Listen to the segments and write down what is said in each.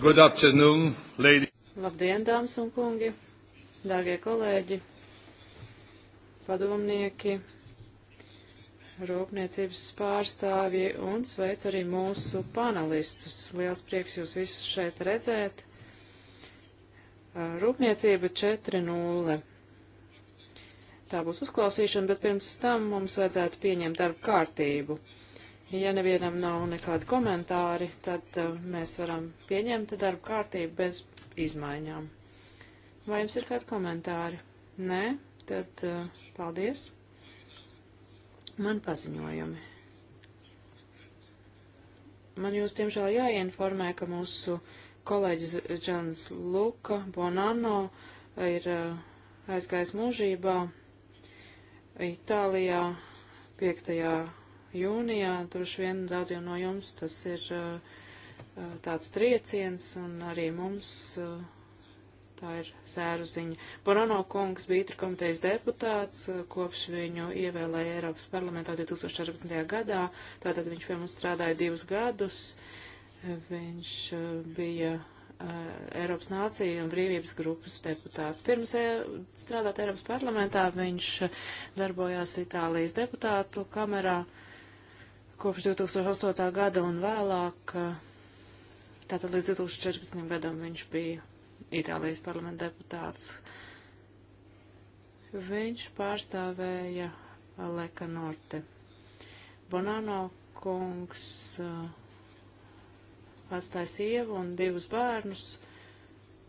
Good afternoon, lady. Labdien, dāmas un kungi, dārgie kolēģi, padomnieki, rūpniecības pārstāvji un sveic arī mūsu panelistus. Liels prieks jūs visus šeit redzēt. Rūpniecība 4.0. Tā būs uzklausīšana, bet pirms tam mums vajadzētu pieņemt darba kārtību. Ja nevienam nav nekādi komentāri, tad uh, mēs varam pieņemt darbu kārtību bez izmaiņām. Vai jums ir kādi komentāri? Nē, tad uh, paldies. Man paziņojumi. Man jūs, diemžēl, jāinformē, ka mūsu kolēģis Džans Luka Bonanno ir uh, aizgājis mūžībā Itālijā 5 jūnijā. Droši vien daudziem no jums tas ir uh, uh, tāds trieciens, un arī mums uh, tā ir sēru ziņa. Borano kungs bija itra komitejas deputāts, kopš viņu ievēlēja Eiropas parlamentā 2014. gadā, tātad viņš pie mums strādāja divus gadus. Viņš bija Eiropas Nāciju un Brīvības grupas deputāts. Pirms strādāt Eiropas parlamentā viņš darbojās Itālijas deputātu kamerā kopš 2008. gada un vēlāk, eh, tātad līdz 2014. gadam viņš bija Itālijas parlamenta deputāts. Viņš pārstāvēja Leka Norte. Bonano kungs eh, atstāja sievu un divus bērnus,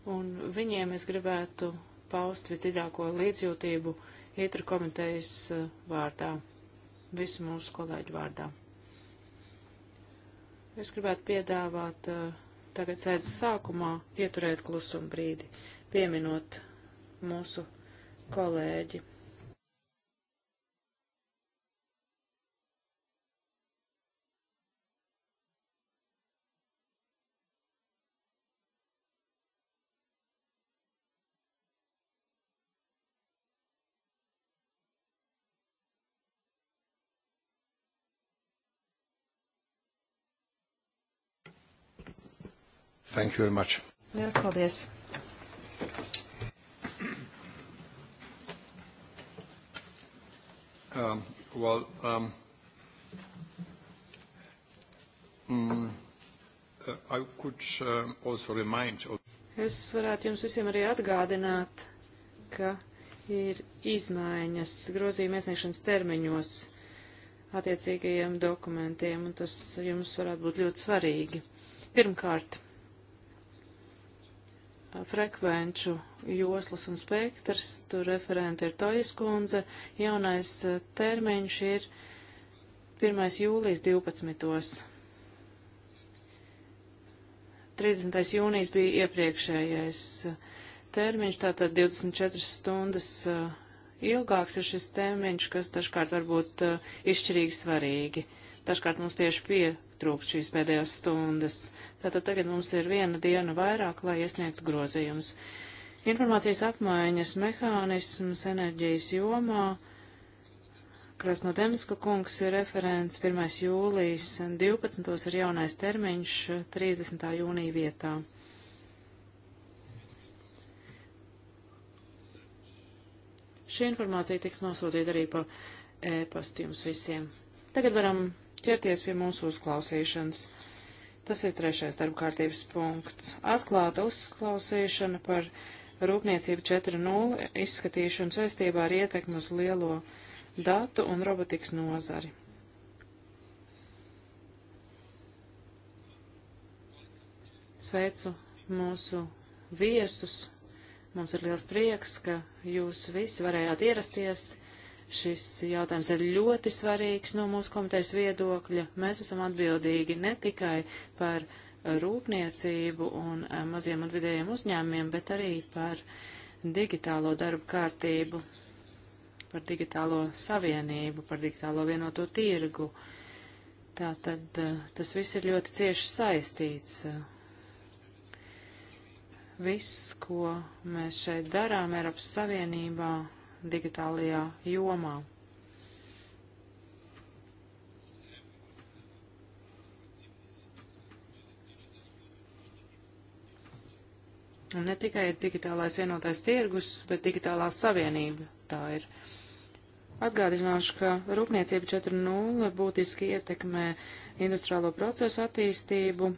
un viņiem es gribētu paust visdziļāko līdzjūtību Ietru komitejas eh, vārdā, visu mūsu kolēģu vārdā. Es gribētu piedāvāt eh, tagad sēdes sākumā ieturēt klusumu brīdi, pieminot mūsu kolēģi. Thank you very much. Lielas paldies. Um, well, um, mm, uh, I could um, also remind. Es varētu jums visiem arī atgādināt, ka ir izmaiņas grozījuma iesniegšanas termiņos attiecīgajiem dokumentiem, un tas jums varētu būt ļoti svarīgi. Pirmkārt, frekvenču joslas un spektrs, tur referente ir Tojas kundze, jaunais eh, termiņš ir 1. jūlijas 12. 30. jūnijas bija iepriekšējais eh, termiņš, tātad 24 stundas eh, ilgāks ir šis termiņš, kas dažkārt var būt izšķirīgi svarīgi. Uh, Dažkārt mums tieši pietrūkst šīs pēdējās stundas. Tātad tagad mums ir viena diena vairāk, lai iesniegtu grozījumus. Informācijas apmaiņas mehānisms enerģijas jomā. Krasnodemska kungs ir referents 1. jūlijas, 12. ir jaunais termiņš 30. jūnija vietā. Šī informācija tiks nosūtīta arī pa e-pastu jums visiem. Tagad varam ķerties pie mūsu uzklausīšanas. Tas ir trešais darba kārtības punkts. Atklāta uzklausīšana par Rūpniecība 4.0 izskatīšanu saistībā ar ietekmi uz lielo datu un robotikas nozari. Sveicu mūsu viesus. Mums ir liels prieks, ka jūs visi varējāt ierasties Šis jautājums ir ļoti svarīgs no mūsu komitejas viedokļa. Mēs esam atbildīgi ne tikai par rūpniecību un eh, maziem un vidējiem uzņēmumiem, bet arī par digitālo darbu kārtību, par digitālo savienību, par digitālo vienoto tirgu. Tātad eh, tas viss ir ļoti cieši saistīts. Eh. Viss, ko mēs šeit darām Eiropas Savienībā, digitālajā jomā. Un ne tikai ir digitālais vienotais tirgus, bet digitālā savienība tā ir. Atgādināšu, ka Rūpniecība 4.0 būtiski ietekmē industriālo procesu attīstību.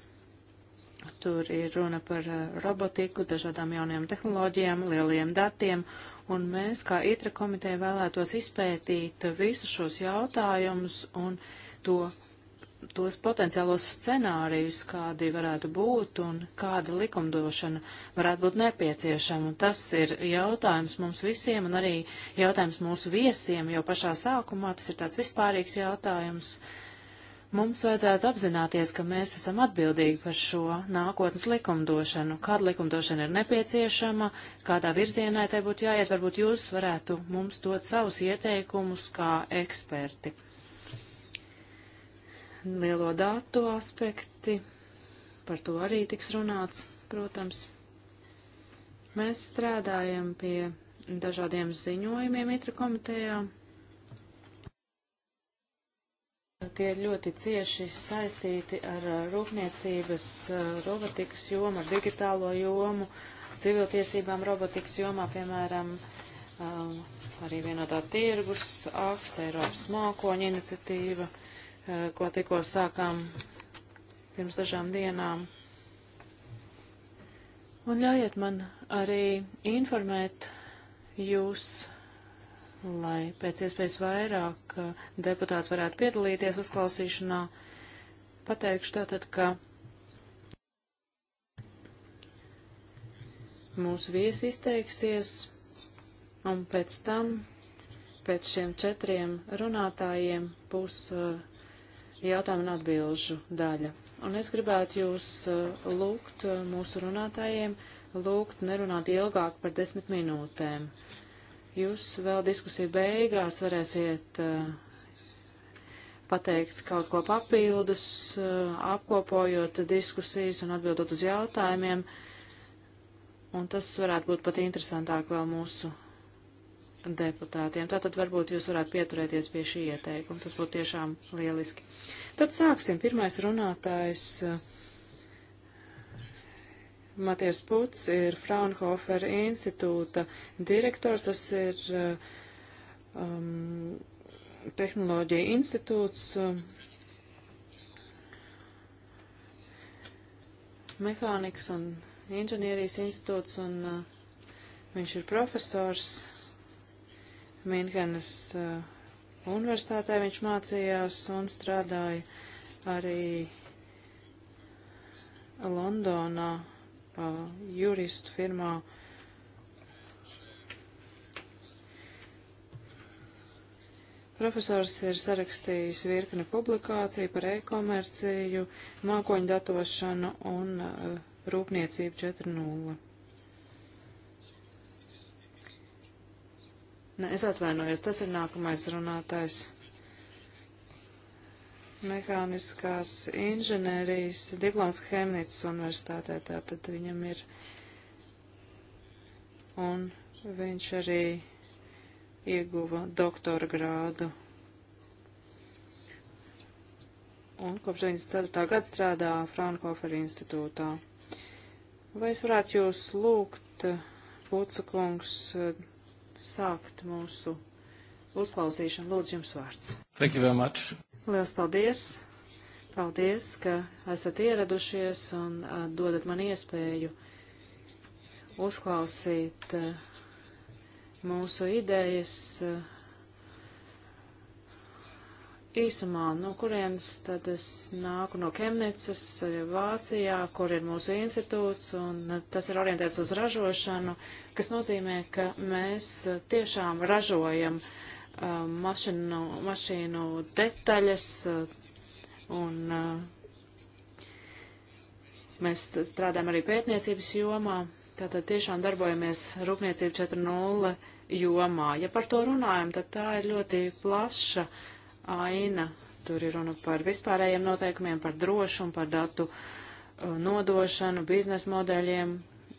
Tur ir runa par eh, robotiku, dažādām jaunajām tehnoloģijām, lieliem datiem un mēs, kā ITRA komiteja, vēlētos izpētīt visus šos jautājumus un to, tos potenciālos scenārijus, kādi varētu būt un kāda likumdošana varētu būt nepieciešama. Un tas ir jautājums mums visiem un arī jautājums mūsu viesiem, jo pašā sākumā tas ir tāds vispārīgs jautājums. Uh, Mums vajadzētu apzināties, ka mēs esam atbildīgi par šo nākotnes likumdošanu, kāda likumdošana ir nepieciešama, kādā virzienā tai būtu jāiet, varbūt jūs varētu mums dot savus ieteikumus kā eksperti. Lielo datu aspekti, par to arī tiks runāts, protams. Mēs strādājam pie dažādiem ziņojumiem itra komitejām Tie ir ļoti cieši saistīti ar rūpniecības, robotikas jomu, ar digitālo jomu, civiltiesībām robotikas jomā, piemēram, arī vienotā tirgus akts, Eiropas mākoņa iniciatīva, ko tikko sākām pirms dažām dienām. Un ļaujiet man arī informēt jūs lai pēc iespējas vairāk uh, deputāti varētu piedalīties uzklausīšanā. Pateikšu tātad, ka mūsu viesi izteiksies, un pēc tam, pēc šiem četriem runātājiem, būs uh, jautājumu un atbilžu daļa. Un es gribētu jūs uh, lūgt mūsu runātājiem, lūgt nerunāt ilgāk par desmit minūtēm. Jūs vēl diskusiju beigās varēsiet eh, pateikt kaut ko papildus, eh, apkopojot diskusijas un atbildot uz jautājumiem. Un tas varētu būt pat interesantāk vēl mūsu deputātiem. Tātad varbūt jūs varētu pieturēties pie šī ieteikuma. Tas būtu tiešām lieliski. Tad sāksim. Pirmais runātājs. Uh, Maties Puts ir Fraunhofer institūta direktors, tas ir uh, um, tehnoloģija institūts. Uh, mehānikas un inženierijas institūts, un uh, viņš ir profesors Minhenes uh, universitātē, viņš mācījās un strādāja arī Londonā uh, juristu firmā. Profesors ir sarakstījis virkni publikāciju par e-komerciju, mākoņu datošanu un uh, rūpniecību 4.0. Ne, es atvainojos, tas ir nākamais runātājs mehāniskās inženērijas diploms Hemnīcas universitātē, tātad viņam ir, un viņš arī ieguva doktora grādu. Un kopš 94. gada strādā Fraunhofer institūtā. Vai es varētu jūs lūgt, Pucakungs, sākt mūsu uzklausīšanu? Lūdzu, jums vārds. Thank you very much. Liels paldies! Paldies, ka esat ieradušies un uh, dodat man iespēju uzklausīt uh, mūsu idejas uh, īsumā, no kurienes tad es nāku no Kemnicas, Vācijā, kur ir mūsu institūts, un tas ir orientēts uz ražošanu, kas nozīmē, ka mēs tiešām ražojam uh, mašinu, mašīnu detaļas eh, un eh, mēs strādājam arī pētniecības jomā. Tātad tiešām darbojamies Rūpniecība 4.0 jomā. Ja par to runājam, tad tā ir ļoti plaša aina. Tur ir runa par vispārējiem noteikumiem, par drošumu, par datu eh, nodošanu, biznesa modeļiem,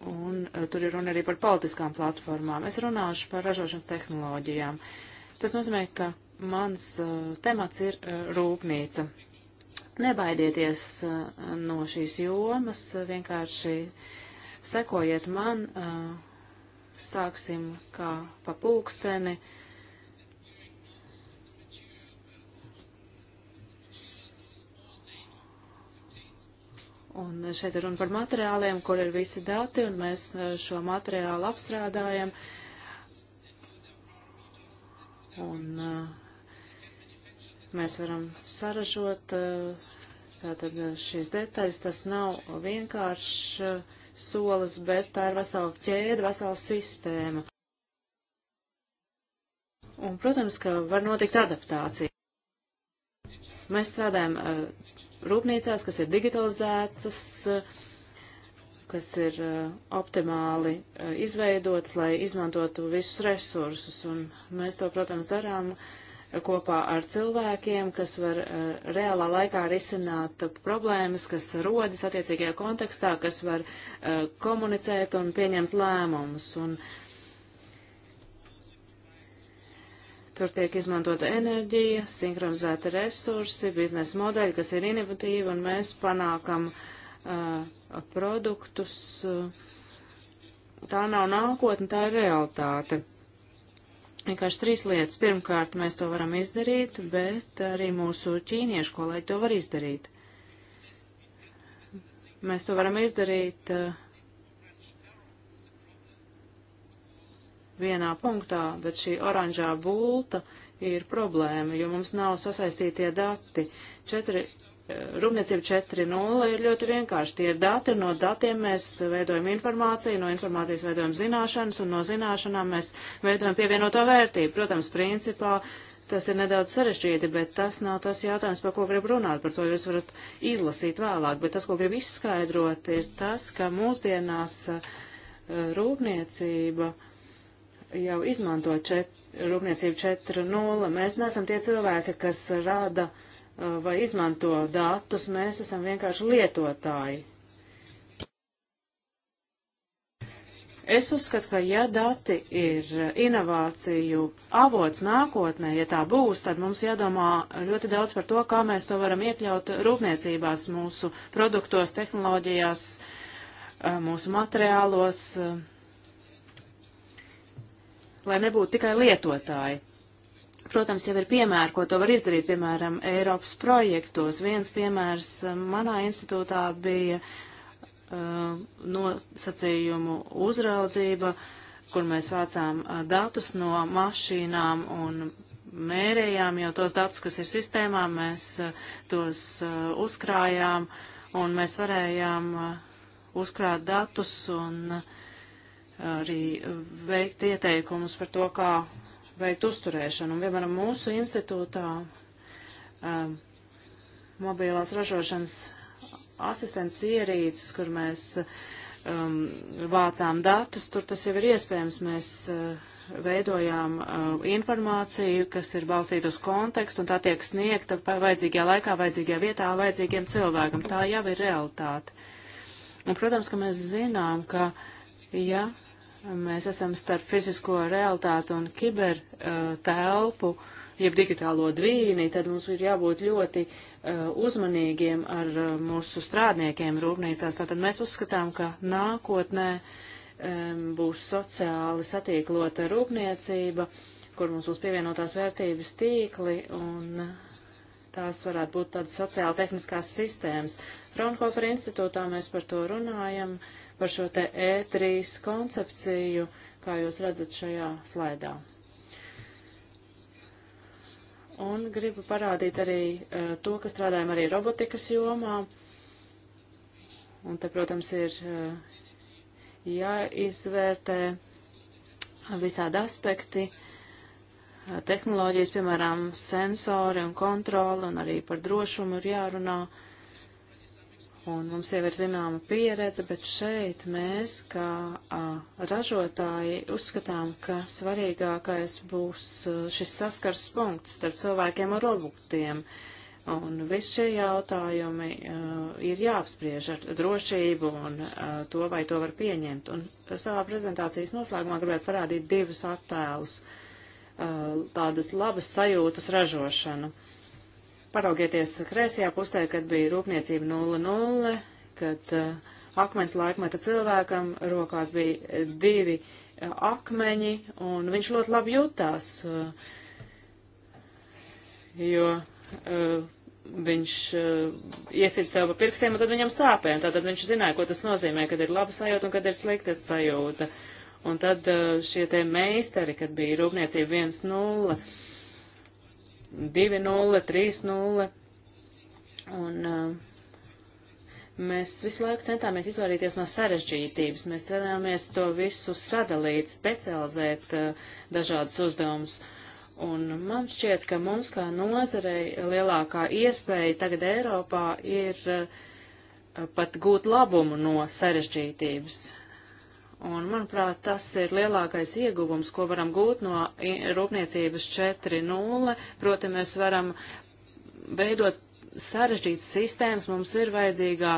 un tur ir runa arī par politiskām platformām. Es runāšu par ražošanas tehnoloģijām. Uh, Tas nozīmē, ka mans uh, temats ir uh, rūpnīca. Nebaidieties uh, no šīs jomas, uh, vienkārši sekojiet man, uh, sāksim kā pa pulksteni. Un šeit ir runa par materiāliem, kur ir visi dati, un mēs uh, šo materiālu apstrādājam. Uh, Un uh, mēs varam saražot uh, tātad šīs detaļas. Tas nav vienkārši uh, solis, bet tā ir vesela ķēde, vesela sistēma. Un, protams, ka var notikt adaptācija. Mēs strādājam uh, rūpnīcās, kas ir digitalizētas, uh, kas ir eh, optimāli eh, izveidots, lai izmantotu visus resursus. Un mēs to, protams, darām eh, kopā ar cilvēkiem, kas var reālā laikā risināt problēmas, kas rodas attiecīgajā kontekstā, kas var komunicēt un pieņemt lēmumus. Un Tur tiek izmantota enerģija, sinhronizēta resursi, biznesa modeļi, kas ir inovatīvi, un mēs panākam uh, produktus. Tā nav nākotne, tā ir realitāte. Vienkārši trīs lietas. Pirmkārt, mēs to varam izdarīt, bet arī mūsu ķīniešu kolēģi to var izdarīt. Mēs to varam izdarīt vienā punktā, bet šī oranžā bulta ir problēma, jo mums nav sasaistītie dati. Četri Rūpniecība 4.0 ir ļoti vienkārši. Tie ir dati, un no datiem mēs veidojam informāciju, no informācijas veidojam zināšanas, un no zināšanām mēs veidojam pievienoto vērtību. Protams, principā tas ir nedaudz sarežģīti, bet tas nav tas jautājums, par ko grib runāt. Par to jūs varat izlasīt vēlāk, bet tas, ko grib izskaidrot, ir tas, ka mūsdienās eh, rūpniecība jau izmanto čet, rūpniecību 4.0. Mēs neesam tie cilvēki, kas rada uh, Uh, vai izmanto datus, mēs esam vienkārši lietotāji. Es uzskatu, ka ja dati ir inovāciju avots nākotnē, ja tā būs, tad mums jādomā ļoti daudz par to, kā mēs to varam iekļaut rūpniecībās, mūsu produktos, tehnoloģijās, uh, mūsu materiālos, uh, lai nebūtu tikai lietotāji. Protams, jau ir piemēri, ko to var izdarīt, piemēram, Eiropas projektos. Viens piemērs eh, manā institūtā bija uh, nosacījumu uzraudzība, kur mēs vācām uh, datus no mašīnām un mērējām jau tos datus, kas ir sistēmā, mēs uh, tos uzkrājām un mēs varējām uzkrāt datus un arī veikt ieteikumus par to, kā veikt uzturēšanu. Un, piemēram, mūsu institūtā um, mobilās ražošanas asistents ierīces, kur mēs um, vācām datus, tur tas jau ir iespējams. Mēs uh, veidojām uh, informāciju, kas ir balstīta uz kontekstu, un tā tiek sniegta vajadzīgajā laikā, vajadzīgajā vietā, vajadzīgiem cilvēkam. Tā jau ir realitāte. Un, protams, ka mēs zinām, ka, ja Mēs esam starp fizisko realitātu un kiber uh, telpu, jeb digitālo dvīni, tad mums ir jābūt ļoti uh, uzmanīgiem ar uh, mūsu strādniekiem rūpnīcās. Tātad mēs uzskatām, ka nākotnē um, būs sociāli satīklota rūpniecība, kur mums būs pievienotās vērtības tīkli un tās varētu būt tādas sociāli tehniskās sistēmas. Fraunhofer institūtā mēs par to runājam par šo te E3 koncepciju, kā jūs redzat šajā slaidā. Un gribu parādīt arī uh, to, ka strādājam arī robotikas jomā. Un te, protams, ir uh, jāizvērtē visādi aspekti, tehnoloģijas, piemēram, sensori un kontroli, un arī par drošumu ir jārunā. Uh, un mums jau ir zināma pieredze, bet šeit mēs, kā a, ražotāji, uzskatām, ka svarīgākais būs a, šis saskars punkts starp cilvēkiem un robotiem. Un visi šie jautājumi uh, ir jāapspriež ar drošību un uh, to, vai to var pieņemt. Un savā prezentācijas noslēgumā gribētu parādīt divus attēlus uh, - tādas labas sajūtas ražošanu. Uh, Paraugieties kreisajā pusē, kad bija rūpniecība 0-0, kad uh, akmens laikmeta cilvēkam rokās bija eh, divi uh, akmeņi, un viņš ļoti labi jutās, uh, jo uh, viņš uh, iesit sev pa pirkstiem, un tad viņam sāpēm. Tātad viņš zināja, ko tas nozīmē, kad ir laba sajūta un kad ir slikta sajūta. Un tad uh, šie te meistari, kad bija rūpniecība 1-0, 2-0, 3-0. Un uh, mēs visu laiku centāmies izvairīties no sarežģītības. Mēs centāmies to visu sadalīt, specializēt uh, dažādus uzdevumus. Un man šķiet, ka mums kā nozarei lielākā iespēja tagad Eiropā ir uh, pat gūt labumu no sarežģītības. Un, manuprāt, tas ir lielākais ieguvums, ko varam gūt no rūpniecības 4.0. Proti, mēs varam veidot sarežģītas sistēmas, mums ir vajadzīgā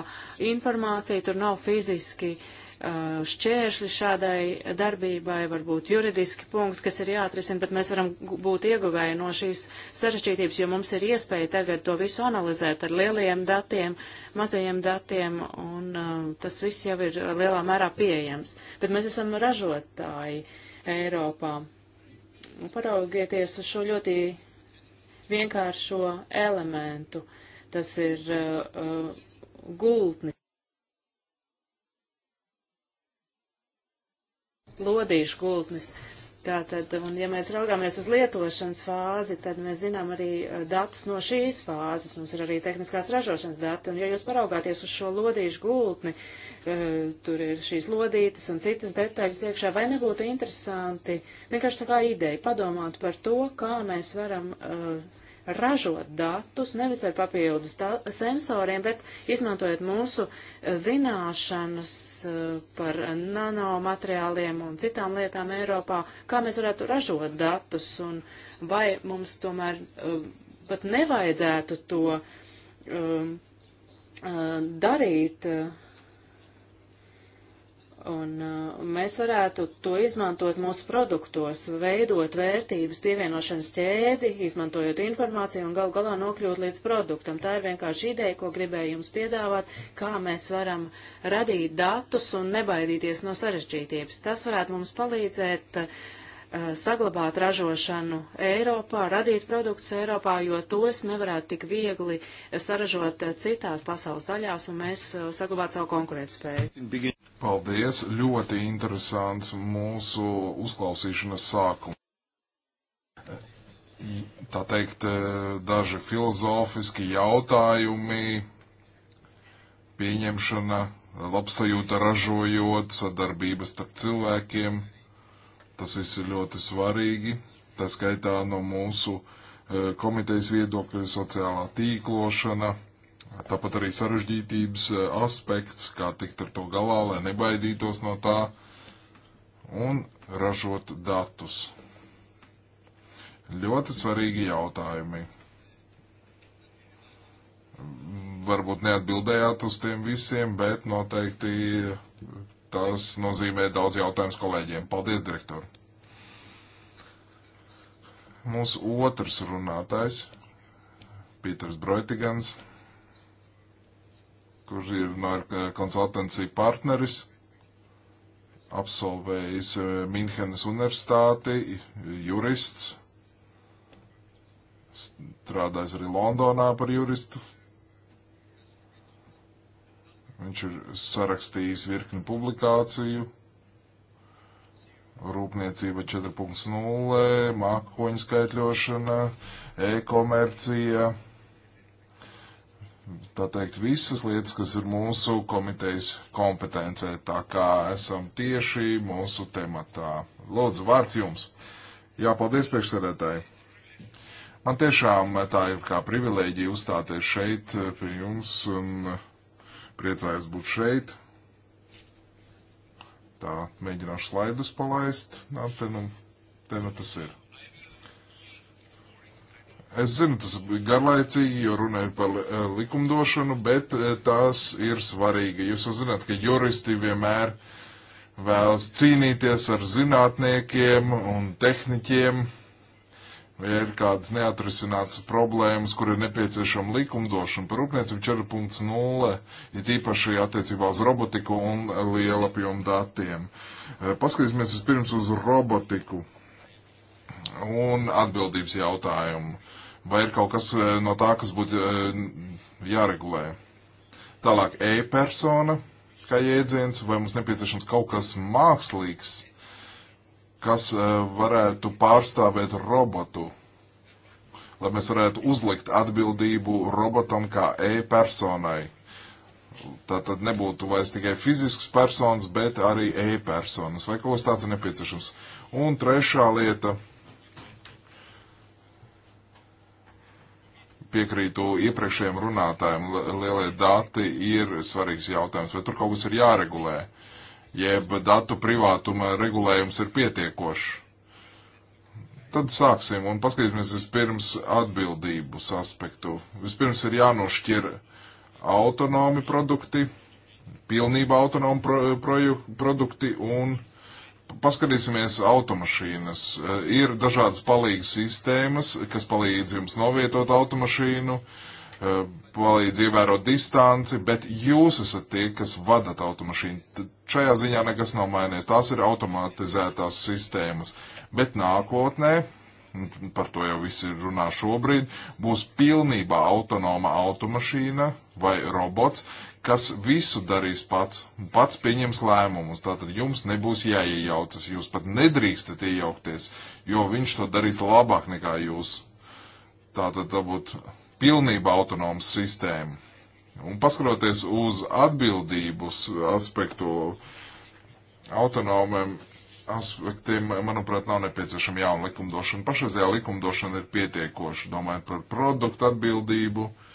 informācija, tur nav fiziski uh, Uh, šķēršļi šādai darbībai, varbūt juridiski punkti, kas ir jāatrisina, bet mēs varam būt ieguvēji no šīs sarešķītības, jo mums ir iespēja tagad to visu analizēt ar lielajiem datiem, mazajiem datiem, un uh, tas viss jau ir lielā mērā pieejams. Bet mēs esam ražotāji Eiropā. Paraugieties uz šo ļoti vienkāršo elementu. Tas ir uh, uh gultnis lodīšu gultnes. Tātad, un ja mēs raugāmies uz lietošanas fāzi, tad mēs zinām arī eh, datus no šīs fāzes. Mums ir arī tehniskās ražošanas dati, un ja jūs paraugāties uz šo lodīšu gultni, eh, tur ir šīs lodītes un citas detaļas iekšā, vai nebūtu interesanti vienkārši tā kā ideja padomāt par to, kā mēs varam uh, ražot datus, nevis ar papildus sensoriem, bet izmantojot mūsu eh, zināšanas eh, par nanomateriāliem un citām lietām Eiropā, kā mēs varētu ražot datus un vai mums tomēr eh, pat nevajadzētu to um, darīt. Uh, Un uh, mēs varētu to izmantot mūsu produktos, veidot vērtības pievienošanas ķēdi, izmantojot informāciju un gal galā nokļūt līdz produktam. Tā ir vienkārši ideja, ko gribēju jums piedāvāt, kā mēs varam radīt datus un nebaidīties no sarežģītības. Tas varētu mums palīdzēt uh, saglabāt ražošanu Eiropā, radīt produktus Eiropā, jo tos nevarētu tik viegli saražot citās pasaules daļās un mēs uh, saglabāt savu konkurētspēju. Paldies! Ļoti interesants mūsu uzklausīšanas sākums. Tā teikt, e, daži filozofiski jautājumi, pieņemšana, labsajūta ražojot, sadarbības starp cilvēkiem. Tas viss ir ļoti svarīgi. Tā skaitā no mūsu e, komitejas viedokļa sociālā tīklošana Tāpat arī sarežģītības eh, aspekts, kā tikt ar to galā, lai nebaidītos no tā, un ražot datus. Ļoti svarīgi jautājumi. Varbūt neatbildējāt uz tiem visiem, bet noteikti tas nozīmē daudz jautājumus kolēģiem. Paldies, direktori! Mūsu otrs runātājs, Pīters Broitigans kur ir no eh, konsultancija partneris, absolvējis eh, Minhenes universitāti, jurists, strādājis arī Londonā par juristu. Viņš ir sarakstījis virkni publikāciju. Rūpniecība 4.0, mākoņu skaitļošana, e-komercija, tā teikt, visas lietas, kas ir mūsu komitejas kompetencē, tā kā esam tieši mūsu tematā. Lūdzu, vārds jums. Jā, paldies priekšsēdētāji. Man tiešām tā ir kā privilēģija uzstāties šeit pie jums un priecājos būt šeit. Tā, mēģināšu slaidus palaist. Nā, te nu, te nu tas ir. Es zinu, tas bija garlaicīgi, jo runāju par eh, likumdošanu, bet eh, tās ir svarīgi. Jūs jau zināt, ka juristi vienmēr vēlas cīnīties ar zinātniekiem un tehniķiem, vai ir kādas neatrisinātas problēmas, kur ir nepieciešama likumdošana par rūpniecību 4.0, ir tīpaši attiecībā uz robotiku un liela apjomu datiem. Eh, paskatīsimies vispirms uz robotiku un atbildības jautājumu vai ir kaut kas eh, no tā, kas būtu eh, jāregulē. Tālāk e-persona kā jēdziens, vai mums nepieciešams kaut kas mākslīgs, kas eh, varētu pārstāvēt robotu, lai mēs varētu uzlikt atbildību robotam kā e-personai. Tā tad nebūtu vairs tikai fizisks personas, bet arī e-personas, vai kaut kas tāds ir nepieciešams. Un trešā lieta piekrītu iepriekšējiem runātājiem, lielie dati ir svarīgs jautājums, vai tur kaut kas ir jāregulē, jeb datu privātuma regulējums ir pietiekošs. Tad sāksim un paskatīsimies vispirms atbildības aspektu. Vispirms ir jānošķir autonomi produkti, pilnībā autonomi pro, pro, produkti un Paskatīsimies automašīnas. Eh, ir dažādas palīgas sistēmas, kas palīdz jums novietot automašīnu, eh, palīdz ievērot distanci, bet jūs esat tie, kas vadat automašīnu. Šajā ziņā nekas nav mainījies. Tās ir automatizētās sistēmas. Bet nākotnē par to jau visi runā šobrīd, būs pilnībā autonoma automašīna vai robots, kas visu darīs pats, pats pieņems lēmumus. Tātad jums nebūs jāiejaucas, jūs pat nedrīkstat iejaukties, jo viņš to darīs labāk nekā jūs. Tātad tā būtu pilnība autonomas sistēma. Un paskatoties uz atbildības aspektu, autonomiem aspektiem, manuprāt, nav nepieciešama jauna likumdošana. Pašreizējā likumdošana ir pietiekoša, domājot par produktu atbildību. Uh,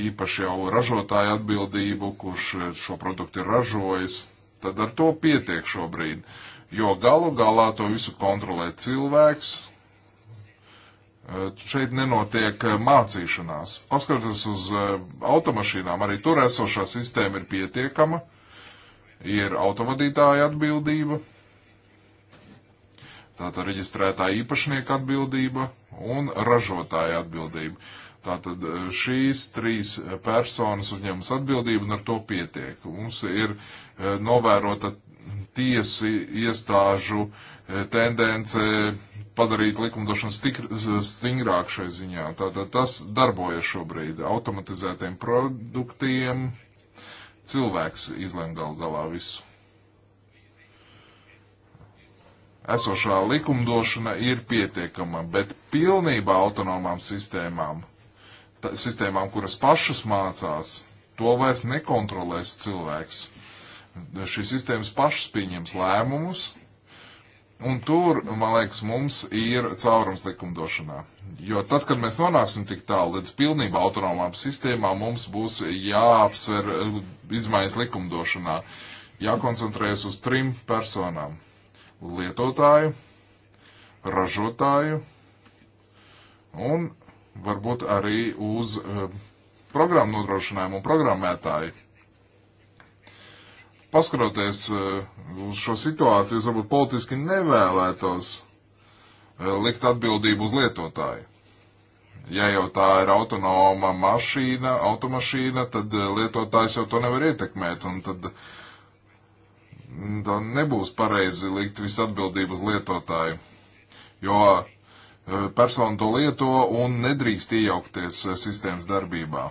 īpaši jau ražotāja atbildību, kurš šo produktu ir ražojis, tad ar to pietiek šobrīd. Jo galu galā to visu kontrolē cilvēks. Eh, šeit nenotiek eh, mācīšanās. Paskatoties uz eh, automašīnām, arī tur esošā sistēma ir pietiekama, ir autovadītāja atbildība, tātad reģistrētā īpašnieka atbildība un ražotāja atbildība. Tātad eh, šīs trīs personas uzņemas atbildību un ar to pietiek. Mums ir eh, novērota tiesi iestāžu eh, tendence padarīt likumdošanas tik, stingrāk šai ziņā. Tātad tas darbojas šobrīd automatizētiem produktiem. Cilvēks izlem gal galā visu. Esošā likumdošana ir pietiekama, bet pilnībā autonomām sistēmām sistēmām, kuras pašas mācās, to vairs nekontrolēs cilvēks. Šīs sistēmas pašas pieņems lēmumus, un tur, man liekas, mums ir caurums likumdošanā. Jo tad, kad mēs nonāksim tik tālu līdz pilnībā autonomām sistēmām, mums būs jāapsver izmaiņas likumdošanā, jākoncentrējas uz trim personām - lietotāju, ražotāju un varbūt arī uz eh, programmu nodrošinājumu un programmētāju. Paskaroties eh, uz šo situāciju, varbūt politiski nevēlētos eh, likt atbildību uz lietotāju. Ja jau tā ir autonoma mašīna, automašīna, tad lietotājs jau to nevar ietekmēt, un tad mm, tā nebūs pareizi likt visu atbildību uz lietotāju. Jo Eh, persona to lieto un nedrīkst iejaukties eh, sistēmas darbībā.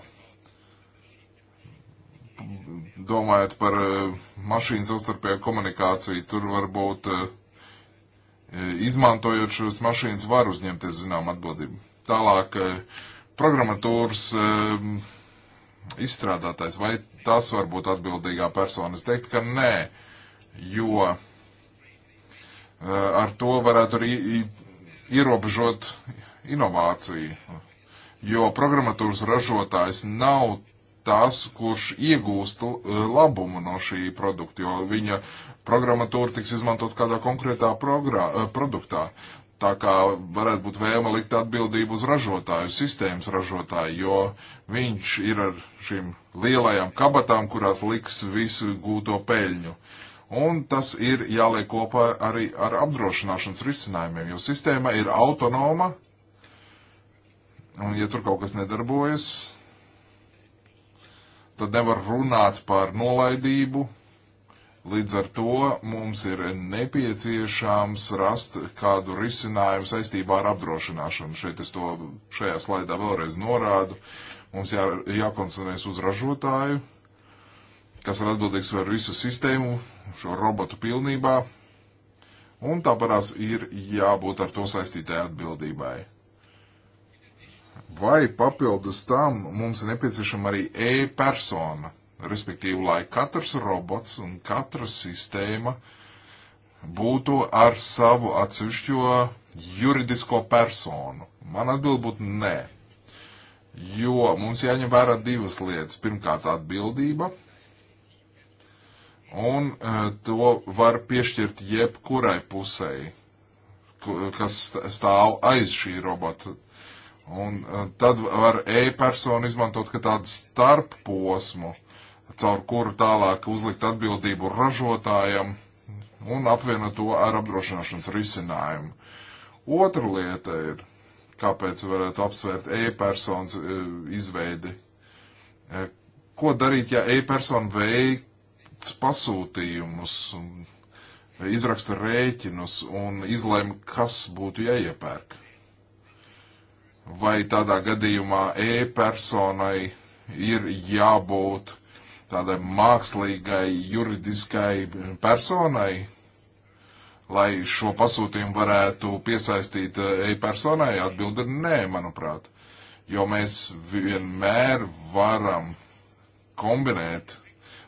Domājot par eh, mašīnu savstarpēju komunikāciju, tur varbūt izmantojot šos mašīnas var uzņemties zinām atbildību. Tālāk programmatūras izstrādātais, vai tas var būt atbildīgā persona? Es teiktu, ka nē, jo ar to varētu arī ierobežot inovāciju, jo programmatūras ražotājs nav tas, kurš iegūst eh, labumu no šī produkta, jo viņa programmatūra tiks izmantot kādā konkrētā eh, produktā. Tā kā varētu būt vēlme likt atbildību uz ražotāju, sistēmas ražotāju, jo viņš ir ar šīm lielajām kabatām, kurās liks visu gūto peļņu. Uh, un tas ir jāliek kopā arī ar apdrošināšanas risinājumiem, jo sistēma ir autonoma, un ja tur kaut kas nedarbojas, tad nevar runāt par nolaidību. Līdz ar to mums ir nepieciešams rast kādu risinājumu saistībā ar apdrošināšanu. Šeit es to šajā slaidā vēlreiz norādu. Mums jā, jākoncentrēs uz ražotāju, kas ir atbildīgs par visu sistēmu, šo robotu pilnībā, un tāpēc ir jābūt ar to saistītai atbildībai. Vai papildus tam mums ir nepieciešama arī e-persona, respektīvi, lai katrs robots un katra sistēma būtu ar savu atsevišķo juridisko personu? Man atbild būtu nē. Jo mums jāņem vērā divas lietas. Pirmkārt, atbildība un e, to var piešķirt jebkurai pusēji, kas stāv aiz šī robota. Un e, tad var e-personu izmantot kā tādu starpposmu, caur kuru tālāk uzlikt atbildību ražotājam un apvienot to ar apdrošināšanas risinājumu. Otra lieta ir, kāpēc varētu apsvērt e-personas e, izveidi. Ko darīt, ja e-persona veik veikt pasūtījumus, izraksta rēķinus un izlēma, kas būtu jāiepērk. Vai tādā gadījumā e-personai ir jābūt tādai mākslīgai, juridiskai personai, lai šo pasūtījumu varētu piesaistīt e-personai? Atbildi ir nē, manuprāt. Jo mēs vienmēr varam kombinēt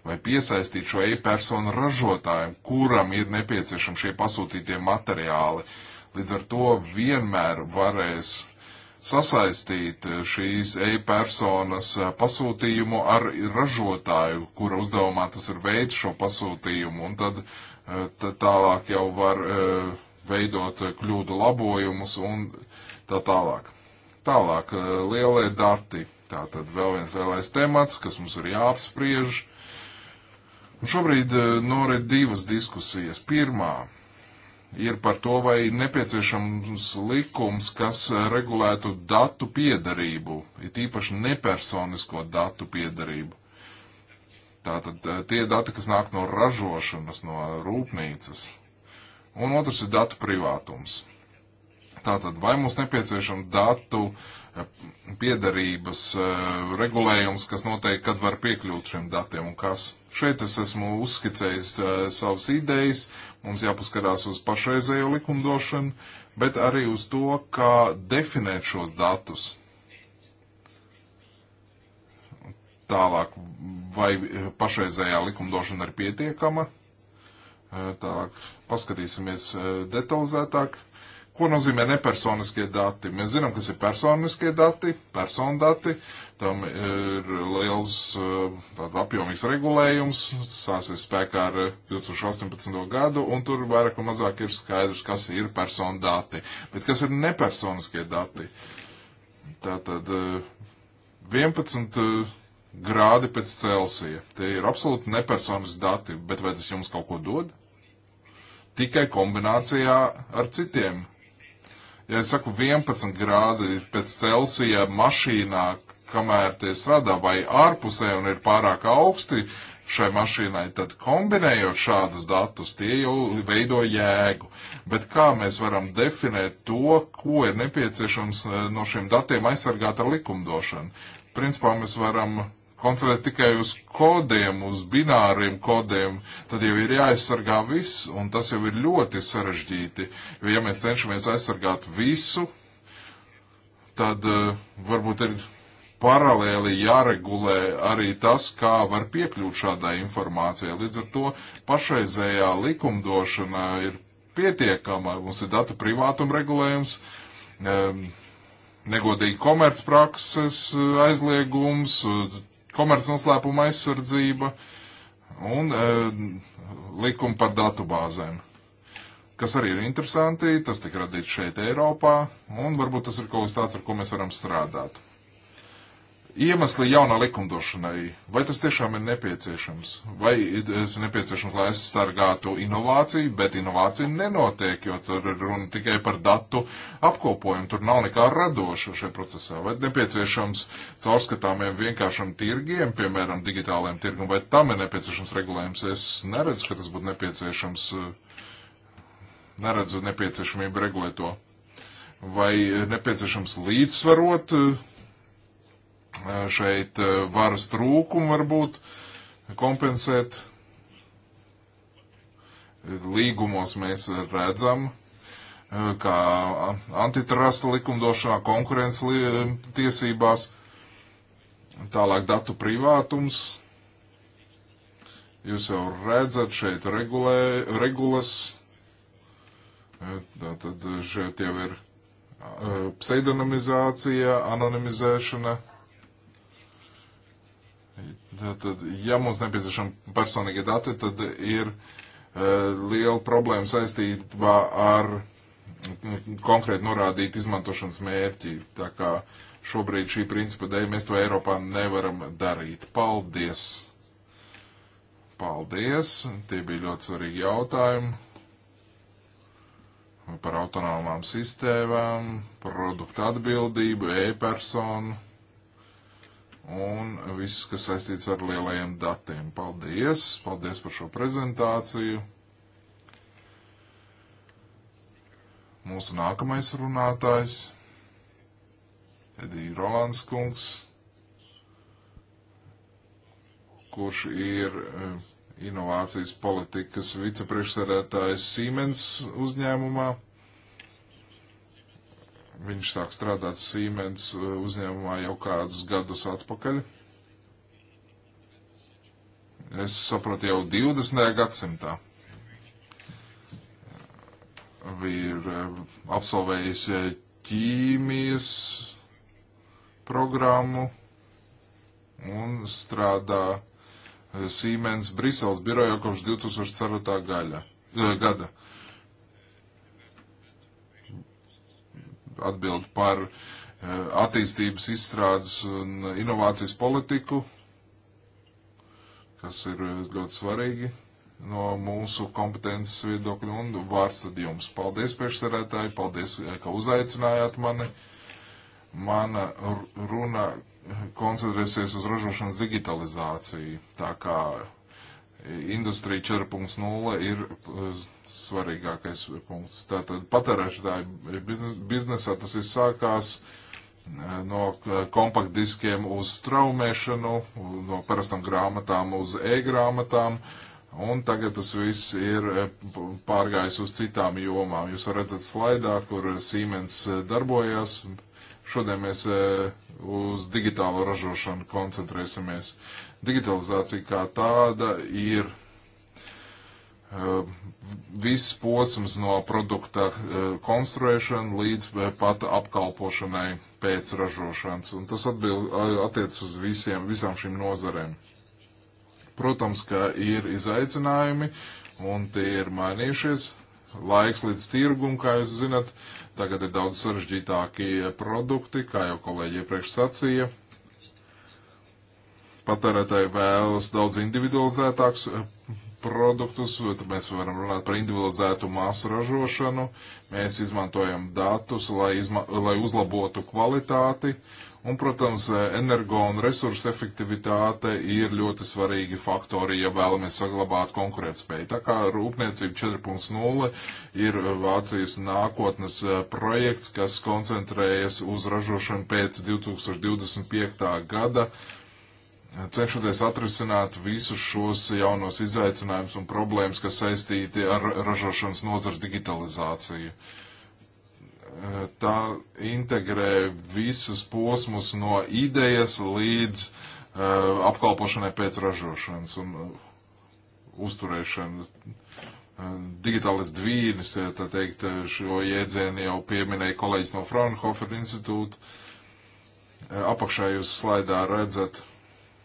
vai piesaistīt šo e-personu ražotājiem, kuram ir nepieciešami šie pasūtītie materiāli. Līdz ar to vienmēr varēs sasaistīt šīs e-personas pasūtījumu ar ražotāju, kura uzdevumā tas ir veids šo pasūtījumu, un tad eh, tālāk jau var eh, veidot kļūdu labojumus un tā tālāk. Tālāk, eh, lielie dati. Tā tad vēl viens lielais temats, kas mums ir jāapspriež. Un šobrīd eh, norit nu, divas diskusijas. Pirmā ir par to, vai nepieciešams likums, kas eh, regulētu datu piedarību, it īpaši nepersonisko datu piedarību. Tātad eh, tie dati, kas nāk no ražošanas, no rūpnīcas. Un otrs ir datu privātums. Tātad, vai mums nepieciešama datu eh, piedarības eh, regulējums, kas noteikti, kad var piekļūt šiem datiem un kas? Šeit es esmu uzskicējis eh, savas idejas, mums jāpaskarās uz pašreizējo likumdošanu, bet arī uz to, kā definēt šos datus. Tālāk, vai pašreizējā likumdošana ir pietiekama? Tālāk, paskatīsimies detalizētāk. Ko nozīmē nepersoniskie dati? Mēs zinām, kas ir personiskie dati, personu dati. Tam ir liels eh, apjomīgs regulējums, sāksies spēkā ar 2018. Eh, gadu, un tur vairāk un mazāk ir skaidrs, kas ir personu dati. Bet kas ir nepersoniskie dati? Tātad 11 eh, grādi pēc Celsija. Tie ir absolūti nepersoniskie dati, bet vai tas jums kaut ko dod? Tikai kombinācijā ar citiem Ja es saku 11 grādi pēc Celsija mašīnā, kamēr tie strādā vai ārpusē un ir pārāk augsti šai mašīnai, tad kombinējot šādus datus, tie jau veido jēgu. Bet kā mēs varam definēt to, ko ir nepieciešams eh, no šiem datiem aizsargāt ar likumdošanu? Principā mēs varam koncentrēties tikai uz kodiem, uz bināriem kodiem, tad jau ir jāaizsargā viss, un tas jau ir ļoti sarežģīti. Jo ja mēs cenšamies aizsargāt visu, tad uh, varbūt ir paralēli jāregulē arī tas, kā var piekļūt šādai informācijai. Līdz ar to pašreizējā likumdošana ir pietiekama. Mums ir datu privātuma regulējums, eh, negodīgi komercprakses eh, aizliegums, komercnoslēpuma aizsardzība un e, likumi par datubāzēm, kas arī ir interesanti. Tas tika radīts šeit Eiropā, un varbūt tas ir kaut kas tāds, ar ko mēs varam strādāt iemesli jaunā likumdošanai, vai tas tiešām ir nepieciešams? Vai ir nepieciešams, lai aizsargātu inovāciju, bet inovācija nenotiek, jo tur ir runa tikai par datu apkopojumu, tur nav nekā radoša šajā procesā. Vai nepieciešams caurskatāmiem vienkāršam tirgiem, piemēram, digitālajiem tirgum, vai tam ir nepieciešams regulējums? Es neredzu, ka tas būtu nepieciešams, neredzu nepieciešamību regulēt to. Vai nepieciešams līdzsvarot uh, šeit varas trūkumu varbūt kompensēt. Līgumos mēs redzam, kā antitrusta likumdošanā, konkurences tiesībās, tālāk datu privātums. Jūs jau redzat šeit regulē, regulas, tad šeit jau ir pseidonimizācija, anonimizēšana Tad, ja mums nepieciešami personīgie dati, tad ir uh, liela problēma saistībā ar konkrēti norādīt izmantošanas mērķi. Tā kā šobrīd šī principa dēļ mēs to Eiropā nevaram darīt. Paldies! Paldies! Tie bija ļoti svarīgi jautājumi par autonomām sistēmām, produktu atbildību, e-personu un viss, kas saistīts ar lielajiem datiem. Paldies! Paldies par šo prezentāciju! Mūsu nākamais runātājs Edija Rolands kungs, kurš ir eh, inovācijas politikas vicepriekšsēdētājs Siemens uzņēmumā. Viņš sāk strādāt Siemens uh, uzņēmumā jau kādus gadus atpakaļ. Es saprotu, jau 20. gadsimtā ir uh, absolvējis uh, ķīmijas programmu un strādā Siemens Briseles birojā kopš 2004. Gaļa, gada. atbild par eh, attīstības izstrādes un inovācijas politiku, kas ir eh, ļoti svarīgi no mūsu kompetences viedokļa un vārds tad jums. Paldies, priekšsarētāji, paldies, eh, ka uzaicinājāt mani. Mana runa koncentrēsies uz ražošanas digitalizāciju, tā kā Industrija 4.0 ir uh, svarīgākais punkts. Tātad patērētāji biznesā tas ir sākās uh, no kompaktdiskiem uz straumēšanu, no parastām grāmatām uz e-grāmatām, un tagad tas viss ir uh, pārgājis uz citām jomām. Jūs redzat slaidā, kur Siemens darbojas. Šodien mēs uz digitālo ražošanu koncentrēsimies. Digitalizācija kā tāda ir eh, viss posms no produkta eh, konstruēšana līdz eh, pat apkalpošanai pēc ražošanas. Un tas atbild, attiec uz visiem, visām šīm nozarēm. Protams, ka ir izaicinājumi, un tie ir mainījušies. Laiks līdz tirgum, kā jūs zinat, tagad ir daudz sarežģītākie produkti, kā jau kolēģi iepriekš sacīja patērētāji vēlas daudz individualizētākus eh, produktus, tad mēs varam runāt par individualizētu masu ražošanu. Mēs izmantojam datus, lai, izma lai uzlabotu kvalitāti. Un, protams, eh, energo un resursu efektivitāte ir ļoti svarīgi faktori, ja vēlamies saglabāt konkurētspēju. Tā kā Rūpniecība 4.0 ir Vācijas nākotnes eh, projekts, kas koncentrējas uz ražošanu pēc 2025. gada cenšoties atrisināt visus šos jaunos izaicinājumus un problēmas, kas saistīti ar ražošanas nozars digitalizāciju. Eh, tā integrē visus posmus no idejas līdz uh, apkalpošanai pēc ražošanas un eh, uzturēšanu. Digitālais dvīnis, tā teikt, šo jēdzienu jau pieminēja kolēģis no Fraunhofer institūta. Apakšā jūs slaidā redzat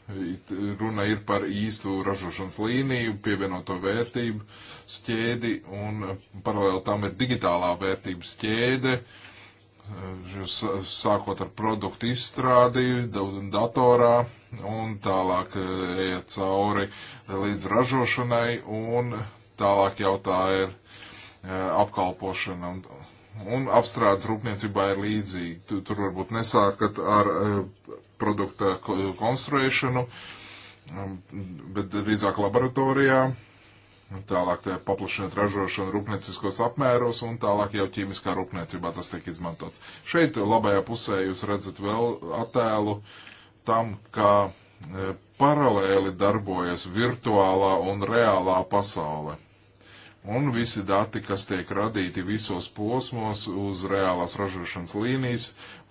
Runa ir par īstu ražošanas līniju, pievienoto vērtību ķēdi un paralēli tam ir digitālā vērtības ķēde, sākot ar produktu izstrādi datorā un tālāk ejot eh, cauri līdz ražošanai un tālāk jau tā ir eh, apkalpošana un, un apstrādes rūpniecībā ir līdzīgi. Tur varbūt nesākat ar eh, produkta konstruēšanu, um, bet drīzāk laboratorijā, tālāk tā paplašināt ražošanu rūpnieciskos apmēros un tālāk jau ķīmiskā rūpniecībā tas tiek izmantots. Šeit labajā pusē jūs redzat vēl attēlu tam, kā e, paralēli darbojas virtuālā un reālā pasaule. Un visi dati, kas tiek radīti visos posmos uz reālās ražošanas līnijas,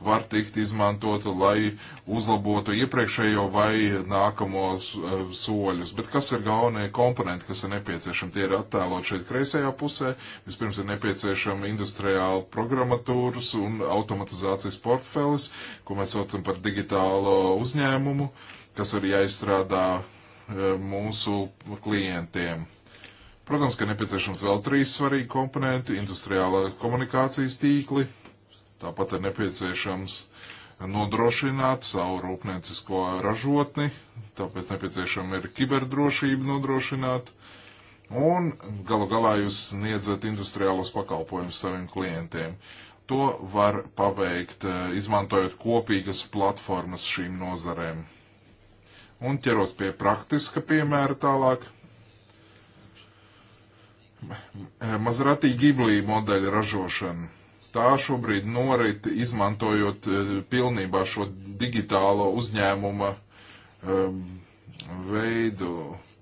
var tikt izmantoti, lai uzlabotu iepriekšējo vai nākamo eh, soļus. Bet kas ir galvenie komponenti, kas ir nepieciešami? Tie ir attēlot šeit kreisajā pusē. Vispirms ir nepieciešama industriāla programmatūras un automatizācijas portfelis, ko mēs saucam par digitālo uzņēmumu, kas arī jāizstrādā eh, mūsu klientiem Protams, ka nepieciešams vēl trīs svarīgi komponenti - industriālā komunikācijas tīkli, tāpat ir nepieciešams nodrošināt savu rūpniecisko ražotni, tāpēc nepieciešama ir kiberdrošība nodrošināt, un galu galā jūs sniedzat industriālos pakalpojumus saviem klientiem. To var paveikt, eh, izmantojot kopīgas platformas šīm nozarēm. Un ķeros pie praktiska piemēra tālāk Maserati Ghibli modeļa ražošana. Tā šobrīd norit, izmantojot e, pilnībā šo digitālo uzņēmuma um, veidu,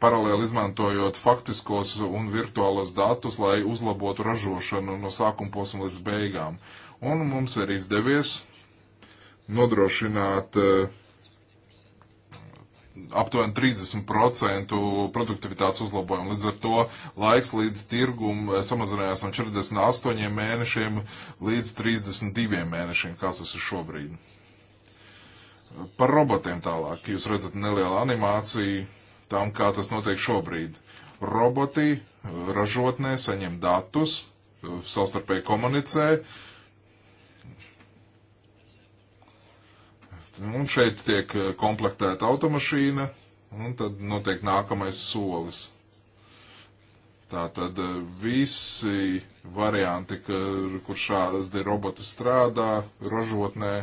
paralēli izmantojot faktiskos un virtuālos datus, lai uzlabotu ražošanu no sākuma posma līdz beigām. Un mums arī izdevies nodrošināt uh, aptuveni 30% produktivitātes uzlabojumu. Līdz ar to laiks līdz tirgumu eh, samazinājās no 48 mēnešiem līdz 32 mēnešiem, kas tas ir šobrīd. Par robotiem tālāk. Jūs redzat nelielu animāciju tam, kā tas notiek šobrīd. Roboti ražotnē saņem datus, savstarpēji komunicē, uh, Un šeit tiek eh, komplektēta automašīna, un tad notiek nākamais solis. Tātad eh, visi varianti, kur, kur šādi roboti strādā ražotnē,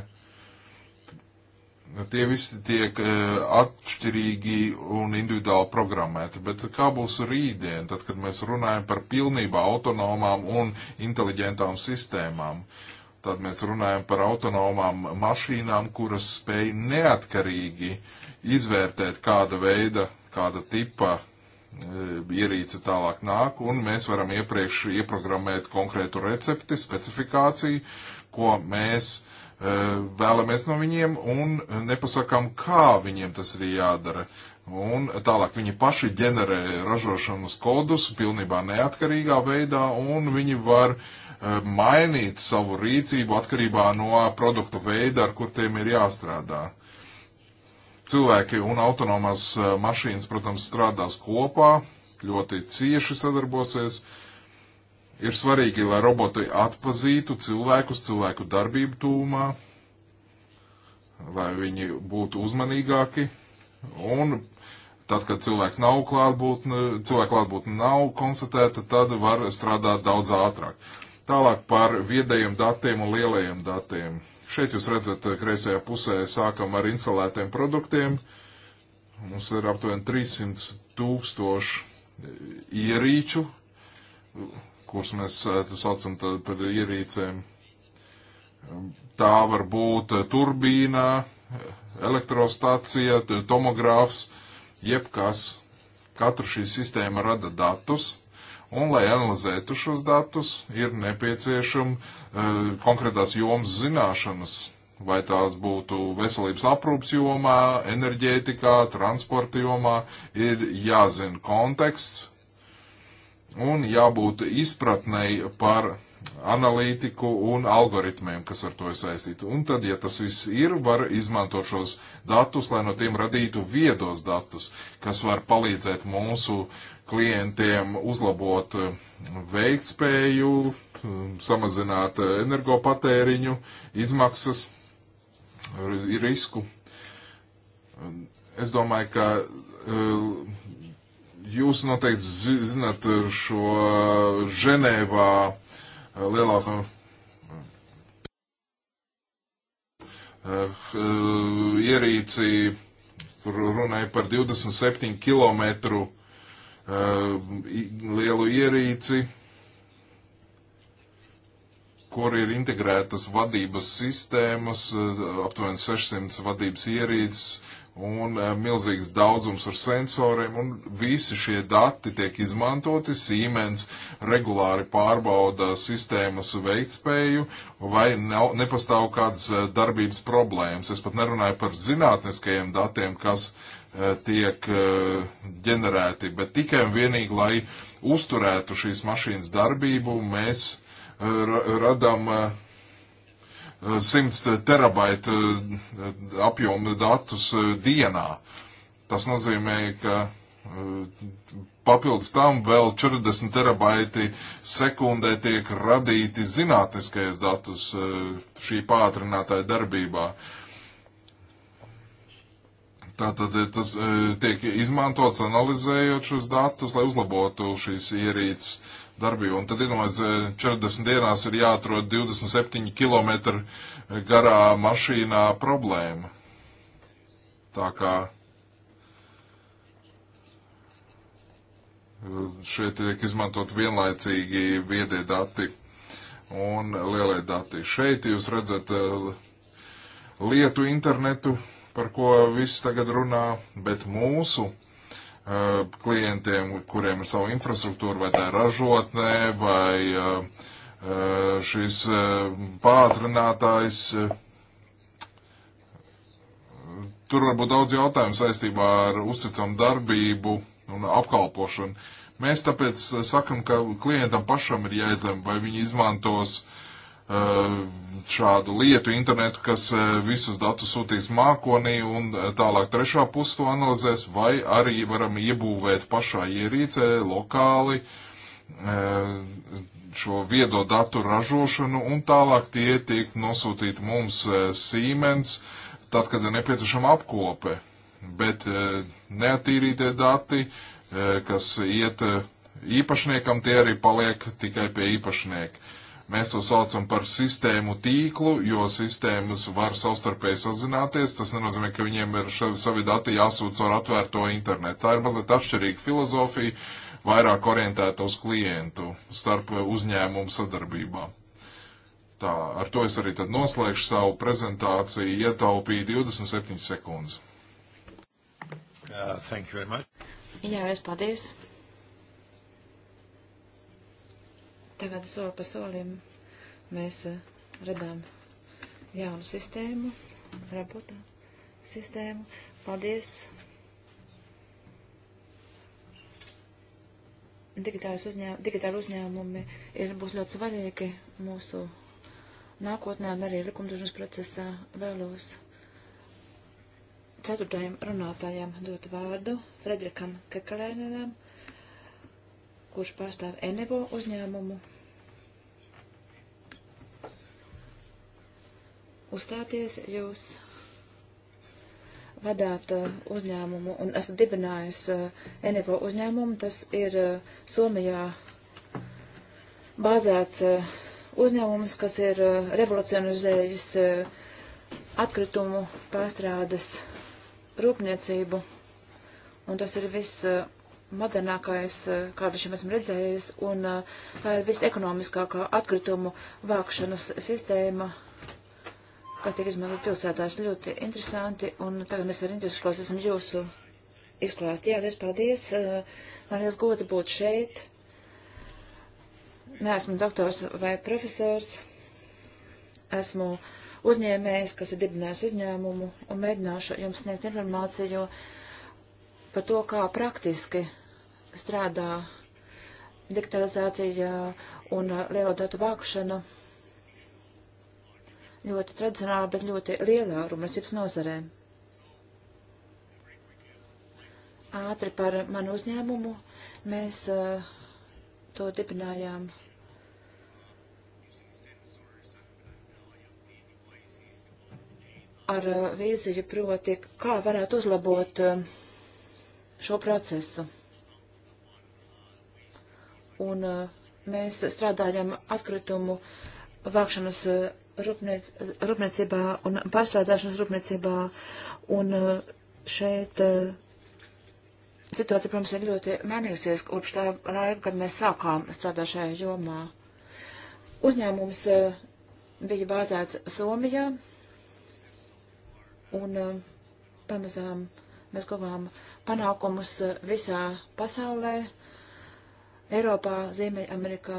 tie visi tiek eh, atšķirīgi un individuāli programmēti. Bet kā būs rītdien, tad, kad mēs runājam par pilnībā autonomām un inteliģentām sistēmām? Uh, Tad mēs runājam par autonomām mašīnām, kuras spēj neatkarīgi izvērtēt, kāda veida, kāda tipa e, ierīce tālāk nāk, un mēs varam iepriekš ieprogrammēt konkrētu recepti, specifikāciju, ko mēs e, vēlamies no viņiem un nepasakām, kā viņiem tas ir jādara. Un tālāk viņi paši ģenerē ražošanas kodus pilnībā neatkarīgā veidā, un viņi var uh, Eh, mainīt savu rīcību atkarībā no produktu veida, ar kur tiem ir jāstrādā. Cilvēki un autonomās eh, mašīnas, protams, strādās kopā, ļoti cieši sadarbosies. Ir svarīgi, lai roboti atpazītu cilvēkus, cilvēku darbību tūmā, lai viņi būtu uzmanīgāki. Un tad, kad cilvēks nav klātbūtne, cilvēku klātbūtne nav konstatēta, tad var strādāt daudz ātrāk. Tālāk par viedajiem datiem un lielajiem datiem. Šeit jūs redzat, eh, kreisajā pusē sākam ar instalētiem produktiem. Mums ir aptuveni 300 tūkstoši eh, ierīču, kurus mēs eh, saucam par ierīcēm. Tā var būt turbīna, elektrostacija, tomogrāfs, jebkas. Katra šī sistēma rada datus, Un, lai analizētu šos datus, ir nepieciešama uh, konkrētās jomas zināšanas, vai tās būtu veselības aprūpas jomā, enerģētikā, transporta jomā, ir jāzina konteksts un jābūt izpratnei par analītiku un algoritmiem, kas ar to ir saistīti. Un tad, ja tas viss ir, var izmantot šos datus, lai no tiem radītu viedos datus, kas var palīdzēt mūsu klientiem uzlabot eh, veiktspēju, eh, samazināt eh, energopatēriņu, izmaksas, risku. Es domāju, ka jūs noteikti zinat šo Ženēvā lielāko eh, ierīci, kur runāja par 27 km eh, lielu ierīci, kur ir integrētas vadības sistēmas, eh, aptuveni 600 vadības ierīces, un eh, milzīgs daudzums ar sensoriem, un visi šie dati tiek izmantoti. Siemens regulāri pārbauda sistēmas veiktspēju, vai nav, nepastāv kādas eh, darbības problēmas. Es pat nerunāju par zinātniskajiem datiem, kas eh, tiek ģenerēti, bet tikai un vienīgi, lai uzturētu šīs mašīnas darbību, mēs radām uh, 100 terabaitu eh, apjomu datus eh, dienā. Tas nozīmē, ka eh, papildus tam vēl 40 terabaiti sekundē tiek radīti zinātniskais datus šī pātrinātāja darbībā. Tātad tas tiek izmantots analizējot šos datus, lai uzlabotu šīs ierīces darbību. Un tad, iedomājieties, 40 eh, dienās ir jāatrod 27 km eh, garā mašīnā problēma. Tā kā eh, šeit tiek izmantot vienlaicīgi viedie dati un lielie dati. Šeit jūs redzat lietu internetu, par ko viss tagad runā, bet mūsu Uh, klientiem, kuriem ir sava infrastruktūra, vai tā ir ražotnē, vai uh, uh, šis pātrinātājs. Tur var būt daudz jautājumu saistībā ar uzticamu darbību un apkalpošanu. Mēs tāpēc sakam, ka klientam pašam ir jāizlem, vai viņi izmantos uh, šādu lietu internetu, kas e, visus datus sūtīs mākonī un e, tālāk trešā puse to analizēs, vai arī varam iebūvēt pašā ierīcē lokāli e, šo viedo datu ražošanu un tālāk tie tiek nosūtīti mums Siemens, tad, kad ir nepieciešama apkope. Bet neatīrītie dati, kas iet īpašniekam, tie arī paliek tikai pie īpašnieka. Mēs to saucam par sistēmu tīklu, jo sistēmas var savstarpēji sazināties. Tas nenozīmē, ka viņiem ir savi dati jāsūta caur atvērto internetu. Tā ir mazliet atšķirīga filozofija, vairāk orientēta uz klientu starp uzņēmumu sadarbībā. Tā, ar to es arī tad noslēgšu savu prezentāciju, ietaupīju 27 sekundes. Uh, thank you very much. Jā, es paldies. Tagad soli pa solim mēs eh, radām jaunu sistēmu, robotu sistēmu. Paldies! Uzņēm, digitāli uzņēmumi ir, būs ļoti svarīgi mūsu nākotnē un arī likumdošanas procesā vēlos ceturtajam runātājam dot vārdu Fredrikam Kekalēnenam, kurš pārstāv Enevo uzņēmumu, uzstāties jūs vadāt uh, uzņēmumu un esat dibinājis uh, Enevo uzņēmumu. Tas ir uh, Somijā bāzēts uh, uzņēmums, kas ir uh, revolucionizējis uh, atkritumu pārstrādes rūpniecību. Un tas ir viss modernākais, eh, kādu šim esmu redzējis, un eh, tā ir visekonomiskākā atkritumu vākšanas sistēma, kas tiek izmantot pilsētās ļoti interesanti, un tagad mēs ar interesi klausīsim jūsu izklāstu. Jā, liels paldies, eh, man liels gods būt šeit. Neesmu doktors vai profesors, esmu uzņēmējs, kas ir dibinājis uzņēmumu, un mēģināšu jums sniegt informāciju par to, kā praktiski strādā digitalizācija uh, un uh, lielo datu vākšana ļoti tradicionāli, bet ļoti lielā rūpniecības nozarē. Ātri par manu uzņēmumu mēs uh, to dibinājām. Ar uh, vīziju proti, kā varētu uzlabot uh, šo procesu un uh, mēs strādājam atkritumu vākšanas uh, rūpniec, uh, rūpniecībā un pārstrādāšanas rūpniecībā, un uh, šeit uh, situācija, protams, ir ļoti mainījusies kopš tā laika, kad mēs sākām strādāt šajā jomā. Uzņēmums uh, bija bāzēts Somijā, un pamazām mēs guvām panākumus visā pasaulē. Eiropā, Ziemeļamerikā,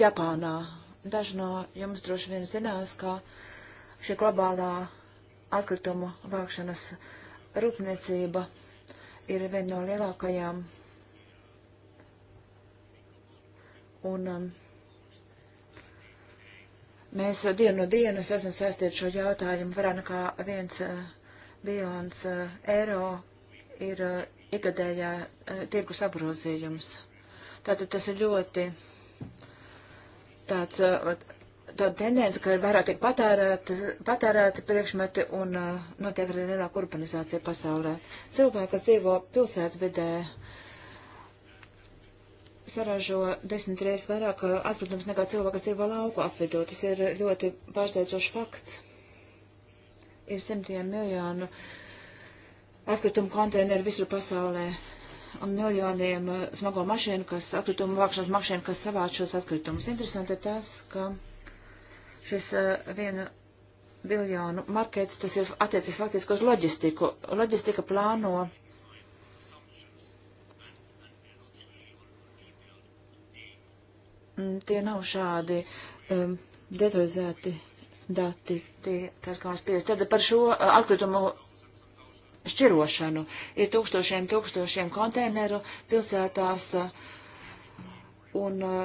Japānā. Daži no jums droši vien zinās, ka šī globālā atkritumu vākšanas rūpniecība ir viena no lielākajām. Un um, mēs dienu no dienas esam saistīti šo jautājumu. Varā nekā viens uh, biljons uh, eiro ir uh, iegadējā eh, tirgus apgrozījums. Tātad tas ir ļoti tāds, eh, tāda tendence, ka ir vairāk tiek patērēti, patērēti priekšmeti un eh, notiek arī lielāka urbanizācija pasaulē. Cilvēki, kas dzīvo pilsētvidē, saražo desmit reizes vairāk atkritumus nekā cilvēki, kas dzīvo lauku apvidū. Tas ir ļoti pārsteidzošs fakts. Ir simtiem miljonu uh, atkritumu konteineru visur pasaulē un miljoniem uh, smago mašīnu, kas atkritumu vākšanas mašīnu, kas savāc šos atkritumus. Interesanti ir tas, ka šis uh, viena biljonu markets, tas ir attiecis faktiski uz loģistiku. Loģistika plāno mm, Tie nav šādi um, detalizēti dati, tie, tas kā mums pies. Tad par šo uh, atkritumu šķirošanu. Ir tūkstošiem, tūkstošiem konteineru pilsētās uh, un uh,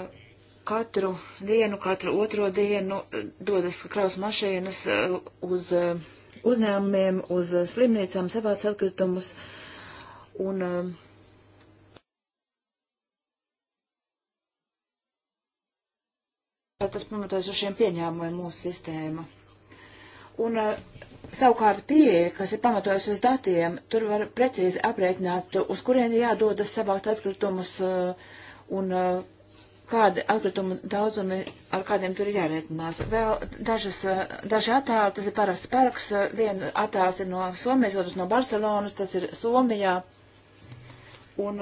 katru dienu, katru otro dienu uh, dodas kraus mašīnas uz uzņēmumiem, uz slimnīcām, savāc atkritumus. Un, tas pamatojas uz šiem pieņēmumiem mūsu sistēma. Un Savukārt pieeja, kas ir pamatojas uz datiem, tur var precīzi aprēķināt, uz kurieni jādodas savākt atkritumus uh, un uh, kādi atkritumu daudzumi, ar kādiem tur ir jārēķinās. Vēl dažas, uh, daži attēli, tas ir parasts parks, viena attēls ir no Somijas, otrs no Barcelonas, tas ir Somijā. Un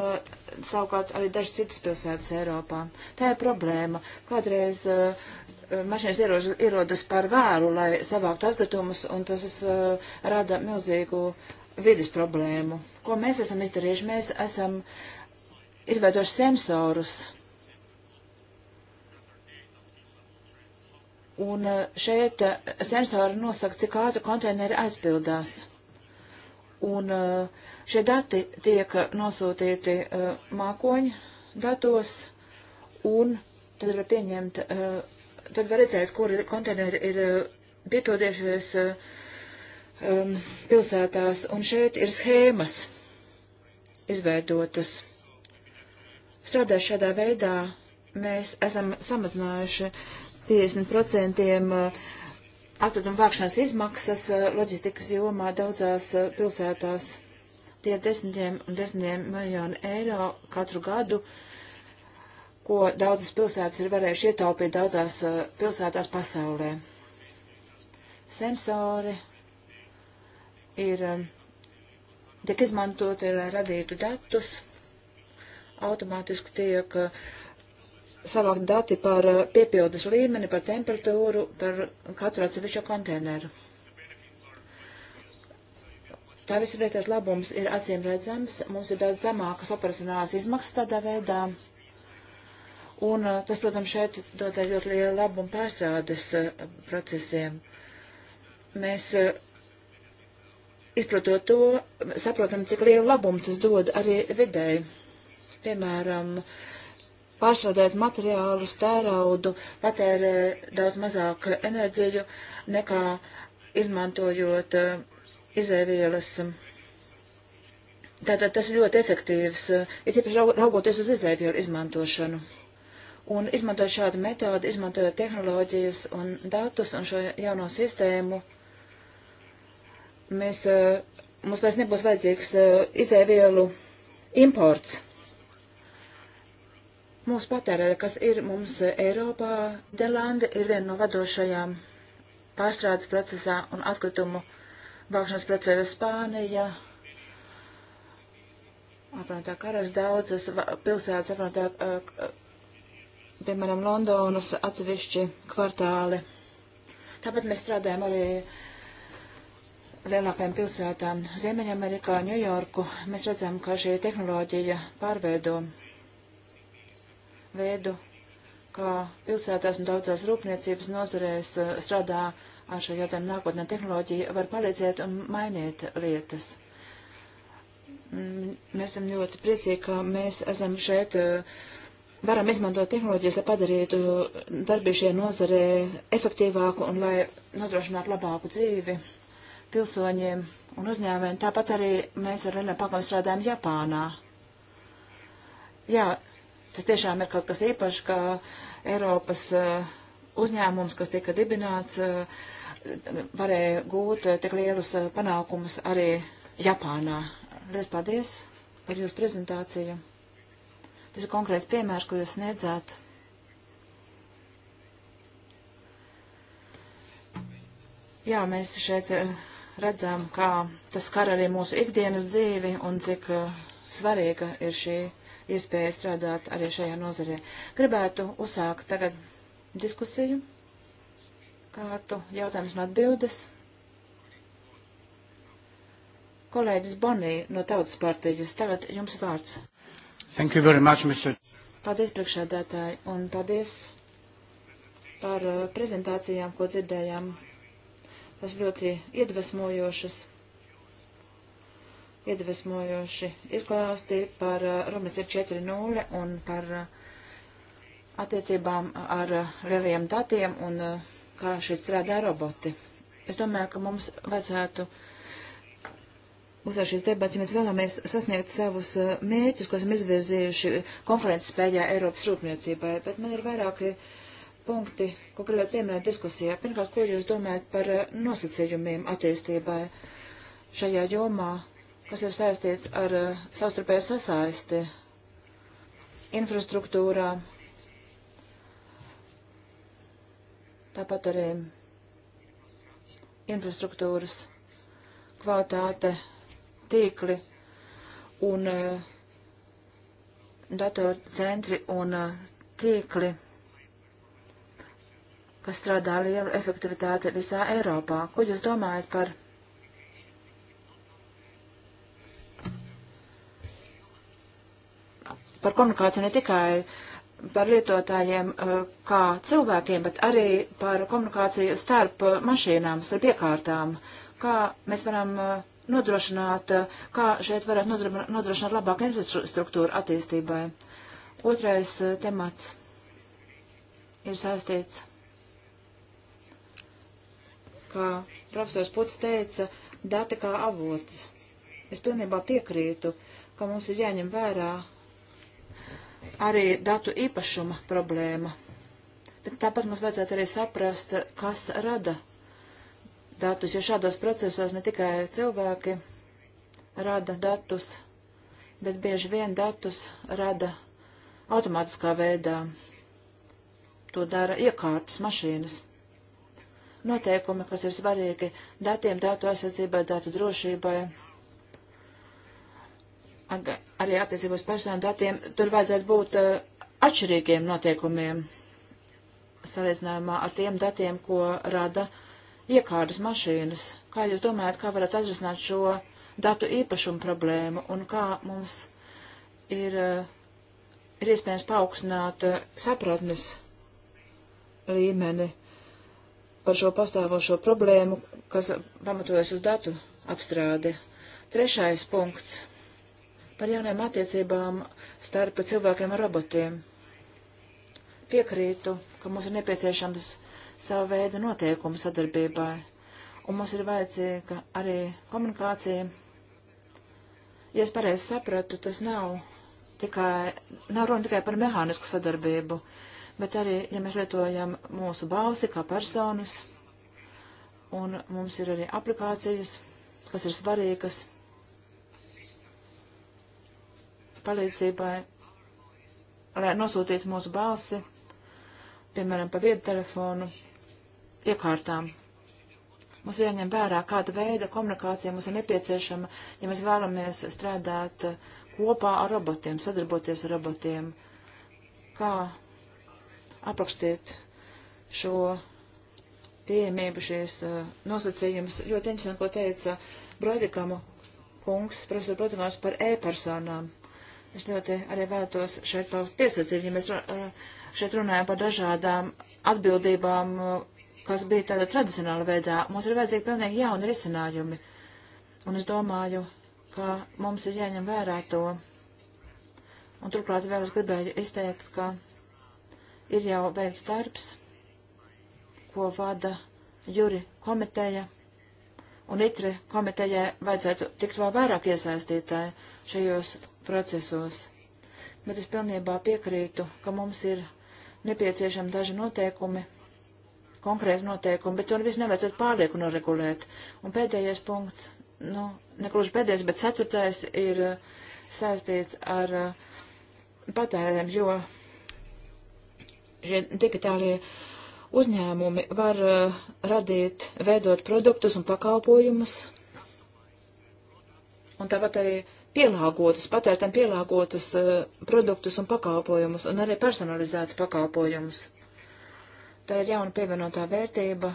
savukārt arī dažas citas pilsētas Eiropā. Tā ir problēma. Kādreiz uh, Eh, mašīnas ierodas, ierodas par vēru, lai savāktu atkritumus, un tas uh, rada milzīgu vidas problēmu. Ko mēs esam izdarījuši? Mēs esam izveidojuši sensorus. Un eh, šeit sensori nosaka, cik ātri konteineri aizpildās. Un šie dati tiek nosūtīti mākoņu datos, un tad var pieņemt uh, tad var redzēt, kuri konteineri ir eh, piepildījušies eh, um, pilsētās. Un šeit ir schēmas izveidotas. Strādājot šādā veidā, mēs esam samazinājuši 50% eh, atkritumu vākšanas izmaksas loģistikas jomā daudzās pilsētās. Tie desmitiem un desmitiem miljonu eiro katru gadu uh, ko daudzas pilsētas ir varējuši ietaupīt daudzās eh, pilsētās pasaulē. Sensori ir, eh, tiek izmantoti, lai radītu datus, automātiski tiek eh, savākt dati par piepildes līmeni, par temperatūru, par katru atsevišķo konteineru. Tā visu lietas labums ir acīm redzams, mums ir daudz zemākas operacionālās izmaksas tādā veidā, Un uh, tas, protams, šeit dod ļoti lielu labumu pārstrādes uh, procesiem. Mēs uh, izprotot to, saprotam, cik lielu labumu tas dod arī videi. Piemēram, pārstrādēt materiālu, stēraudu, patērē daudz mazāk enerģiju nekā izmantojot izēvielas. Tātad tas ir ļoti efektīvs, ir ja tieši raugoties uz izēvielu izmantošanu. Un izmantojot šādu metodu, izmantojot tehnoloģijas un datus un šo jauno sistēmu, mēs, eh, mums vairs nebūs vajadzīgs eh, izēvielu imports. Mūsu patērēja, kas ir mums eh, Eiropā, Delanda ir viena no vadošajām pārstrādes procesā un atkritumu vākšanas procesā Spānija. Apvienotā karas daudzas pilsētas, apvienotā piemēram, Londonas atsevišķi kvartāli. Tāpat mēs strādājam arī lielākajām pilsētām - Ziemeņamerikā, Ņujorku. Mēs redzam, ka šī tehnoloģija pārveido veidu, kā pilsētās un daudzās rūpniecības nozarēs eh, strādā ar šo jautājumu nākotnē. Tehnoloģija var palīdzēt un mainīt lietas mm, mēs esam ļoti priecīgi, ka mēs esam šeit uh, varam izmantot tehnoloģijas, lai padarītu darbību šajā nozarē efektīvāku un lai nodrošinātu labāku dzīvi pilsoņiem un uzņēmējiem. Tāpat arī mēs ar Renē Pakamu strādājam Japānā. Jā, tas tiešām ir kaut kas īpašs, ka Eiropas uh, uzņēmums, kas tika dibināts, uh, varēja gūt uh, tik lielus panākumus arī Japānā. Lies paldies par jūsu prezentāciju. Tas ir konkrēts piemērs, ko jūs sniedzāt. Jā, mēs šeit eh, redzam, kā tas skar arī mūsu ikdienas dzīvi un cik eh, svarīga ir šī iespēja strādāt arī šajā nozarē. Gribētu uzsākt tagad diskusiju kārtu jautājums un atbildes. Kolēģis Bonī no Tautas partijas, tagad jums vārds. Thank you very much, Mr. Paldies, priekšādātāji, un paldies par uh, prezentācijām, ko dzirdējām. Tas ļoti iedvesmojošas, iedvesmojoši izklāstīja par uh, Romnici 4.0 un par uh, attiecībām ar lielajiem datiem un kā šeit strādā roboti. Es domāju, ka mums vajadzētu uzsver šīs debats, ja mēs vēlamies sasniegt savus eh, mērķus, ko esam izvirzījuši konferences spējā Eiropas rūpniecībai, bet man ir vairāki punkti, ko gribētu pieminēt diskusijā. Pirmkārt, ko jūs domājat par eh, nosacījumiem attīstībai šajā jomā, kas ir saistīts ar eh, savstarpēju sasaisti infrastruktūrā, tāpat arī infrastruktūras kvalitāte tīkli un uh, datorcentri un uh, tīkli, kas strādā lielu efektivitāti visā Eiropā. Ko jūs domājat par? Par komunikāciju ne tikai par lietotājiem uh, kā cilvēkiem, bet arī par komunikāciju starp mašīnām, starp iekārtām. Kā mēs varam uh, nodrošināt, eh, kā šeit varētu nodrošināt labāku infrastruktūru attīstībai. Otrais eh, temats ir saistīts, kā profesors Puts teica, dati kā avots. Es pilnībā piekrītu, ka mums ir jāņem vērā arī datu īpašuma problēma. Bet tāpat mums vajadzētu arī saprast, kas rada datus, jo šādos procesos ne tikai cilvēki rada datus, bet bieži vien datus rada automātiskā veidā. To dara iekārtas mašīnas. Noteikumi, kas ir svarīgi datiem, datu aizsardzībai, datu drošībai, arī attiecībos personu datiem, tur vajadzētu būt uh, atšķirīgiem noteikumiem salīdzinājumā ar tiem datiem, ko rada iekārtas mašīnas. Kā jūs domājat, kā varat atrisināt šo datu īpašumu problēmu un kā mums ir, eh, ir iespējams paaugstināt eh, sapratnes līmeni par šo pastāvošo problēmu, kas pamatojas uz datu apstrādi? Trešais punkts par jauniem attiecībām starp cilvēkiem un robotiem. Piekrītu, ka mums ir nepieciešams savu veidu noteikumu sadarbībai, un mums ir vajadzīga arī komunikācija. Ja es pareizi sapratu, tas nav tikai, nav runa tikai par mehānisku sadarbību, bet arī, ja mēs lietojam mūsu balsi kā personas, un mums ir arī aplikācijas, kas ir svarīgas palīdzībai, lai nosūtītu mūsu balsi, piemēram, pa vietu telefonu, iekārtām. Mums ir jāņem vērā, kāda veida komunikācija mums ir nepieciešama, ja mēs vēlamies strādāt kopā ar robotiem, sadarboties ar robotiem. Kā aprakstīt šo pieejamību, šīs uh, nosacījumus. Ļoti interesanti, ko teica Broidikamu kungs, profesor Broidikams, par e-personām. Es ļoti arī vēlētos šeit paust piesacību, ja mēs uh, šeit runājam par dažādām atbildībām kas bija tādā tradicionāla veidā. Mums ir vajadzīgi pilnīgi jauni risinājumi. Un es domāju, ka mums ir jāņem vērā to. Un turklāt vēl es gribēju izteikt, ka ir jau veikts darbs, ko vada Juri komiteja. Un itri komitejai vajadzētu tikt vēl vairāk iesaistītāji šajos procesos. Bet es pilnībā piekrītu, ka mums ir nepieciešami daži noteikumi, konkrēti noteikumi, bet to nevis nevajadzētu pārlieku noregulēt. Un pēdējais punkts, nu, nekluši pēdējais, bet ceturtais ir uh, saistīts ar uh, patērēm, jo šie digitālie uzņēmumi var uh, radīt, veidot produktus un pakalpojumus, un tāpat arī pielāgotas, patērtam pielāgotas produktus un pakalpojumus, un arī personalizētas pakalpojumus. Tā ir jauna pievienotā vērtība.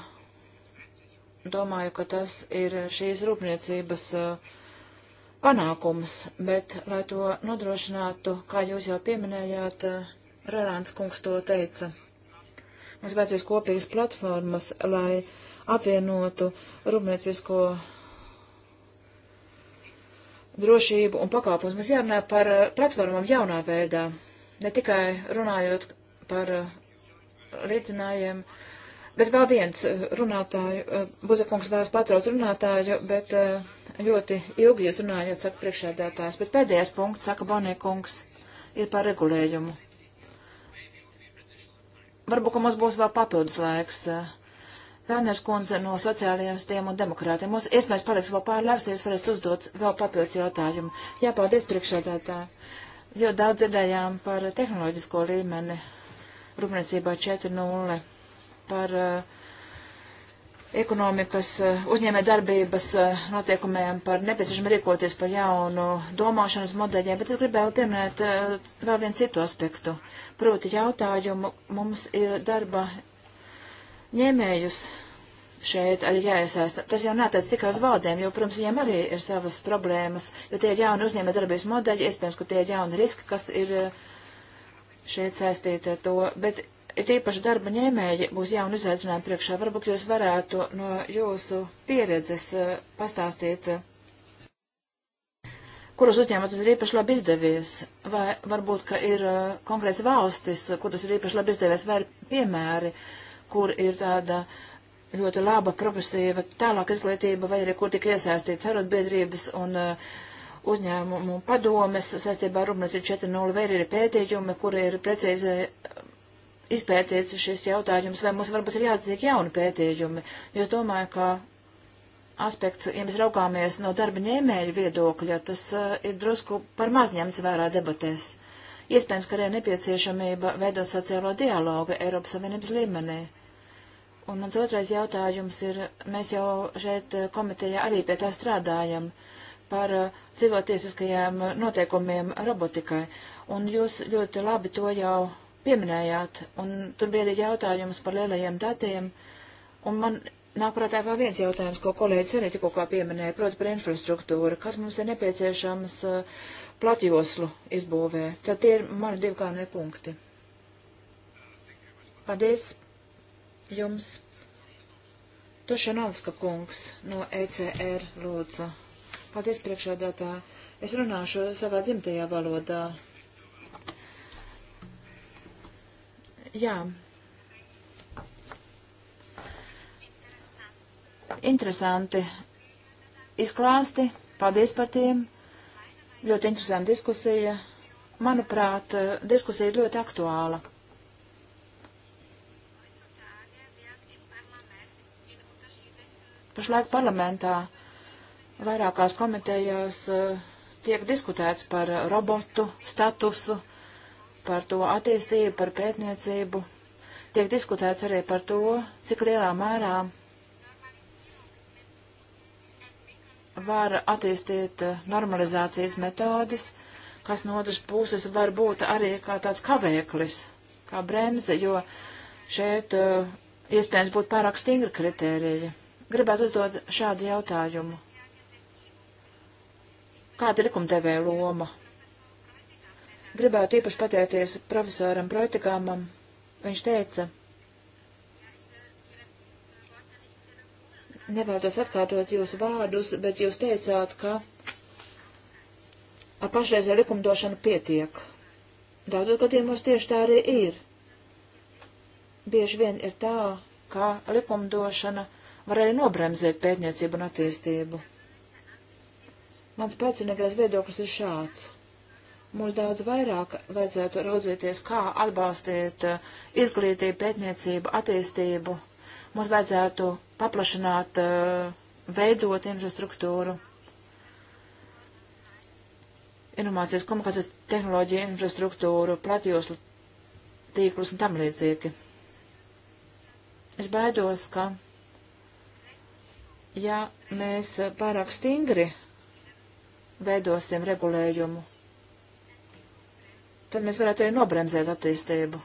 Domāju, ka tas ir šīs rūpniecības uh, panākums, bet, lai to nodrošinātu, kā jūs jau pieminējāt, uh, Rārāns kungs to teica, mums vajadzēs kopīgas platformas, lai apvienotu rūpniecisko drošību un pakāpumus. Mums jārunā par uh, platformām jaunā veidā, ne tikai runājot par līdzinājumu. Bet vēl viens eh, runātāju, eh, Buzekungs vēlas patrauc runātāju, bet eh, ļoti ilgi jūs runājat, saka priekšēdētājs. Bet pēdējais punkts, saka Bonīkungs, ir par regulējumu. Varbūt, ka mums būs vēl papildus laiks. Vērnēs kundze no sociālajiem stiem un demokrātiem. Mums iespējas paliks vēl pāri laiks, ja jūs varēsiet uzdot vēl papildus jautājumu. Jā, paldies priekšēdētāji. Jo daudz dzirdējām par tehnoloģisko līmeni rūpniecībā 4.0 par uh, ekonomikas eh, uzņēmē darbības eh, noteikumiem par nepieciešamību rīkoties par jaunu domāšanas modeļiem, bet es gribēju pieminēt vēl vienu citu aspektu. Proti jautājumu mums ir darba ņēmējus šeit arī jāiesaista. Tas jau nātēc tikai uz valdēm, jo, protams, viņiem arī ir savas problēmas, jo tie ir jauni uzņēmē darbības modeļi, iespējams, ka tie ir jauni riski, kas ir uh, šeit saistīti ar to, bet it īpaši darba ņēmēji būs jauni izaicinājumi priekšā. Varbūt jūs varētu no jūsu pieredzes eh, pastāstīt, eh, kuros uzņēmumos tas ir īpaši labi izdevies, vai varbūt, ka ir eh, konkrēts valstis, kur tas ir īpaši labi izdevies, vai ir piemēri, kur ir tāda ļoti laba, progresīva, tālāk izglītība, vai arī kur tika iesaistīts arotbiedrības un uh, uzņēmumu padomes saistībā ar Rumnesi 4.0 vēl ir pētījumi, kur ir precīzi eh, izpētīts šis jautājums, vai mums varbūt ir jāatdzīk jauni pētījumi. Jo es domāju, ka aspekts, ja mēs raugāmies no darba ņēmēļa viedokļa, tas uh, ir drusku par maz ņemts vērā debatēs. Iespējams, ka arī nepieciešamība veidot sociālo dialogu Eiropas Savienības līmenī. Un mans otrais jautājums ir, mēs jau šeit eh, komitejā arī pie tā strādājam. Uh, par eh, dzīvotiesiskajiem eh, noteikumiem robotikai. Un jūs ļoti labi to jau pieminējāt, un tur bija arī jautājums par lielajiem datiem. Un man nāk prātā vēl viens jautājums, ko kolēģis arī tikko pieminēja, proti par infrastruktūru, kas mums ir nepieciešams eh, platjoslu izbūvē. Tad tie ir mani divi galvenie punkti. Paldies jums. Tošanovska kungs no ECR lūdzu. Paldies, priekšādātāji. Es runāšu savā dzimtajā valodā. Jā. Interesanti izklāsti. Paldies par tiem. Ļoti interesanta diskusija. Manuprāt, diskusija ir ļoti aktuāla. Pašlaik parlamentā Vairākās komitejās eh, tiek diskutēts par robotu statusu, par to attīstību, par pētniecību. Tiek diskutēts arī par to, cik lielā mērā var attīstīt eh, normalizācijas metodis, kas no otras puses var būt arī kā tāds kavēklis, kā bremze, jo šeit uh, iespējams būtu pārāk stingri kritērija. Gribētu uzdot šādu jautājumu. Kāda ir likumdevēja loma? Gribētu īpaši pateikties profesoram Proitikāmam. Viņš teica, nevēlos atkārtot jūsu vārdus, bet jūs teicāt, ka ar pašreizēju likumdošanu pietiek. Daudzos gadījumos tieši tā arī ir. Bieži vien ir tā, ka likumdošana var arī nobremzēt pētniecību un attīstību. Mans personīgais viedoklis ir šāds. Mums daudz vairāk vajadzētu raudzīties, kā atbalstīt eh, izglītību, pētniecību, attīstību. Mums vajadzētu paplašināt, eh, veidot infrastruktūru. Informācijas komunikācijas tehnoloģiju infrastruktūru, platījos tīklus un tam līdzīgi. Es baidos, ka ja mēs eh, pārāk stingri veidosim regulējumu, tad mēs varētu arī nobremzēt attīstību.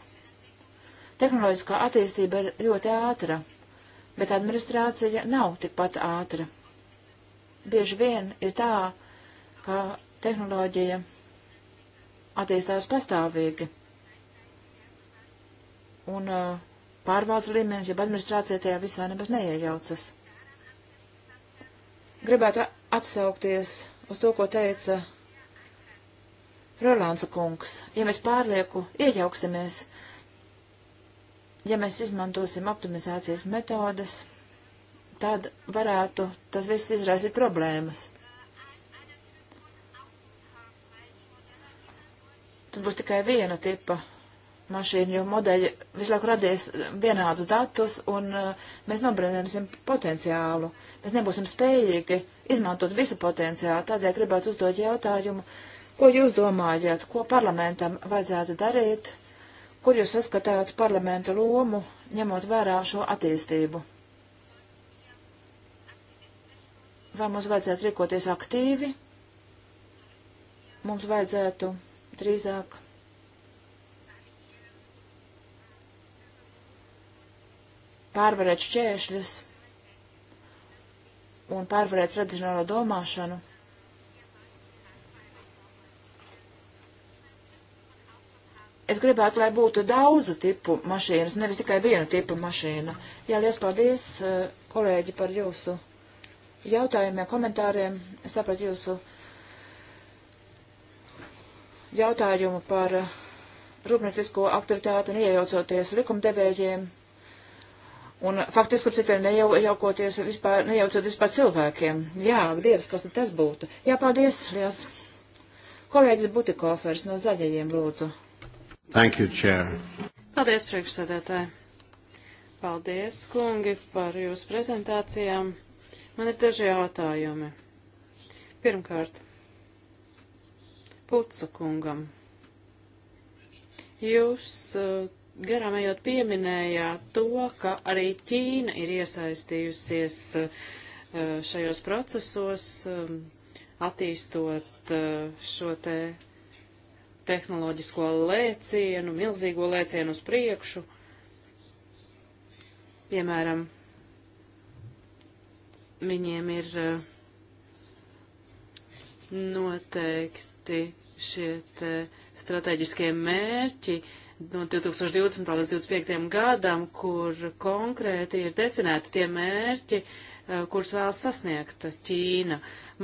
Tehnoloģiskā attīstība ir ļoti ātra, bet administrācija nav tikpat ātra. Bieži vien ir tā, ka tehnoloģija attīstās pastāvīgi. Un uh, pārvaldes līmenis, ja administrācija tajā visā nemaz neiejaucas. Gribētu atsaukties uz to, ko teica Rolānsa kungs. Ja mēs pārlieku iejauksimies, ja mēs izmantosim optimizācijas metodas, tad varētu tas viss izraisīt problēmas. Tad būs tikai viena tipa mašīnu, jo modeļi visu laiku radīs vienādus datus, un uh, mēs nobrīnēsim potenciālu. Mēs nebūsim spējīgi izmantot visu potenciālu, tādēļ gribētu uzdot jautājumu, ko jūs domājat, ko parlamentam vajadzētu darīt, kur jūs saskatāt parlamenta lomu, ņemot vērā šo attīstību. Vai mums vajadzētu rīkoties aktīvi? Mums vajadzētu drīzāk pārvarēt šķēršļus un pārvarēt tradicionālo domāšanu. Es gribētu, lai būtu daudzu tipu mašīnas, nevis tikai viena tipa mašīna. Jā, liels paldies, eh, kolēģi, par jūsu jautājumiem, komentāriem. Es sapratu jūsu jautājumu par eh, rūpniecisko aktivitāti un iejaucoties likumdevējiem. Un faktiski ar citiem nejau, jaukoties vispār, nejaucot vispār cilvēkiem. Jā, Dievs, kas tad tas būtu? Jā, paldies, liels. Kolēģis Butikofers no Zaļajiem lūdzu. Thank you, Chair. Paldies, priekšsēdētāji. Paldies, kungi, par jūsu prezentācijām. Man ir daži jautājumi. Pirmkārt, Puca kungam. Jūs uh, garām ejot pieminējāt to, ka arī Ķīna ir iesaistījusies eh, šajos procesos, eh, attīstot eh, šo te tehnoloģisko lēcienu, milzīgo lēcienu uz priekšu. Piemēram, viņiem ir noteikti šie te strateģiskie mērķi, uh, no 2020. līdz 2025. gadam, kur konkrēti ir definēti tie mērķi, eh, kurus vēlas sasniegt Ķīna.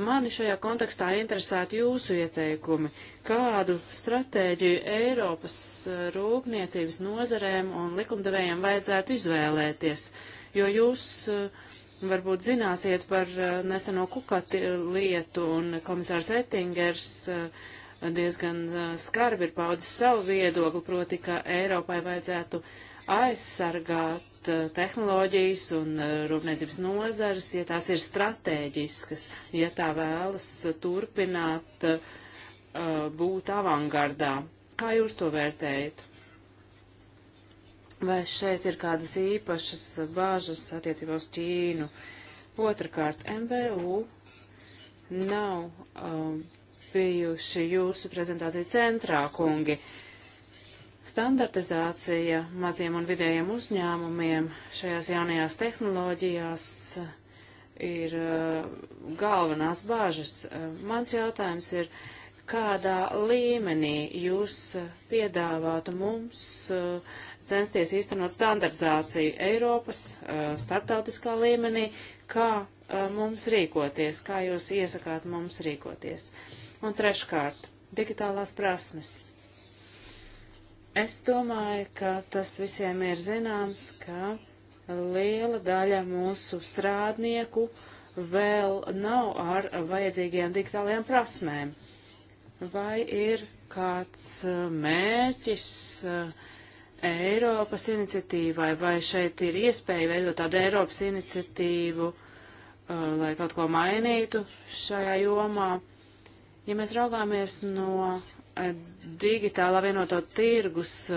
Mani šajā kontekstā interesētu jūsu ieteikumi, kādu stratēģiju Eiropas eh, rūpniecības nozarēm un likumdevējiem vajadzētu izvēlēties, jo jūs eh, varbūt zināsiet par neseno kukati lietu un komisārs Ettingers uh, diezgan skarbi ir paudis savu viedokli, proti, ka Eiropai vajadzētu aizsargāt tehnoloģijas un rūpniecības nozares, ja tās ir stratēģiskas, ja tā vēlas turpināt uh, būt avangardā. Kā jūs to vērtējat? Vai šeit ir kādas īpašas bāžas attiecībā uz Ķīnu? Otrakārt, MVU nav um, bijuši jūsu prezentāciju centrā, kungi. Standartizācija maziem un vidējiem uzņēmumiem šajās jaunajās tehnoloģijās eh, ir eh, galvenās bāžas. Eh, mans jautājums ir, kādā līmenī jūs piedāvātu mums censties īstenot standartizāciju Eiropas starptautiskā līmenī, kā mums rīkoties, kā jūs iesakāt mums rīkoties. Uh, Un treškārt, digitālās prasmes. Es domāju, ka tas visiem ir zināms, ka liela daļa mūsu strādnieku vēl nav ar vajadzīgajām digitālajām prasmēm. Vai ir kāds uh, mērķis uh, Eiropas iniciatīvai, vai šeit ir iespēja veidot tādu Eiropas iniciatīvu, uh, lai kaut ko mainītu šajā jomā? Ja mēs raugāmies no e, digitālā vienoto tirgus e,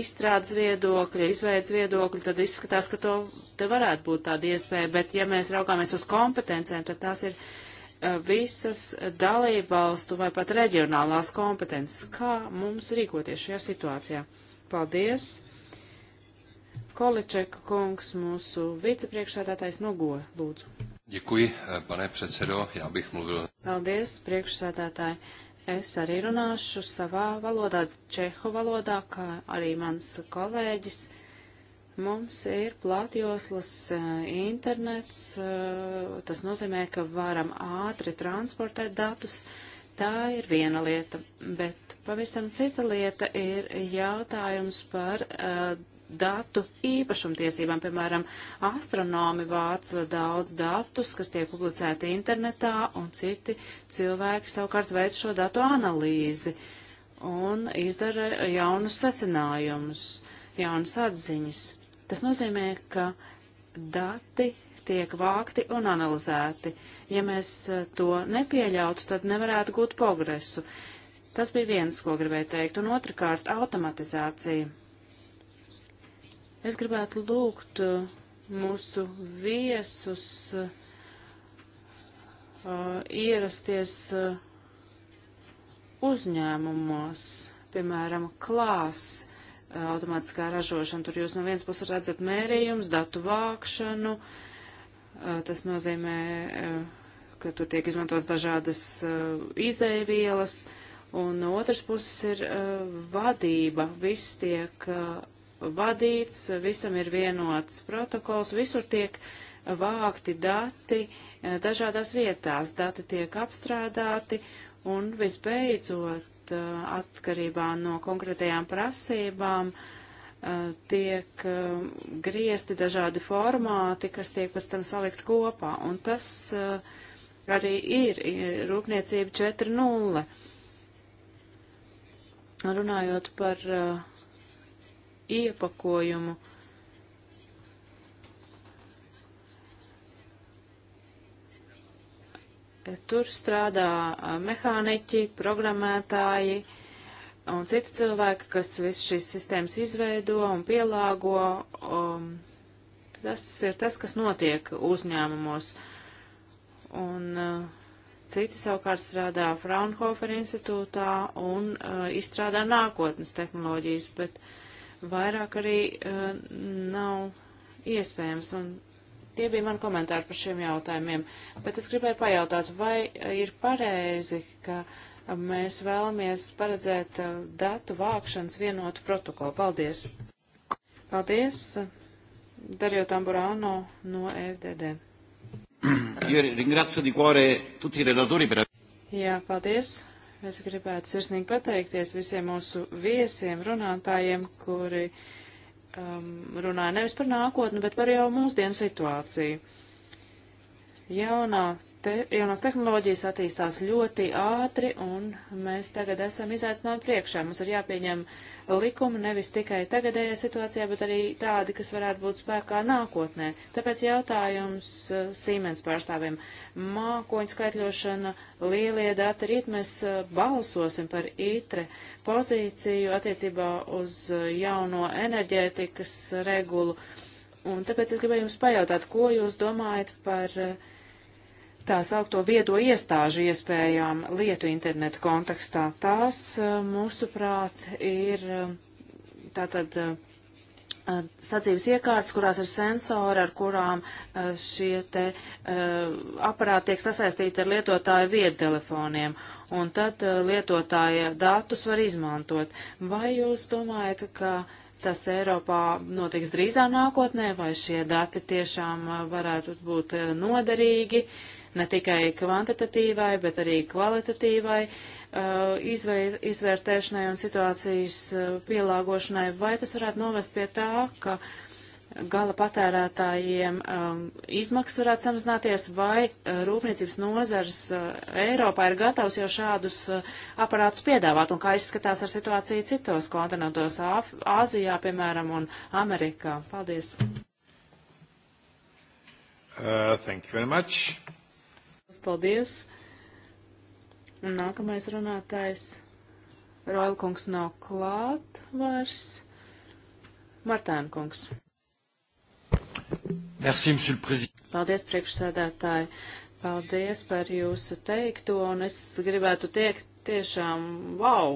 izstrādes viedokļa, izveidas viedokļa, tad izskatās, ka to te varētu būt tāda iespēja, bet ja mēs raugāmies uz kompetencēm, tad tās ir e, visas dalībvalstu vai pat reģionālās kompetences. Kā mums rīkoties šajā situācijā? Paldies! Količeka kungs, mūsu vicepriekšsēdētājs Nogo, lūdzu. Děkuji, eh, pane předsedo, jā bych mluvil. Paldies, priekšsēdētāji. Es arī runāšu savā valodā, čehu valodā, kā arī mans kolēģis. Mums ir plātjoslas eh, internets, eh, tas nozīmē, ka varam ātri transportēt datus. Tā ir viena lieta, bet pavisam cita lieta ir jautājums par uh, datu īpašumtiesībām. Piemēram, astronomi vāc daudz datus, kas tiek publicēti internetā, un citi cilvēki savukārt veic šo datu analīzi un izdara jaunus secinājumus, jaunas atziņas. Tas nozīmē, ka dati tiek vākti un analizēti. Ja mēs eh, to nepieļautu, tad nevarētu gūt progresu. Tas bija viens, ko gribēju teikt, un otrkārt automatizācija. Es gribētu lūgt uh, mūsu viesus uh, ierasties uh, uzņēmumos, piemēram, klās uh, automātiskā ražošana. Tur jūs no vienas puses redzat mērījums, datu vākšanu. Uh, tas nozīmē, uh, ka tur tiek izmantotas dažādas izēvielas, un no otras puses ir vadība. Viss tiek vadīts, visam ir vienots protokols, visur tiek vākti dati eh, dažādās vietās, dati tiek apstrādāti un visbeidzot eh, atkarībā no konkrētajām prasībām eh, tiek griezti dažādi formāti, kas tiek pēc tam salikt kopā. Un tas arī ir rūpniecība 4.0. Runājot par uh, iepakojumu. Tur strādā mehāniķi, programmētāji un citi cilvēki, kas visu šīs sistēmas izveido un pielāgo. Um, tas ir tas, kas notiek uzņēmumos. Un uh, citi savukārt strādā Fraunhofer institūtā un uh, izstrādā nākotnes tehnoloģijas, bet uh, vairāk arī uh, nav iespējams. Un tie bija mani komentāri par šiem jautājumiem. Bet es gribēju pajautāt, vai ir pareizi, ka mēs vēlamies paredzēt uh, datu vākšanas vienotu protokolu. Paldies! Paldies! Dario Tamburano no FDD. Io ringrazio di cuore tutti i relatori per aver. Jā, paldies. Es gribētu sirsnīgi pateikties visiem mūsu viesiem, runātājiem, kuri um, runāja nevis par nākotni, bet par jau mūsdienu situāciju. Jaunā te, jaunās tehnoloģijas attīstās ļoti ātri, un mēs tagad esam izaicinājumi priekšā. Mums ir jāpieņem likumi nevis tikai tagadējā situācijā, bet arī tādi, kas varētu būt spēkā nākotnē. Tāpēc jautājums uh, Siemens pārstāvim. Mākoņu skaitļošana, lielie dati, rīt mēs uh, balsosim par ITRE pozīciju attiecībā uz uh, jauno enerģētikas regulu. Un tāpēc es gribēju jums pajautāt, ko jūs domājat par uh, tā saukto viedo iestāžu iespējām lietu internetu kontekstā. Tās, eh, mūsuprāt, ir eh, tātad eh, sacīves iekārtas, kurās ir sensori, ar kurām šie te aparāti tiek sasaistīti ar lietotāju viedtelefoniem, un tad lietotāja datus var izmantot. Vai jūs domājat, ka tas Eiropā notiks drīzā nākotnē, vai šie dati tiešām varētu būt noderīgi, ne tikai kvantitatīvai, bet arī kvalitatīvai uh, izvēr, izvērtēšanai un situācijas uh, pielāgošanai, vai tas varētu novest pie tā, ka gala patērētājiem um, izmaksas varētu samazināties, vai uh, rūpniecības nozars uh, Eiropā ir gatavs jau šādus uh, aparātus piedāvāt, un kā izskatās ar situāciju citos kontinentos, Āzijā, piemēram, un Amerikā. Paldies! Uh, thank you very much. Paldies! Un nākamais runātājs. Roilkungs nav klāt vairs. Martēna kungs. Merci, monsieur le président. Paldies, priekšsēdētāji. Paldies par jūsu teikto, un es gribētu teikt tiešām, wow,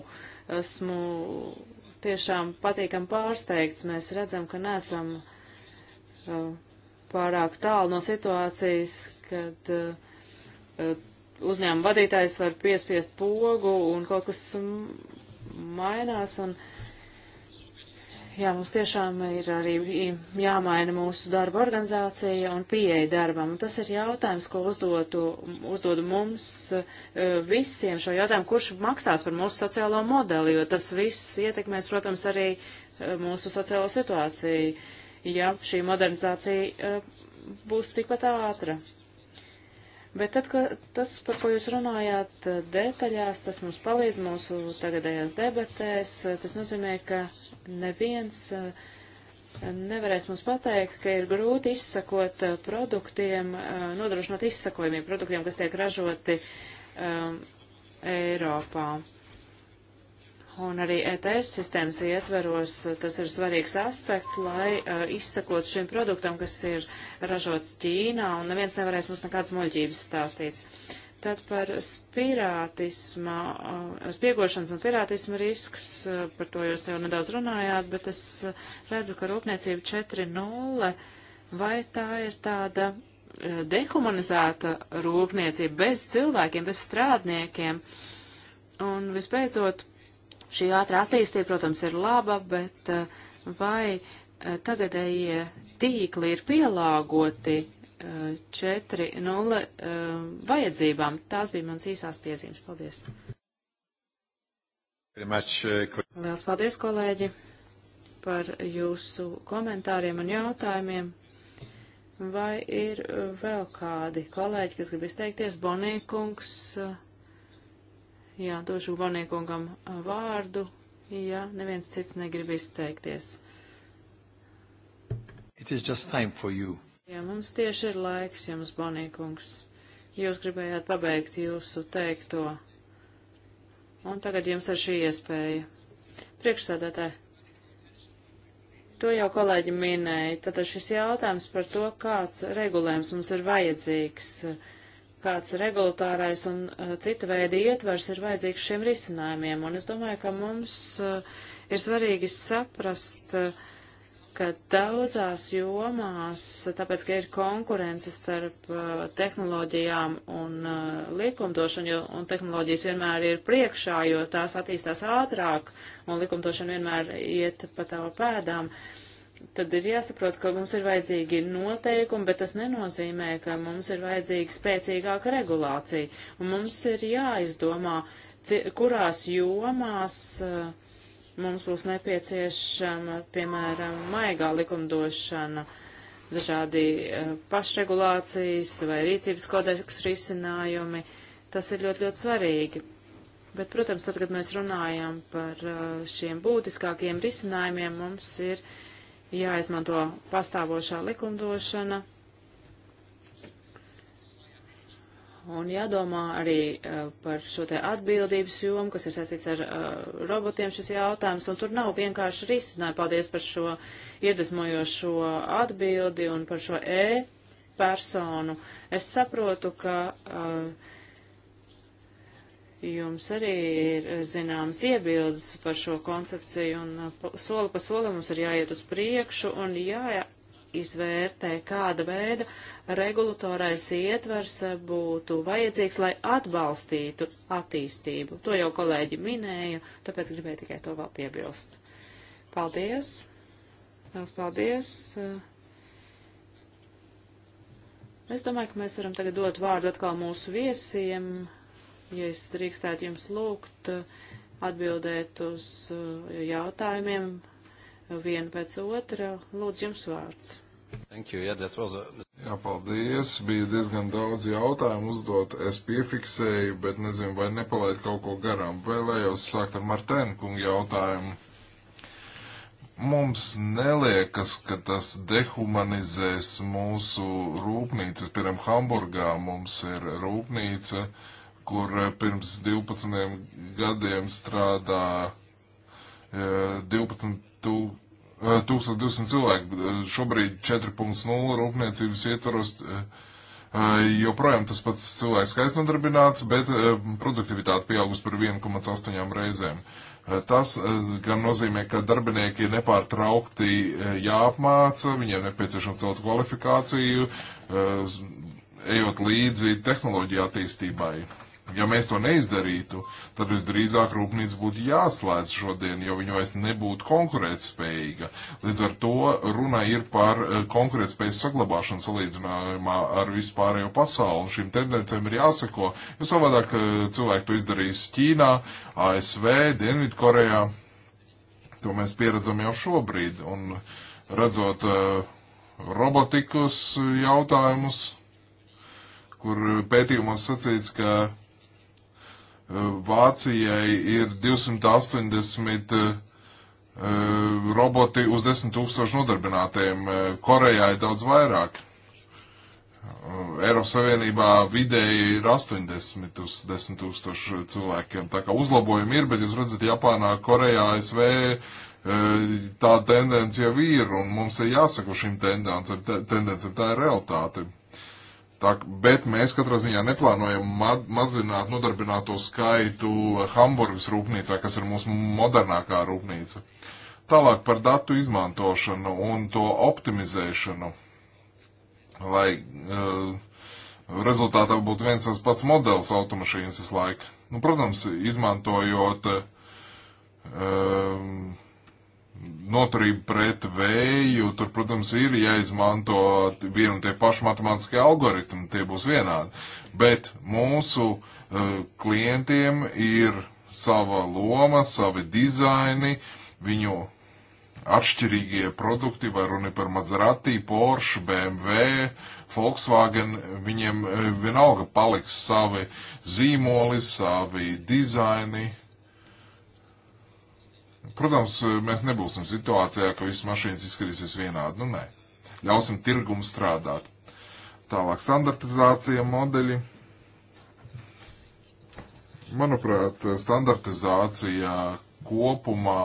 esmu tiešām patīkam pārsteigts. Mēs redzam, ka nesam uh, pārāk tālu no situācijas, kad uh, Eh, uzņēmuma vadītājs var piespiest pogu un kaut kas mainās. Un, jā, mums tiešām ir arī jāmaina mūsu darba organizācija un pieeja darbam. Un tas ir jautājums, ko uzdotu, uzdodu mums eh, visiem šo jautājumu, kurš maksās par mūsu sociālo modeli, jo tas viss ietekmēs, protams, arī eh, mūsu sociālo situāciju, ja šī modernizācija būs tikpat ātra. Bet tad, kad tas, par ko jūs runājāt eh, detaļās, tas mums palīdz mūsu tagadējās debatēs. Eh, tas nozīmē, ka neviens eh, nevarēs mums pateikt, ka ir grūti izsakot produktiem, nodrošinot izsakojumiem produktiem, kas tiek ražoti um, Eiropā un arī ETS sistēmas ietveros uh, tas ir svarīgs aspekts, lai uh, izsakot šim produktam, kas ir ražots Ķīnā, un neviens nevarēs mums nekādas muļķības stāstīt. Tad par spirātisma, uh, spiegošanas un pirātisma risks, uh, par to jūs jau nedaudz runājāt, bet es uh, redzu, ka rūpniecība 4.0, vai tā ir tāda uh, dehumanizēta rūpniecība bez cilvēkiem, bez strādniekiem? Un visbeidzot Šī ātrā attīstība, protams, ir laba, bet eh, vai eh, tagadējie tīkli ir pielāgoti 4.0 eh, vajadzībām? Tās bija mans īsās piezīmes. Paldies! Liels paldies, kolēģi, par jūsu komentāriem un jautājumiem. Vai ir vēl kādi kolēģi, kas grib izteikties? Bonīkungs. kungs. Jā, došu Vaniekungam uh, vārdu, ja neviens cits negrib izteikties. It is just time for you. Jā, mums tieši ir laiks jums, Bonīkungs. Jūs gribējāt pabeigt jūsu teikto. Un tagad jums ir šī iespēja. Priekšsādātāji, to jau kolēģi minēja, tad šis jautājums par to, kāds regulējums mums ir vajadzīgs. Uh, kāds regulatārais un uh, cita veida ietvars ir vajadzīgs šiem risinājumiem. Un es domāju, ka mums uh, ir svarīgi saprast, uh, ka daudzās jomās, tāpēc, ka ir konkurence starp uh, tehnoloģijām un uh, likumdošanu, jo, un tehnoloģijas vienmēr ir priekšā, jo tās attīstās ātrāk, un likumdošana vienmēr iet pa tavu pēdām, tad ir jāsaprot, ka mums ir vajadzīgi noteikumi, bet tas nenozīmē, ka mums ir vajadzīga spēcīgāka regulācija. Un mums ir jāizdomā, kurās jomās uh, mums būs nepieciešama, piemēram, maigā likumdošana, dažādi uh, pašregulācijas vai rīcības kodeksu risinājumi. Tas ir ļoti, ļoti svarīgi. Bet, protams, tad, kad mēs runājam par uh, šiem būtiskākiem risinājumiem, mums ir uh, jāizmanto pastāvošā likumdošana un jādomā arī uh, par šo te atbildības jomu, kas ir saistīts ar uh, robotiem šis jautājums, un tur nav vienkārši risinājumi. Paldies par šo iedvesmojošo atbildi un par šo e personu. Es saprotu, ka uh, jums arī ir zināmas iebildes par šo koncepciju, un uh, soli pa solim mums ir jāiet uz priekšu un jāizvērtē, kāda veida regulatorais ietvers uh, būtu vajadzīgs, lai atbalstītu attīstību. To jau kolēģi minēja, tāpēc gribēju tikai to vēl piebilst. Paldies! Liels paldies! Uh, es domāju, ka mēs varam tagad dot vārdu atkal mūsu viesiem ja es drīkstētu jums lūgt uh, atbildēt uz uh, jautājumiem vienu pēc otra, lūdzu jums vārds. Thank you. Yeah, that was a... Jā, paldies. Bija diezgan daudz jautājumu uzdot. Es piefiksēju, bet nezinu, vai nepalaid kaut ko garām. Vēlējos sākt ar Martēnu kungu jautājumu. Mums neliekas, ka tas dehumanizēs mūsu rūpnīcas. Piemēram, Hamburgā mums ir rūpnīca. Uh, kur eh, pirms 12 gadiem strādā 12 tū, 1200 cilvēku. Eh, šobrīd 4.0 rūpniecības ietvaros eh, joprojām tas pats cilvēks skaits nodarbināts, bet produktivitāte pieaugus par 1,8 reizēm. Tas gan nozīmē, ka darbinieki ir nepārtraukti jāapmāca, viņiem nepieciešams celt kvalifikāciju, ejot līdzi tehnoloģiju attīstībai Ja mēs to neizdarītu, tad visdrīzāk rūpnīca būtu jāslēdz šodien, jo viņa vairs nebūtu konkurētspējīga. Līdz ar to runa ir par eh, konkurētspējas saglabāšanu salīdzinājumā ar vispārējo pasauli. Šīm tendencēm ir jāseko, jo savādāk eh, cilvēki to izdarīs Ķīnā, ASV, Dienvidkorejā. To mēs pieredzam jau šobrīd un redzot eh, robotikas jautājumus, kur pētījumos sacīts, ka Vācijai ir 280 eh, roboti uz 10 tūkstošu nodarbinātiem, eh, Korejā ir daudz vairāk. Eh, Eiropas Savienībā vidēji ir 80 uz 10 tūkstošu cilvēkiem. Tā kā uzlabojumi ir, bet jūs redzat, Japānā, Korejā, ASV tā tendence jau ir, un mums ir jāsaka šīm tendencēm, tā ir realitāte. Tā, bet mēs katrā ziņā neplānojam ma mazināt nodarbināto skaitu Hamburgas rūpnīcā, kas ir mūsu modernākā rūpnīca. Tālāk par datu izmantošanu un to optimizēšanu, lai uh, rezultātā būtu viens tas pats modelis automašīnas visu laiku. Nu, protams, izmantojot uh, noturību pret vēju, tur, protams, ir jāizmanto vienu un tie paši matemātiskie algoritmi, tie būs vienādi. Bet mūsu uh, klientiem ir sava loma, savi dizaini, viņu atšķirīgie produkti, vai runa par Maserati, Porsche, BMW, Volkswagen, viņiem eh, vienalga paliks savi zīmoli, savi dizaini, Protams, mēs nebūsim situācijā, ka visas mašīnas izskatīsies vienādi. Nu, nē. Ļausim tirgumu strādāt. Tālāk standartizācija modeļi. Manuprāt, standartizācija kopumā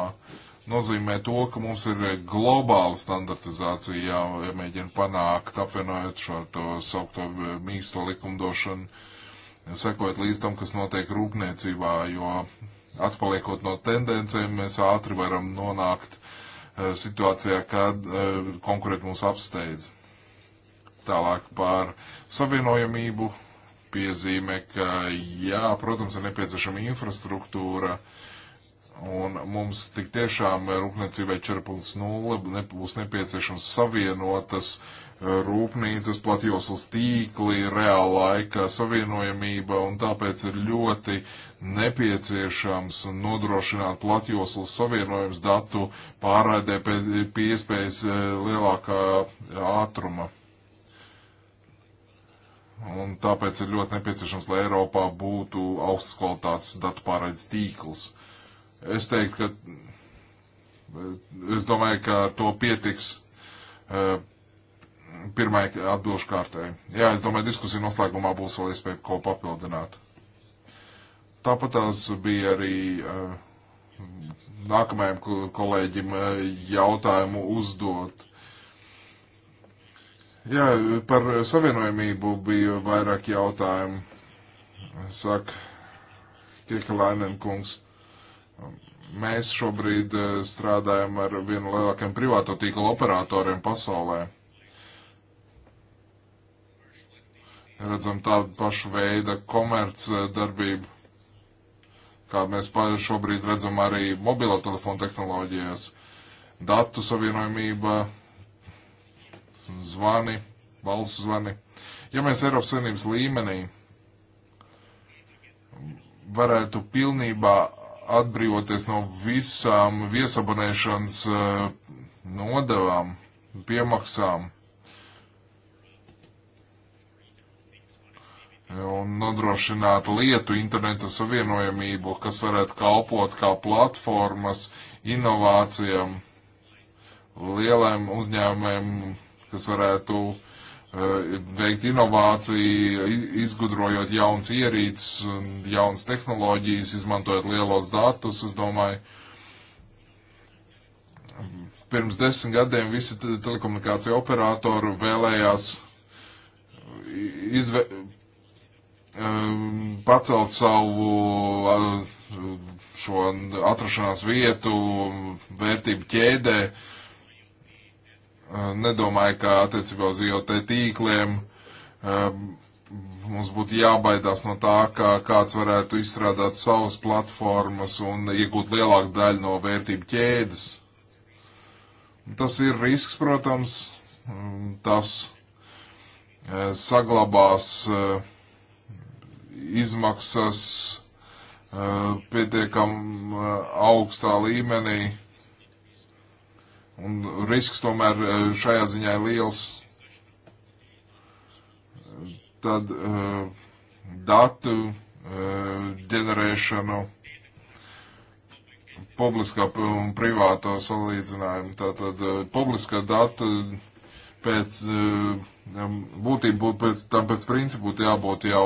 nozīmē to, ka mums ir globāla standartizācija jāmēģina ja panākt, apvienojot šo to saukto mīksto likumdošanu, sekojot līdz tam, kas notiek rūpniecībā, jo Atpaliekot no tendencēm, mēs ātri varam nonākt eh, situācijā, kad eh, konkurenti mūs apsteidz. Tālāk par savienojamību piezīme, ka jā, protams, ir nepieciešama infrastruktūra, un mums tik tiešām rūpniecībai 4.0 būs nepieciešams savienotas uh, rūpnīcas, platjoslas tīkli, reāla laika savienojamība, un tāpēc ir ļoti nepieciešams nodrošināt platjoslas savienojums datu pārraidē pie iespējas e, lielākā ātruma. Un tāpēc ir ļoti nepieciešams, lai Eiropā būtu augsts kvalitātes datu pārraides tīkls. Es teiktu, ka es domāju, ka to pietiks e, pirmai atbilžu kārtai. Jā, es domāju, diskusija noslēgumā būs vēl iespēja ko papildināt. Tāpat tās bija arī uh, nākamajam kolēģim uh, jautājumu uzdot. Jā, par savienojumību bija vairāk jautājumu, saka Kiekalainen kungs. Mēs šobrīd eh, strādājam ar vienu lielākiem privāto tīkla operatoriem pasaulē. redzam tādu pašu veidu komerc eh, darbību, kā mēs šobrīd redzam arī mobilo telefonu tehnoloģijās, datu savienojumība, zvani, valsts zvani. Ja mēs Eiropas Savienības līmenī varētu pilnībā atbrīvoties no visām viesabonēšanas eh, nodevām, piemaksām, un nodrošinātu lietu interneta savienojamību, kas varētu kalpot kā platformas inovācijām, lieliem uzņēmumiem, kas varētu uh, veikt inovāciju, izgudrojot jauns ierīces, jauns tehnoloģijas, izmantojot lielos datus, es domāju. Pirms desmit gadiem visi telekomunikācija operatori vēlējās izve pacelt savu šo atrašanās vietu vērtību ķēdē. Nedomāju, ka attiecībā uz IoT tīkliem mums būtu jābaidās no tā, ka kāds varētu izstrādāt savas platformas un iegūt lielāku daļu no vērtību ķēdes. Tas ir risks, protams, tas eh, saglabās uh, izmaksas uh, pietiekam uh, augstā līmenī. Un risks tomēr eh, šajā ziņā ir liels. Tad uh, datu ģenerēšanu, publiskā un privātā salīdzinājuma. Tātad publiskā data pēc uh, Būtība būtu pēc, tam pēc principu jābūt jau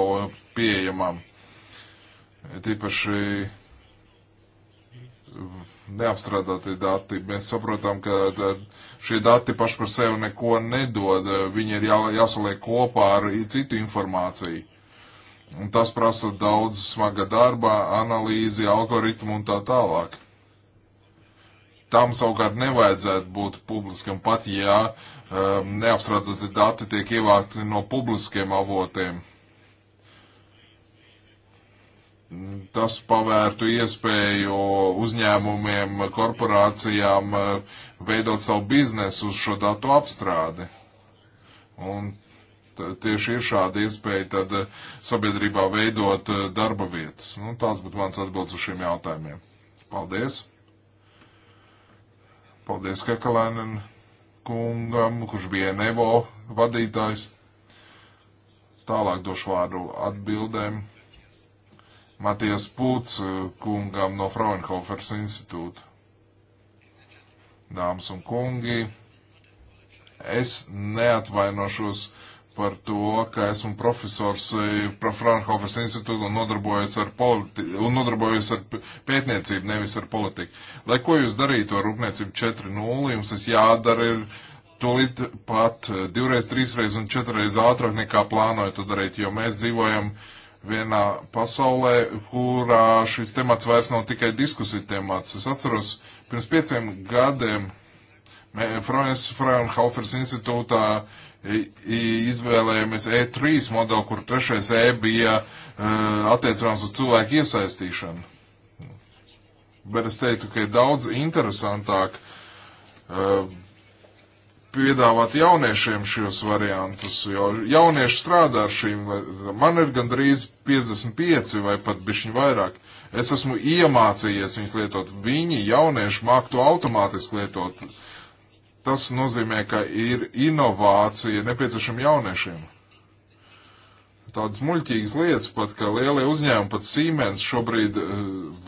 pieejamām. Tīpaši neapstrādāti dati. Mēs saprotam, ka šie dati paši par sevi neko nedod. Viņi ir jā, jāsaliek kopā ar citu informāciju. Un tas prasa daudz smaga darba, analīzi, algoritmu un tā tālāk tam savukārt nevajadzētu būt publiskam, pat ja um, neapstrādāti dati tiek ievākti no publiskiem avotiem. Tas pavērtu iespēju uzņēmumiem, korporācijām uh, veidot savu biznesu uz šo datu apstrādi. Un tieši ir šāda iespēja tad uh, sabiedrībā veidot uh, darba vietas. Nu, tāds būtu mans atbildes uz šiem jautājumiem. Paldies! Paldies Kakalēnen kungam, kurš bija Nevo vadītājs. Tālāk došu vārdu atbildēm. Matijas Pūts eh, kungam no Fraunhofers institūta. Dāmas un kungi, es neatvainošos par to, ka esmu profesors eh, Fraunhofers institūta un nodarbojos ar, politi un nodarbojos ar pētniecību, nevis ar politiku. Lai ko jūs darītu ar rūpniecību 4.0, jums tas jādara ir tūlīt pat eh, divreiz, trīsreiz un četreiz ātrāk nekā plānoju to darīt, jo mēs dzīvojam vienā pasaulē, kurā šis temats vairs nav tikai diskusija temats. Es atceros, pirms pieciem gadiem Fraunhofers institūtā uh, izvēlējamies E3 modeli, kur trešais E bija eh, attiecināms uz cilvēku iesaistīšanu. Bet es teiktu, ka ir daudz interesantāk eh, piedāvāt jauniešiem šos variantus, jo jaunieši strādā ar šīm, man ir gandrīz 55 vai pat bišķi vairāk. Es esmu iemācījies viņas lietot. Viņi, jaunieši, māk to automātiski lietot. Uh, Tas nozīmē, ka ir inovācija nepieciešama jauniešiem. Tādas muļķīgas lietas pat, ka lielie uzņēmumi, pat Siemens šobrīd eh,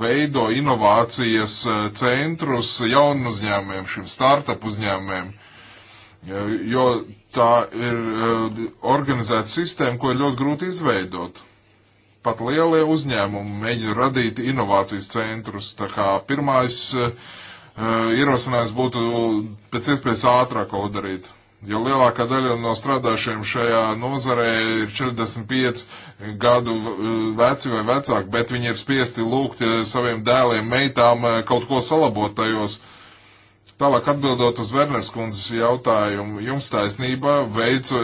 veido inovācijas eh, centrus jaunu uzņēmumiem, šiem startup uzņēmumiem, eh, jo tā ir organizēta sistēma, ko ir ļoti grūti izveidot pat lielie uzņēmumi mēģina radīt inovācijas centrus. Tā kā pirmais uh, ierosinājums būtu pēc iespējas ātrāk darīt. Jo lielākā daļa no strādājušiem šajā nozarē ir 45 gadu veci vai vecāki, bet viņi ir spiesti lūgt saviem dēliem, meitām kaut ko salabot tajos. Tālāk atbildot uz Verners kundzes jautājumu, jums taisnība veicu,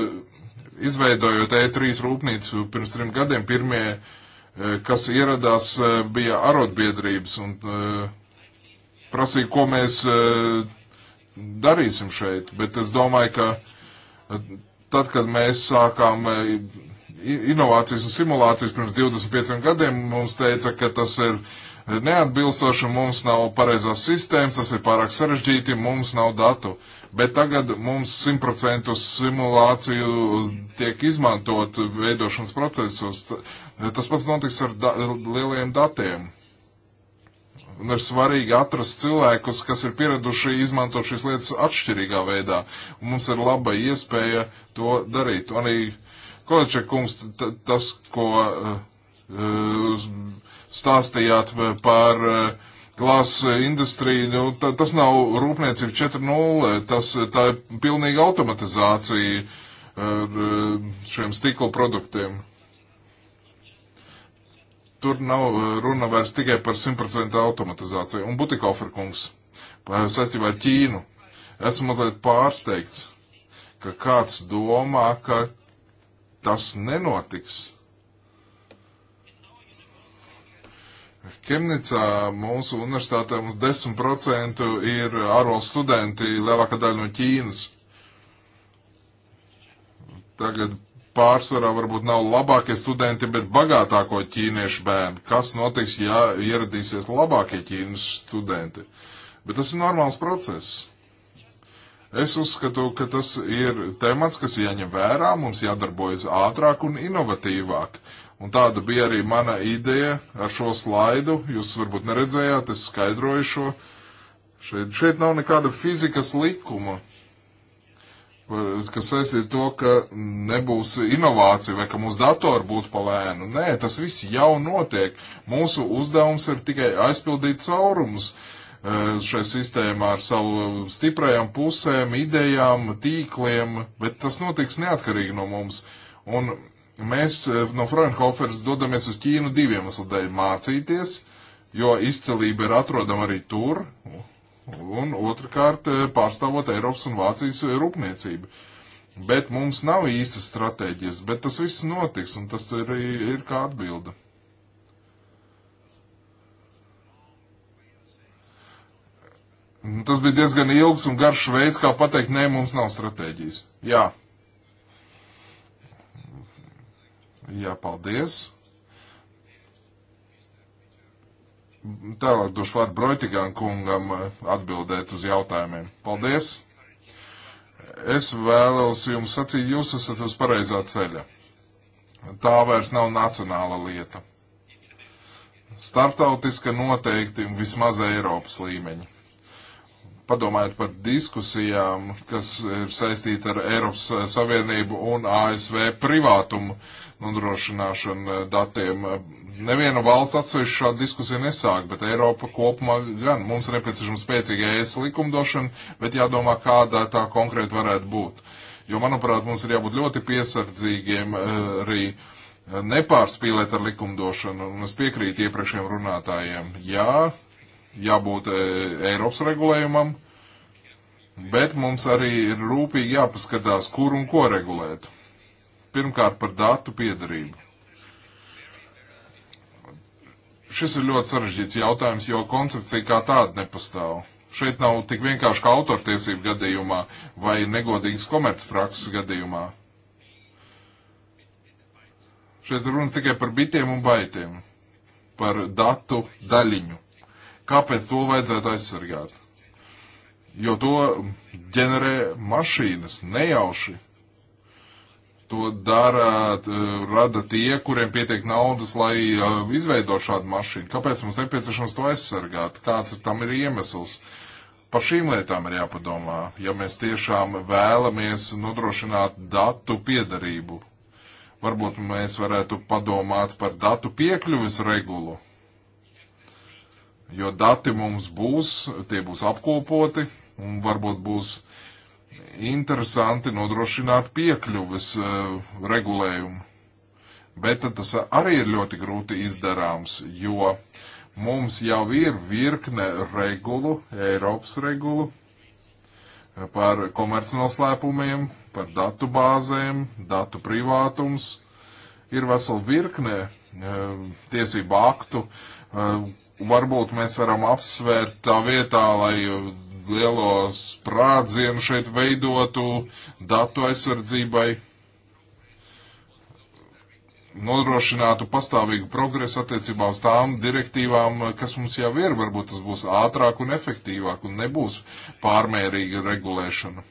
izveidojot E3 rūpnīcu pirms trim gadiem, pirmie, kas ieradās, bija arotbiedrības un uh, prasīja, ko mēs eh, darīsim šeit, bet es domāju, ka eh, tad, kad mēs sākām eh, inovācijas un simulācijas pirms 25 gadiem, mums teica, ka tas ir neatbilstoši, mums nav pareizās sistēmas, tas ir pārāk sarežģīti, mums nav datu. Bet tagad mums 100% simulāciju tiek izmantot veidošanas procesos. Tas pats notiks ar da lieliem datiem. Un ir svarīgi atrast cilvēkus, kas ir pieraduši izmantot šīs lietas atšķirīgā veidā. Un mums ir laba iespēja to darīt. Un arī Količa kungs, tas, ko uh, stāstījāt par uh, eh, glāzes industriju, nu, ta, tas nav rūpniecība 4.0, tas tā ir pilnīga automatizācija ar uh, šiem stikla produktiem tur nav eh, runa vairs tikai par 100% automatizāciju. Un Butikofer kungs, eh, saistībā ar Ķīnu, esmu mazliet pārsteigts, ka kāds domā, ka tas nenotiks. Kemnicā mūsu universitātē mums 10% ir ārvalstu studenti, lielākā daļa no Ķīnas. Tagad pārsvarā varbūt nav labākie studenti, bet bagātāko ķīniešu bērni. Kas notiks, ja ieradīsies labākie ķīniešu studenti? Bet tas ir normāls process. Es uzskatu, ka tas ir temats, kas jāņem vērā, mums jādarbojas ātrāk un inovatīvāk. Un tāda bija arī mana ideja ar šo slaidu. Jūs varbūt neredzējāt, es skaidroju šo. Šeit, šeit nav nekāda fizikas likuma. Eh, kas saistīta ar to, ka nebūs inovācija vai ka mūsu datori būtu palēni. Nē, tas viss jau notiek. Mūsu uzdevums ir tikai aizpildīt caurumus eh, šai sistēmā ar savu stiprajām pusēm, idejām, tīkliem, bet tas notiks neatkarīgi no mums. Un mēs eh, no Fraunhoferas dodamies uz Ķīnu diviem asludēļ mācīties, jo izcelība ir atrodama arī tur, un otrkārt eh, pārstāvot Eiropas un Vācijas eh, rūpniecību. Bet mums nav īstas stratēģijas, bet tas viss notiks, un tas ir, ir kā atbilde. Tas bija diezgan ilgs un garš veids, kā pateikt, nē, mums nav stratēģijas. Jā. Jā, paldies. Tālāk došu vārdu Broitigānu kungam eh, atbildēt uz jautājumiem. Paldies! Es vēlos jums sacīt, jūs esat uz pareizā ceļa. Tā vairs nav nacionāla lieta. Startautiska noteikti vismaz Eiropas līmeņa padomājot par diskusijām, kas ir saistīta ar Eiropas Savienību un ASV privātumu nodrošināšanu eh, datiem. Neviena valsts atsevišķi šādu diskusiju nesāk, bet Eiropa kopumā gan. Mums ir nepieciešama spēcīga ES likumdošana, bet jādomā, kāda tā konkrēti varētu būt. Jo, manuprāt, mums ir jābūt ļoti piesardzīgiem eh, arī nepārspīlēt ar likumdošanu, un es piekrītu iepriekšējiem runātājiem. Jā, ja jābūt e, Eiropas regulējumam, bet mums arī ir rūpīgi jāpaskatās, kur un ko regulēt. Pirmkārt par datu piedarību. Šis ir ļoti sarežģīts jautājums, jo koncepcija kā tāda nepastāv. Šeit nav tik vienkārši kā autortiesību gadījumā vai negodīgas komercprakses gadījumā. Šeit runas tikai par bitiem un baitiem, par datu daļiņu. Kāpēc to vajadzētu aizsargāt? Jo to ģenerē mašīnas nejauši. To dara, rada tie, kuriem pietiek naudas, lai izveido šādu mašīnu. Kāpēc mums nepieciešams to aizsargāt? Kāds ir tam ir iemesls? Par šīm lietām ir jāpadomā, ja mēs tiešām vēlamies nodrošināt datu piedarību. Varbūt mēs varētu padomāt par datu piekļuves regulu jo dati mums būs, tie būs apkopoti un varbūt būs interesanti nodrošināt piekļuves uh, regulējumu. Bet tas arī ir ļoti grūti izdarāms, jo mums jau ir virkne regulu, Eiropas regulu e, par komercnoslēpumiem, par datu bāzēm, datu privātums. Ir vesela virkne uh, tiesību aktu, uh, varbūt mēs varam apsvērt tā vietā, lai lielo sprādzienu šeit veidotu datu aizsardzībai, nodrošinātu pastāvīgu progresu attiecībā uz tām direktīvām, kas mums jau ir. Varbūt tas būs ātrāk un efektīvāk un nebūs pārmērīga regulēšana.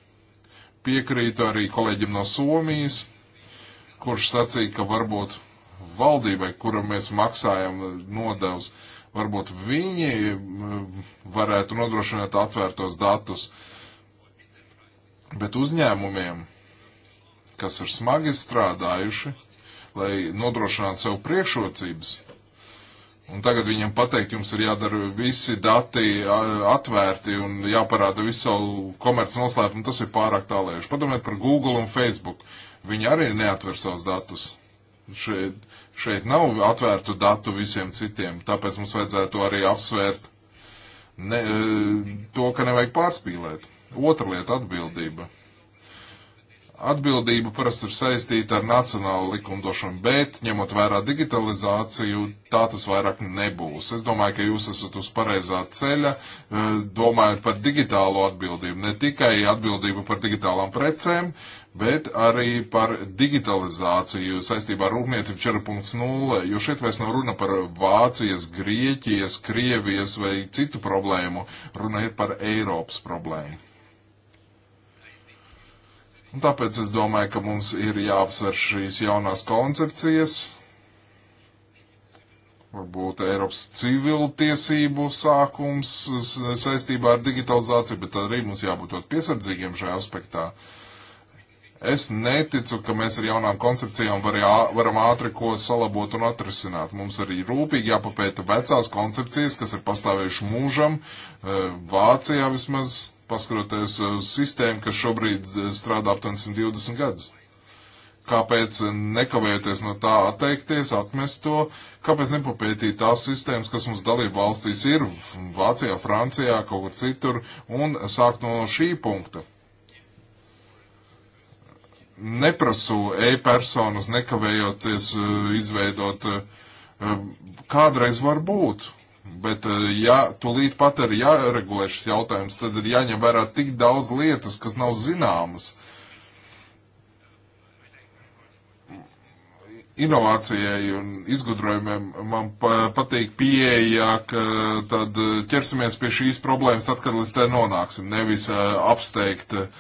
Piekrītu arī kolēģim no Somijas, kurš sacīja, ka varbūt valdībai, kura mēs maksājam nodevs, uh, Varbūt viņi eh, varētu nodrošināt atvērtos datus, bet uzņēmumiem, kas ir smagi strādājuši, lai nodrošinātu sev priekšrocības, Un tagad viņam pateikt, jums ir jādara visi dati atvērti un jāparāda visu savu komerci noslēpumu, tas ir pārāk tālējuši. Padomājiet par Google un Facebook. Viņi arī neatver savus datus. Šeit Šeit nav atvērtu datu visiem citiem, tāpēc mums vajadzētu arī apsvērt ne, eh, to, ka nevajag pārspīlēt. Otra lieta - atbildība atbildība parasti ir saistīta ar nacionālu likumdošanu, bet ņemot vērā digitalizāciju, tā tas vairāk nebūs. Es domāju, ka jūs esat uz pareizā ceļa, eh, domājot par digitālo atbildību, ne tikai atbildību par digitālām precēm, bet arī par digitalizāciju saistībā ar rūpniecību 4.0, jo šeit vairs nav runa par Vācijas, Grieķijas, Krievijas vai citu problēmu, runa ir par Eiropas problēmu. Un tāpēc es domāju, ka mums ir jāapsver šīs jaunās koncepcijas, varbūt Eiropas civiltiesību sākums saistībā ar digitalizāciju, bet arī mums jābūt piesardzīgiem šajā aspektā. Es neticu, ka mēs ar jaunām koncepcijām var jā, varam ātri ko salabot un atrisināt. Mums arī rūpīgi jāpapēta vecās koncepcijas, kas ir pastāvējuši mūžam, e, Vācijā vismaz paskatoties uz sistēmu, kas šobrīd eh, strādā aptuveni 120 gadus. Kāpēc nekavējoties no tā atteikties, atmest to? Kāpēc nepapētīt tās sistēmas, kas mums dalība valstīs ir, Vācijā, Francijā, kaut kur citur, un sākt no šī punkta? Neprasu e-personas nekavējoties eh, izveidot, eh, kādreiz var būt Bet, eh, ja tūlīt pat ir jāregulē šis jautājums, tad ir jāņem vērā tik daudz lietas, kas nav zināmas. Inovācijai un izgudrojumiem man patīk pieeja, ka tad ķersimies pie šīs problēmas, tad, kad līdz te nonāksim, nevis eh, apsteigt eh,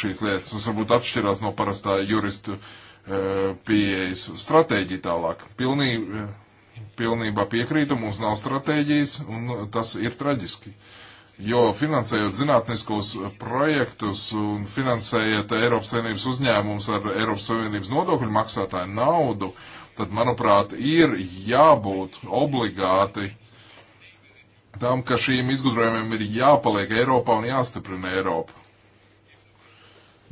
šīs lietas. Tas varbūt atšķirās no parastā juristu pieejas stratēģija tālāk. Pilnīgi pilnībā piekrītu, mums nav stratēģijas, un tas ir traģiski. Jo finansējot zinātniskos projektus un finansējot Eiropas Savienības uzņēmumus ar Eiropas Savienības nodokļu maksātāju naudu, tad, manuprāt, ir jābūt obligāti tam, ka šīm izgudrojumiem ir jāpaliek Eiropā un jāstiprina Eiropa.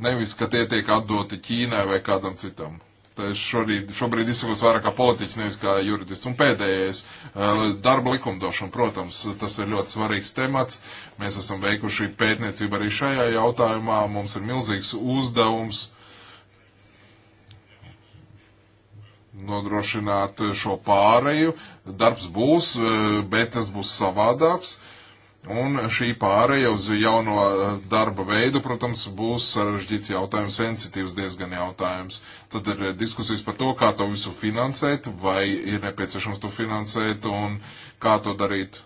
Nevis, ka tie tiek atdoti Ķīnai vai kādam citam. Eh, šorīd, šobrīd izsakos vairāk kā politiķis, nevis kā juridists. Un pēdējais eh, - darba likumdošana, protams, tas ir ļoti svarīgs temats. Mēs esam veikuši pētniecību arī šajā jautājumā. Mums ir milzīgs uzdevums nodrošināt šo pāreju. Darbs būs, eh, bet tas būs savādāks. Uh, Un šī pāreja uz jauno eh, darba veidu, protams, būs sarežģīts jautājums, sensitīvs diezgan jautājums. Tad ir eh, diskusijas par to, kā to visu finansēt, vai ir nepieciešams to finansēt un kā to darīt.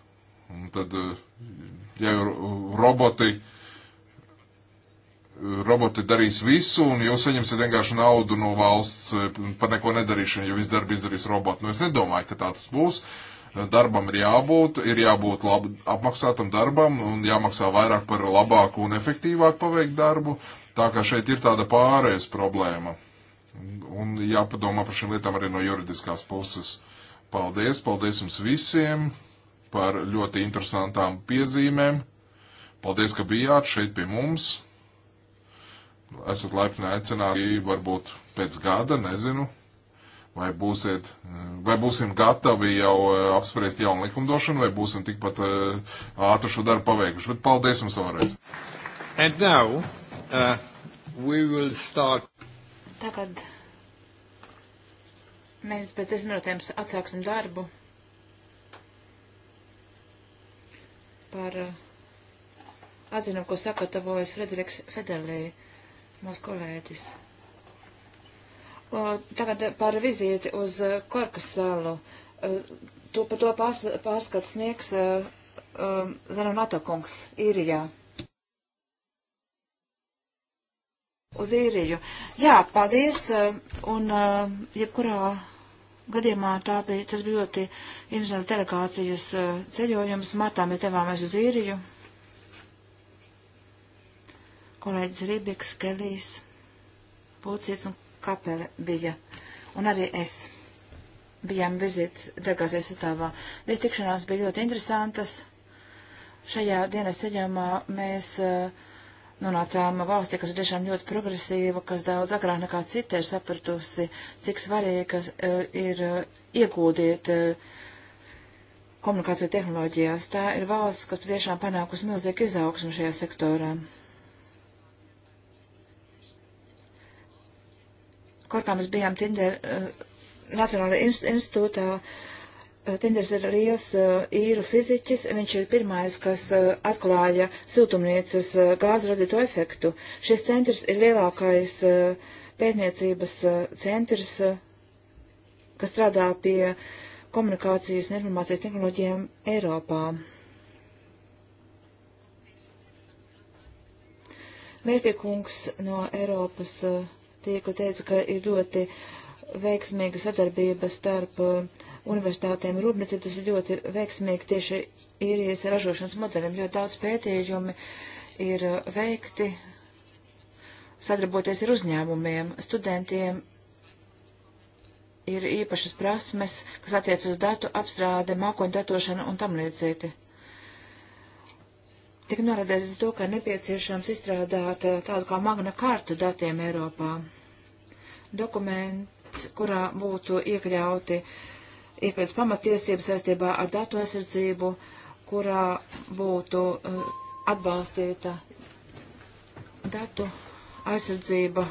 Un tad, eh, ja roboti, roboti darīs visu un jūs saņemsiet vienkārši naudu no valsts par neko nedarīšanu, jo visu darbu izdarīs roboti. Nu, es nedomāju, ka tā tas būs. Uh, darbam ir jābūt, ir jābūt labi apmaksātam darbam un jāmaksā vairāk par labāku un efektīvāku paveikt darbu. Tā kā šeit ir tāda pārējais problēma. Un jāpadomā par šīm lietām arī no juridiskās puses. Paldies, paldies jums visiem par ļoti interesantām piezīmēm. Paldies, ka bijāt šeit pie mums. Esat laipni aicināti, varbūt pēc gada, nezinu vai, būsiet, vai būsim gatavi jau eh, apspriest jaunu likumdošanu, vai būsim tikpat eh, ātri šo darbu paveikuši. Bet paldies jums vēlreiz. Now, uh, start... Tagad mēs pēc desmit minūtēm atsāksim darbu par uh, atzinu, ko sagatavojas Frederiks Federlī, mūsu kolēģis. Tagad par vizīti uz eh, Korkas salu. E, to par to pārs, pārskatu sniegs e, e, Zanonata kungs Īrijā. Uz īriju. Jā, paldies. Un jebkurā gadījumā tā bija, tas bija ļoti interesants delegācijas ceļojums. Martā mēs devāmies uz īriju. Kolēģis Rībiks, Kelijs, Pūcīts un Kapele bija, un arī es bijām vizītes delegācijas sastāvā. Viss tikšanās bija ļoti interesantas. Šajā dienas ceļojumā mēs eh, nonācām valstī, kas ir tiešām ļoti progresīva, kas daudz agrāk nekā citi ir sapratusi, cik svarīgi eh, ir eh, iegūdiet komunikāciju tehnoloģijās. Tā ir valsts, kas patiešām panākusi milzīgu izaugsmu šajā sektorā. Korkā mēs bijām Tinder eh, Nacionālajā institūtā. Eh, Tinders ir liels eh, īru fiziķis, viņš ir pirmais, kas atklāja siltumnīcas gāzu radīto efektu. Šis centrs ir lielākais pētniecības centrs, kas strādā pie komunikācijas un informācijas tehnoloģijām Eiropā. Mērfī kungs no Eiropas uh, tīklu teica, ka ir ļoti veiksmīga sadarbība starp uh, universitātēm rūpnici, tas ir ļoti veiksmīgi tieši īrijas ražošanas modelim, jo daudz pētījumi ir uh, veikti sadarboties ar uzņēmumiem, studentiem ir īpašas prasmes, kas attiec uz datu apstrāde, mākoņu datošanu un tam līdzīgi. Tik norādēts uz to, ka nepieciešams izstrādāt eh, tādu kā magna kartu datiem Eiropā. Dokuments, kurā būtu iekļauti iekļauts pamatiesības saistībā ar datu aizsardzību, kurā būtu uh, atbalstīta datu aizsardzība,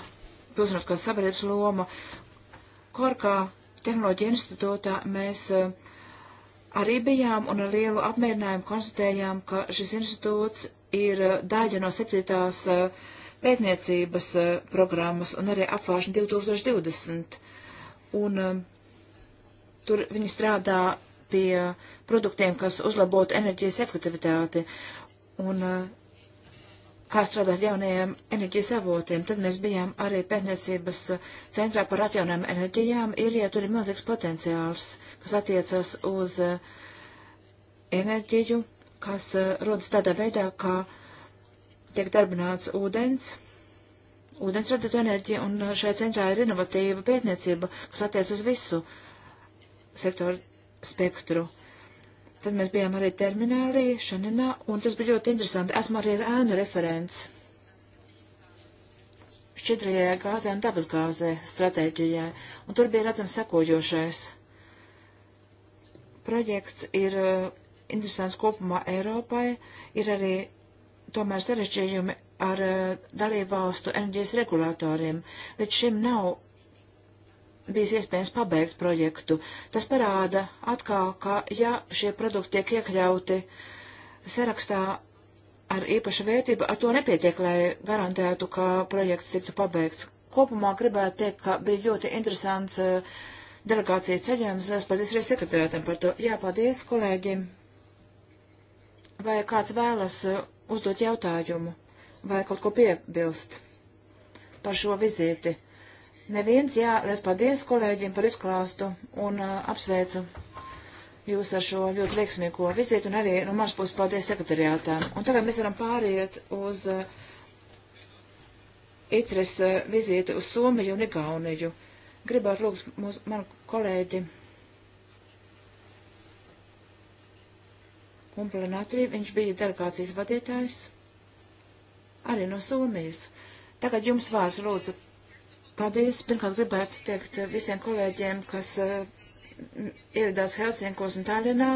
pilsoniskās sabiedrības loma. Korkā Tehnoloģija institūtā mēs uh, arī bijām un ar lielu apmierinājumu konstatējām, ka šis institūts ir eh, daļa no septītās eh, pētniecības eh, programmas un arī apvāršana 2020. Un tur viņi strādā pie produktiem, kas uzlabotu enerģijas efektivitāti. Un uh, kā strādāt jaunajiem enerģijas avotiem. Tad mēs bijām arī pētniecības centrā par atjaunām enerģijām. Ir, ja tur ir milzīgs potenciāls, kas attiecas uz eh, enerģiju, kas eh, rodas tādā veidā, kā tiek darbināts ūdens. Ūdens radīta enerģija, un eh, šajā centrā ir inovatīva pētniecība, kas attiec uz visu sektoru spektru. Tad mēs bijām arī terminālī Šanenā, un tas bija ļoti interesanti. Esmu arī ēnu referents šķidrajai gāzē un dabasgāzē stratēģijai, un tur bija redzams sekojošais. Projekts ir eh, interesants kopumā Eiropai, ir arī tomēr sarežģījumi ar eh, dalībvalstu enerģijas regulātoriem. Līdz šim nav bijis iespējams pabeigt projektu. Tas parāda atkal, ka ja šie produkti tiek iekļauti sarakstā ar īpašu vērtību, ar to nepietiek, lai garantētu, ka projekts tiktu pabeigts. Kopumā gribētu teikt, ka bija ļoti interesants uh, eh, delegācija ceļojums. Mēs paldies arī sekretārātam par to. Jā, paldies, kolēģi. Vai kāds vēlas uh, uzdot jautājumu vai kaut ko piebilst par šo vizīti? neviens, jā, es paldies kolēģiem par izklāstu un uh, apsveicu jūs ar šo ļoti veiksmīgo vizīti un arī no nu, manas puses paldies sekretariātām. Un tagad mēs varam pāriet uz uh, Itres uh, vizīti uz Somiju un Igauniju. Gribētu lūgt mūs, manu kolēģi Kumplenatrī, viņš bija delegācijas vadītājs, arī no Somijas. Tagad jums vārds lūdzu Paldies. Pirmkārt gribētu teikt visiem kolēģiem, kas eh, ieradās Helsinkos un Tallinā.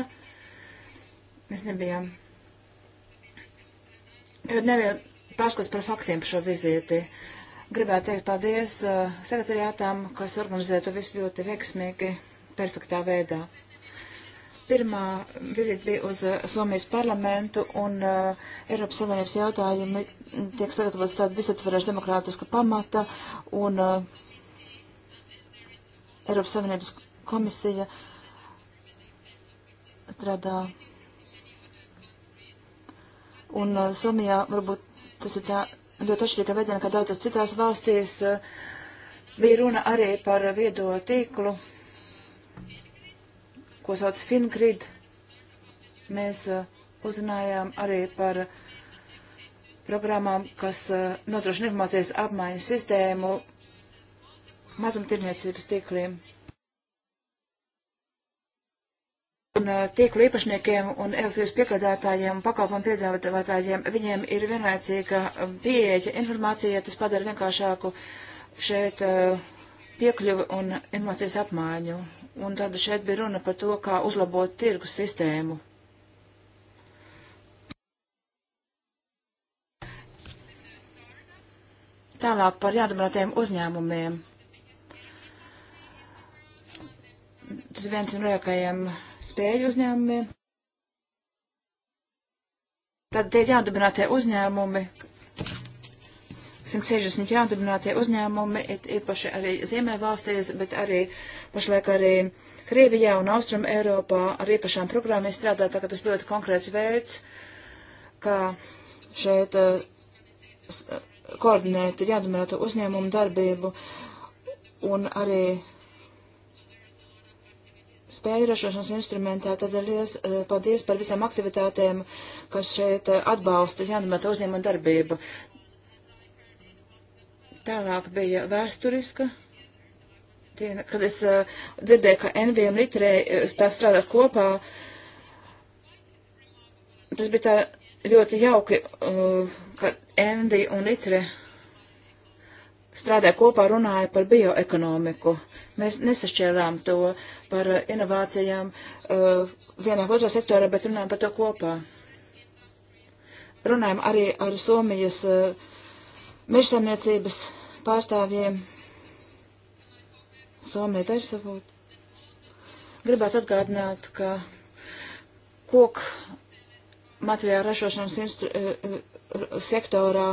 Mēs nebijām. Tagad nevienu paskats par faktiem par šo vizīti. Gribētu teikt paldies uh, sekretariātām, kas organizē to visu ļoti veiksmīgi, perfektā veidā. Pirmā vizīte bija uz uh, Somijas parlamentu un uh, Eiropas Savienības jautājumu tiek sagatavots tāda visaptveroša demokrātiska pamata, un uh, Eiropas Savienības komisija strādā. Un uh, Somijā varbūt tas ir tā ļoti atšķirīga veidā, kā daudzas citās valstīs uh, bija runa arī par viedo tīklu, ko sauc Fingrid. Mēs uzzinājām arī par uh, programmām, kas uh, nodrošina informācijas apmaiņas sistēmu mazumtirniecības tīkliem. Un uh, tīklu īpašniekiem un elektrības piegādātājiem un pakalpojumu piedāvātājiem viņiem ir vienlaicīga pieeja informācija, tas padara vienkāršāku šeit uh, piekļuvi un informācijas apmaiņu. Un tad šeit bija runa par to, kā uzlabot tirgus sistēmu. Tālāk par jādomātiem uzņēmumiem. Tas viens no lielākajiem spēļu uzņēmumiem. Tad tie jādibinātie uzņēmumi, 160 jādibinātie uzņēmumi, ir īpaši arī Ziemevalstīs, bet arī pašlaik arī Krievijā un Austrum Eiropā ar īpašām programmām strādā, tā ka tas ļoti konkrēts veids, kā šeit uh, koordinēt jādomātu uzņēmumu darbību un arī spēju ražošanas instrumentā, tad liels eh, paldies par visām aktivitātēm, kas šeit eh, atbalsta jādomātu uzņēmumu darbību. Tālāk bija vēsturiska. Diena, kad es uh, dzirdēju, ka NV un Litrē tā strādā kopā, tas bija tā ļoti jauki, uh, ka Endi un Itre strādāja kopā, runāja par bioekonomiku. Mēs nesašķērām to par inovācijām uh, vienā otrā sektorā, bet runājam par to kopā. Runājam arī ar Somijas uh, mežsamniecības pārstāvjiem. Somija Versavot. Gribētu atgādināt, ka koku materiāla ražošanas instru, e, e, sektorā,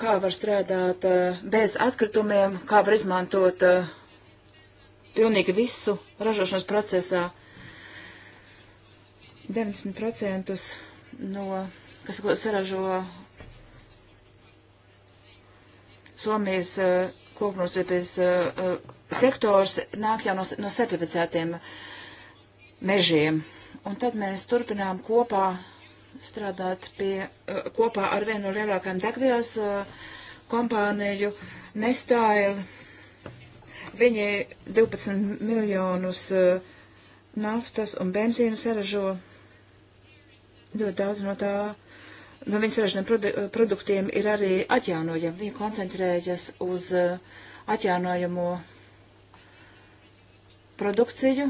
kā var strādāt e, bez atkritumiem, kā var izmantot pilnīgi visu ražošanas procesā. 90% no, kas saražo Somijas kopnūcības sektors nāk jau no, no certificētiem mežiem un tad mēs turpinām kopā strādāt pie, eh, kopā ar vienu no lielākajām degvielas eh, kompāniju Nestyle. Viņi 12 miljonus eh, naftas un benzīna saražo. Ļoti daudz no tā, no viņas saražiem produ produktiem ir arī atjaunojami. Viņi koncentrējas uz atjaunojamo produkciju,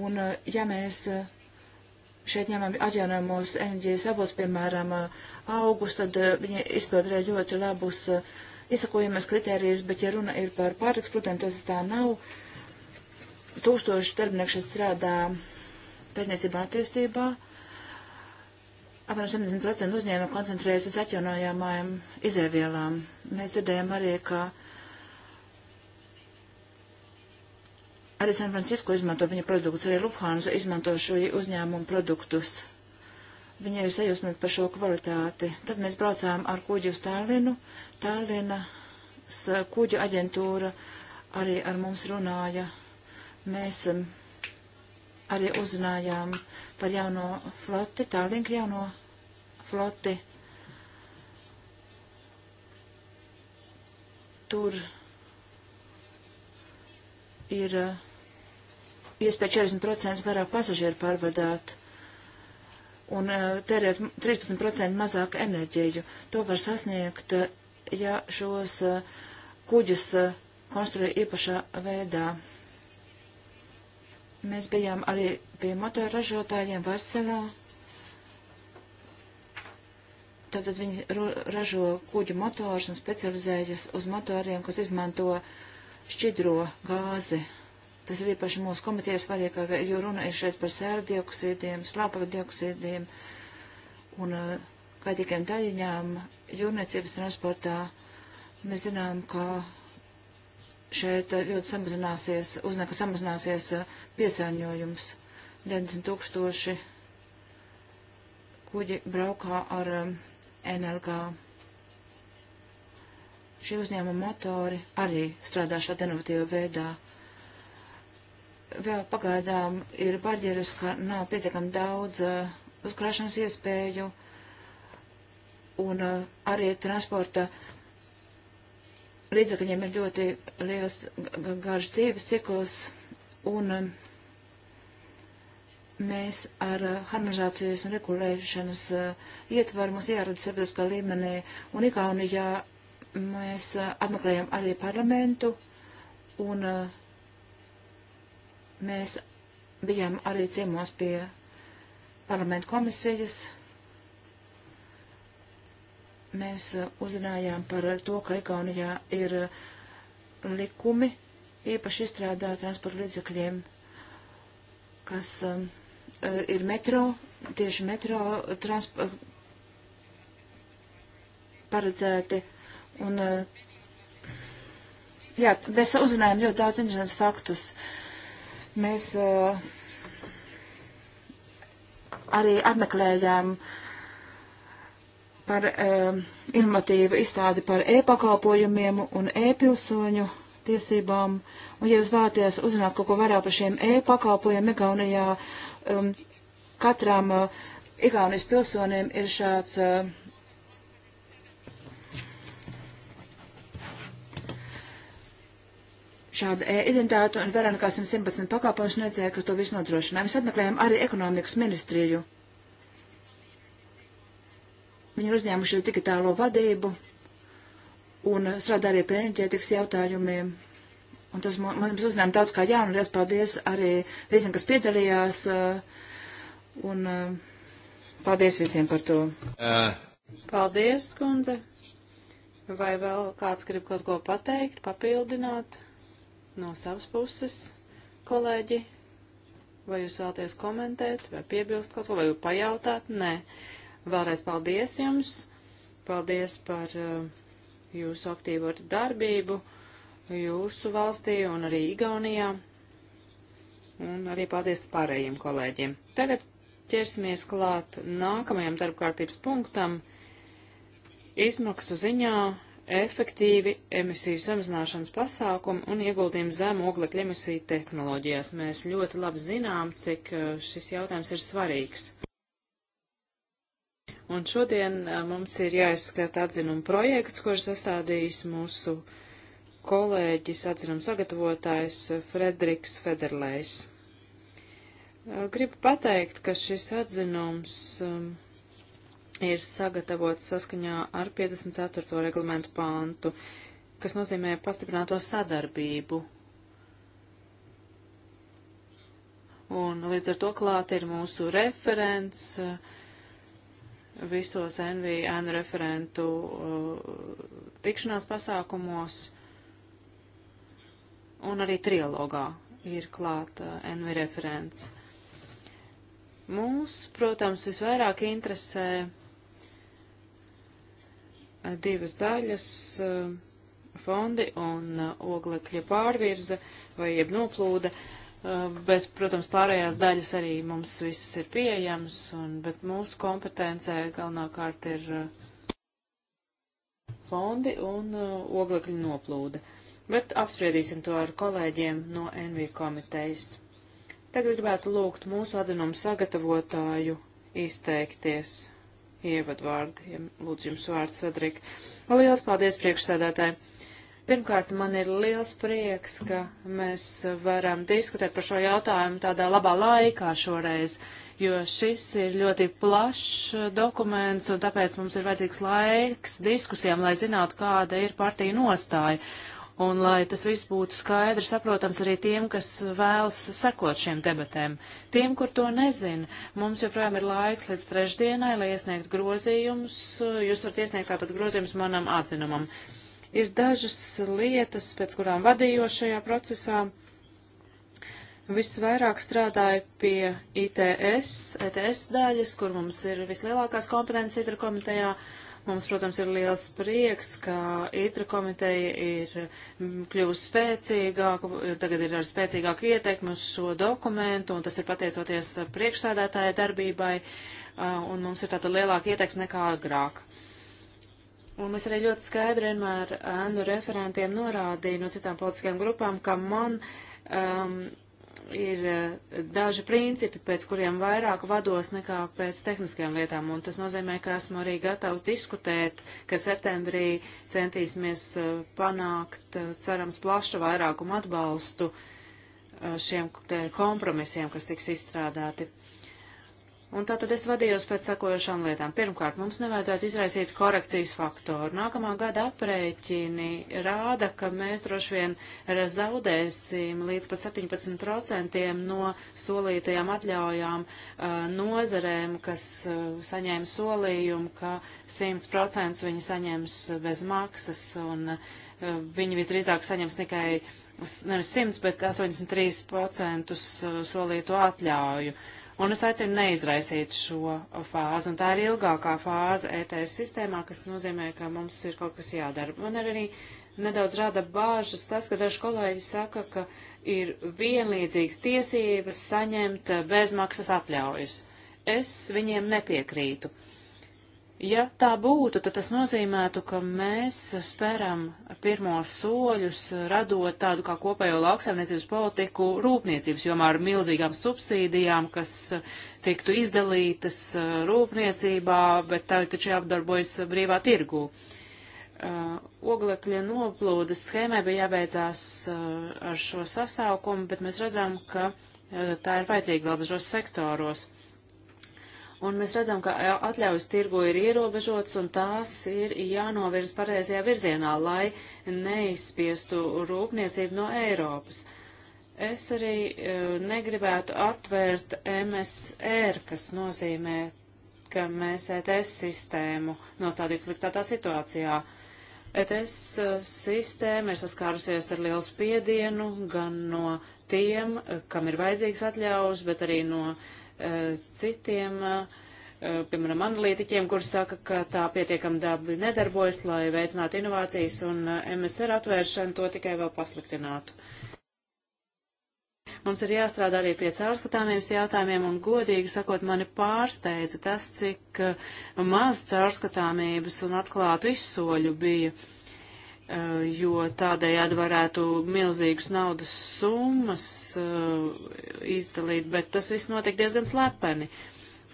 Un eh, ja mēs eh, šeit ņemam atjaunojamos enerģijas avots, piemēram, eh, augus, tad viņi izpildīja ļoti labus izsakojumus kritērijus, bet ja runa ir par pāreksploatēm, tas tā nav. Tūkstoši darbinieku šeit strādā pētniecībā attīstībā. Apmēram 70% uzņēmuma koncentrējas uz atjaunojamajām izēvielām. Mēs dzirdējām arī, ka uh, Arī San Francisco izmanto viņa produktus, arī Lufthansa izmanto šo uzņēmumu produktus. Viņi ir sajūsmīgi par šo kvalitāti. Tad mēs braucām ar kuģi uz Tallinu. Tallinas kuģu aģentūra arī ar mums runāja. Mēs um, arī uzzinājām par jauno floti, Tallink jauno floti. Tur ir uh, iespēja 40% vairāk pasažieru pārvadāt un eh, tērēt 13% mazāk enerģiju. To var sasniegt, eh, ja šos eh, kuģus konstruē īpašā veidā. Mēs bijām arī pie motorražotājiem Varselā. Tātad viņi ražo kuģu motors un specializējas uz motoriem, kas izmanto šķidro gāzi. Tas ir īpaši mūsu komitejas svarīgāk, jo runa ir šeit par sēra dioksīdiem, slāpaka dioksīdiem un uh, kaitīgiem daļiņām jūrniecības transportā. Mēs zinām, ka šeit uh, ļoti samazināsies, uznaka samazināsies uh, piesāņojums. 90 tūkstoši kuģi braukā ar um, energā. Šie uzņēmuma motori arī strādā šādā inovatīvā veidā vēl pagaidām ir barjeras, ka nav pietiekami daudz uh, uzkrāšanas iespēju un uh, arī transporta līdzakļiem ir ļoti liels garš dzīves cikls un uh, mēs ar harmonizācijas un regulēšanas ietvaru mums jārada sabiedriskā līmenī un Igaunijā mēs apmeklējam arī parlamentu un uh, Mēs bijām arī ciemos pie parlamentu komisijas. Mēs uh, uzzinājām par to, ka Igaunijā ir uh, likumi īpaši izstrādā transporta līdzekļiem, kas um, uh, ir metro, tieši metro transporta paredzēti. Un, uh, jā, mēs uzzinājām ļoti daudz interesants faktus. Uh, Mēs uh, arī apmeklējām par uh, informatīvu izstādi par e-pakalpojumiem un e-pilsoņu tiesībām. Un, ja jūs vēlaties uzzināt kaut ko vairāk par šiem e-pakalpojumiem Igaunijā, um, katram uh, Igaunijas pilsonim ir šāds uh, šādu e-identitātu un vairāk nekā 117 pakāpojuši nedzēja, kas to visu nodrošināja. Mēs atmeklējām arī ekonomikas ministriju. Viņi ir uzņēmušies digitālo vadību un strādā arī pie enerģētikas jautājumiem. Un tas mums uzņēma daudz kā jaunu, liels paldies arī visiem, kas piedalījās. Uh, un uh, paldies visiem par to. Uh. Paldies, kundze. Vai vēl kāds grib kaut ko pateikt, papildināt? no savas puses, kolēģi? Vai jūs vēlaties komentēt, vai piebilst kaut ko, vai pajautāt? Nē. Vēlreiz paldies jums. Paldies par uh, jūsu aktīvu darbību jūsu valstī un arī Igaunijā. Un arī paldies pārējiem kolēģiem. Tagad ķersimies klāt nākamajam darbkārtības punktam. Izmaksu ziņā efektīvi emisiju samazināšanas pasākumi un ieguldījumi zem oglekļa emisiju tehnoloģijās. Mēs ļoti labi zinām, cik uh, šis jautājums ir svarīgs. Un šodien uh, mums ir jāizskata atzinuma projekts, ko ir sastādījis mūsu kolēģis, atzinuma sagatavotājs uh, Frederiks Federlējs. Gribu pateikt, ka šis atzinums um, ir sagatavots saskaņā ar 54. reglamentu pāntu, kas nozīmē pastiprināto sadarbību. Un līdz ar to klāt ir mūsu referents visos NVN referentu uh, tikšanās pasākumos un arī trialogā ir klāt uh, NV referents. Mūs, protams, visvairāk interesē divas daļas eh, - fondi un eh, oglekļa pārvirze vai jeb noplūde. Eh, bet, protams, pārējās daļas arī mums visas ir pieejamas, un, bet mūsu kompetencē galvenokārt ir fondi un oglekļa noplūde. Bet apspriedīsim to ar kolēģiem no NV komitejas. Tagad gribētu lūgt mūsu atzinumu sagatavotāju izteikties ievadvārdiem. Lūdzu jums vārds, Federika. Liels paldies priekšsēdētāji. Pirmkārt, man ir liels prieks, ka mēs varam diskutēt par šo jautājumu tādā labā laikā šoreiz, jo šis ir ļoti plašs dokuments, un tāpēc mums ir vajadzīgs laiks diskusijām, lai zinātu, kāda ir partija nostāja un lai tas viss būtu skaidrs, saprotams arī tiem, kas vēlas sekot šiem debatēm. Tiem, kur to nezin, mums joprojām ir laiks līdz trešdienai, lai iesniegtu grozījumus. Jūs varat iesniegt tāpat grozījumus manam atzinumam. Ir dažas lietas, pēc kurām vadījos šajā procesā. Visvairāk strādāju pie ITS, ETS daļas, kur mums ir vislielākās kompetences itra komitejā. Uh, Mums, protams, ir liels prieks, ka ITRA komiteja ir mm, kļuvusi spēcīgāka, tagad ir ar spēcīgāku ieteikumu uz šo dokumentu, un tas ir pateicoties priekšsēdētāja darbībai, un mums ir tāda lielāka ieteikuma nekā agrāk. Un mēs arī ļoti skaidri vienmēr ēnu referentiem norādīja no citām politiskajām grupām, ka man um, ir eh, daži principi, pēc kuriem vairāk vados nekā pēc tehniskajām lietām, un tas nozīmē, ka esmu arī gatavs diskutēt, ka septembrī centīsimies eh, panākt, eh, cerams, plašu vairākumu atbalstu šiem kompromisiem, kas tiks izstrādāti. Un tā tad es vadījos pēc sakojošām lietām. Pirmkārt, mums nevajadzētu izraisīt korekcijas faktoru. Nākamā gada aprēķini rāda, ka mēs droši vien zaudēsim līdz pat 17% no solītajām atļaujām uh, nozarēm, kas uh, saņēma solījumu, ka 100% viņi saņems bez maksas un uh, viņi visdrīzāk saņems tikai nevis 100, bet 83% uh, solīto atļauju. Uh, Un es aicinu neizraisīt šo fāzi, un tā ir ilgākā fāze ETS sistēmā, kas nozīmē, ka mums ir kaut kas jādara. Man arī nedaudz rada bāžas tas, ka daži kolēģi saka, ka ir vienlīdzīgas tiesības saņemt bezmaksas atļaujas. Es viņiem nepiekrītu. Uh, Ja tā būtu, tad tas nozīmētu, ka mēs speram pirmos soļus, radot tādu kā kopējo lauksaimniecības politiku rūpniecības jomā ar milzīgām subsīdijām, kas tiktu izdalītas uh, rūpniecībā, bet tā taču jāapdarbojas brīvā tirgū. Uh, oglekļa noplūdes schēmai bija jābeidzās uh, ar šo sasaukumu, bet mēs redzam, ka uh, tā ir vajadzīga vēl dažos sektoros. Uh, Un mēs redzam, ka e, atļaujas tirgu ir ierobežotas un tās ir jānovirz pareizajā virzienā, lai neizspiestu rūpniecību no Eiropas. Es arī uh, negribētu atvērt MSR, kas nozīmē, ka mēs ETS sistēmu nostādīt sliktātā situācijā. ETS e, sistēma ir saskārusies ar lielu spiedienu gan no tiem, kam ir vajadzīgs atļaujas, bet arī no uh, Eh, citiem, eh, eh, piemēram, analītiķiem, kur saka, ka tā pietiekam dabi nedarbojas, lai veicinātu inovācijas, un MSR atvēršana to tikai vēl pasliktinātu. Mums ir jāstrādā arī pie caurskatāmiem jautājumiem, un godīgi sakot, mani pārsteidza tas, cik maz caurskatāmības un atklātu izsoļu bija. Uh, Eh, jo tādējādi varētu milzīgas naudas summas eh, izdalīt, bet tas viss notiek diezgan slepeni.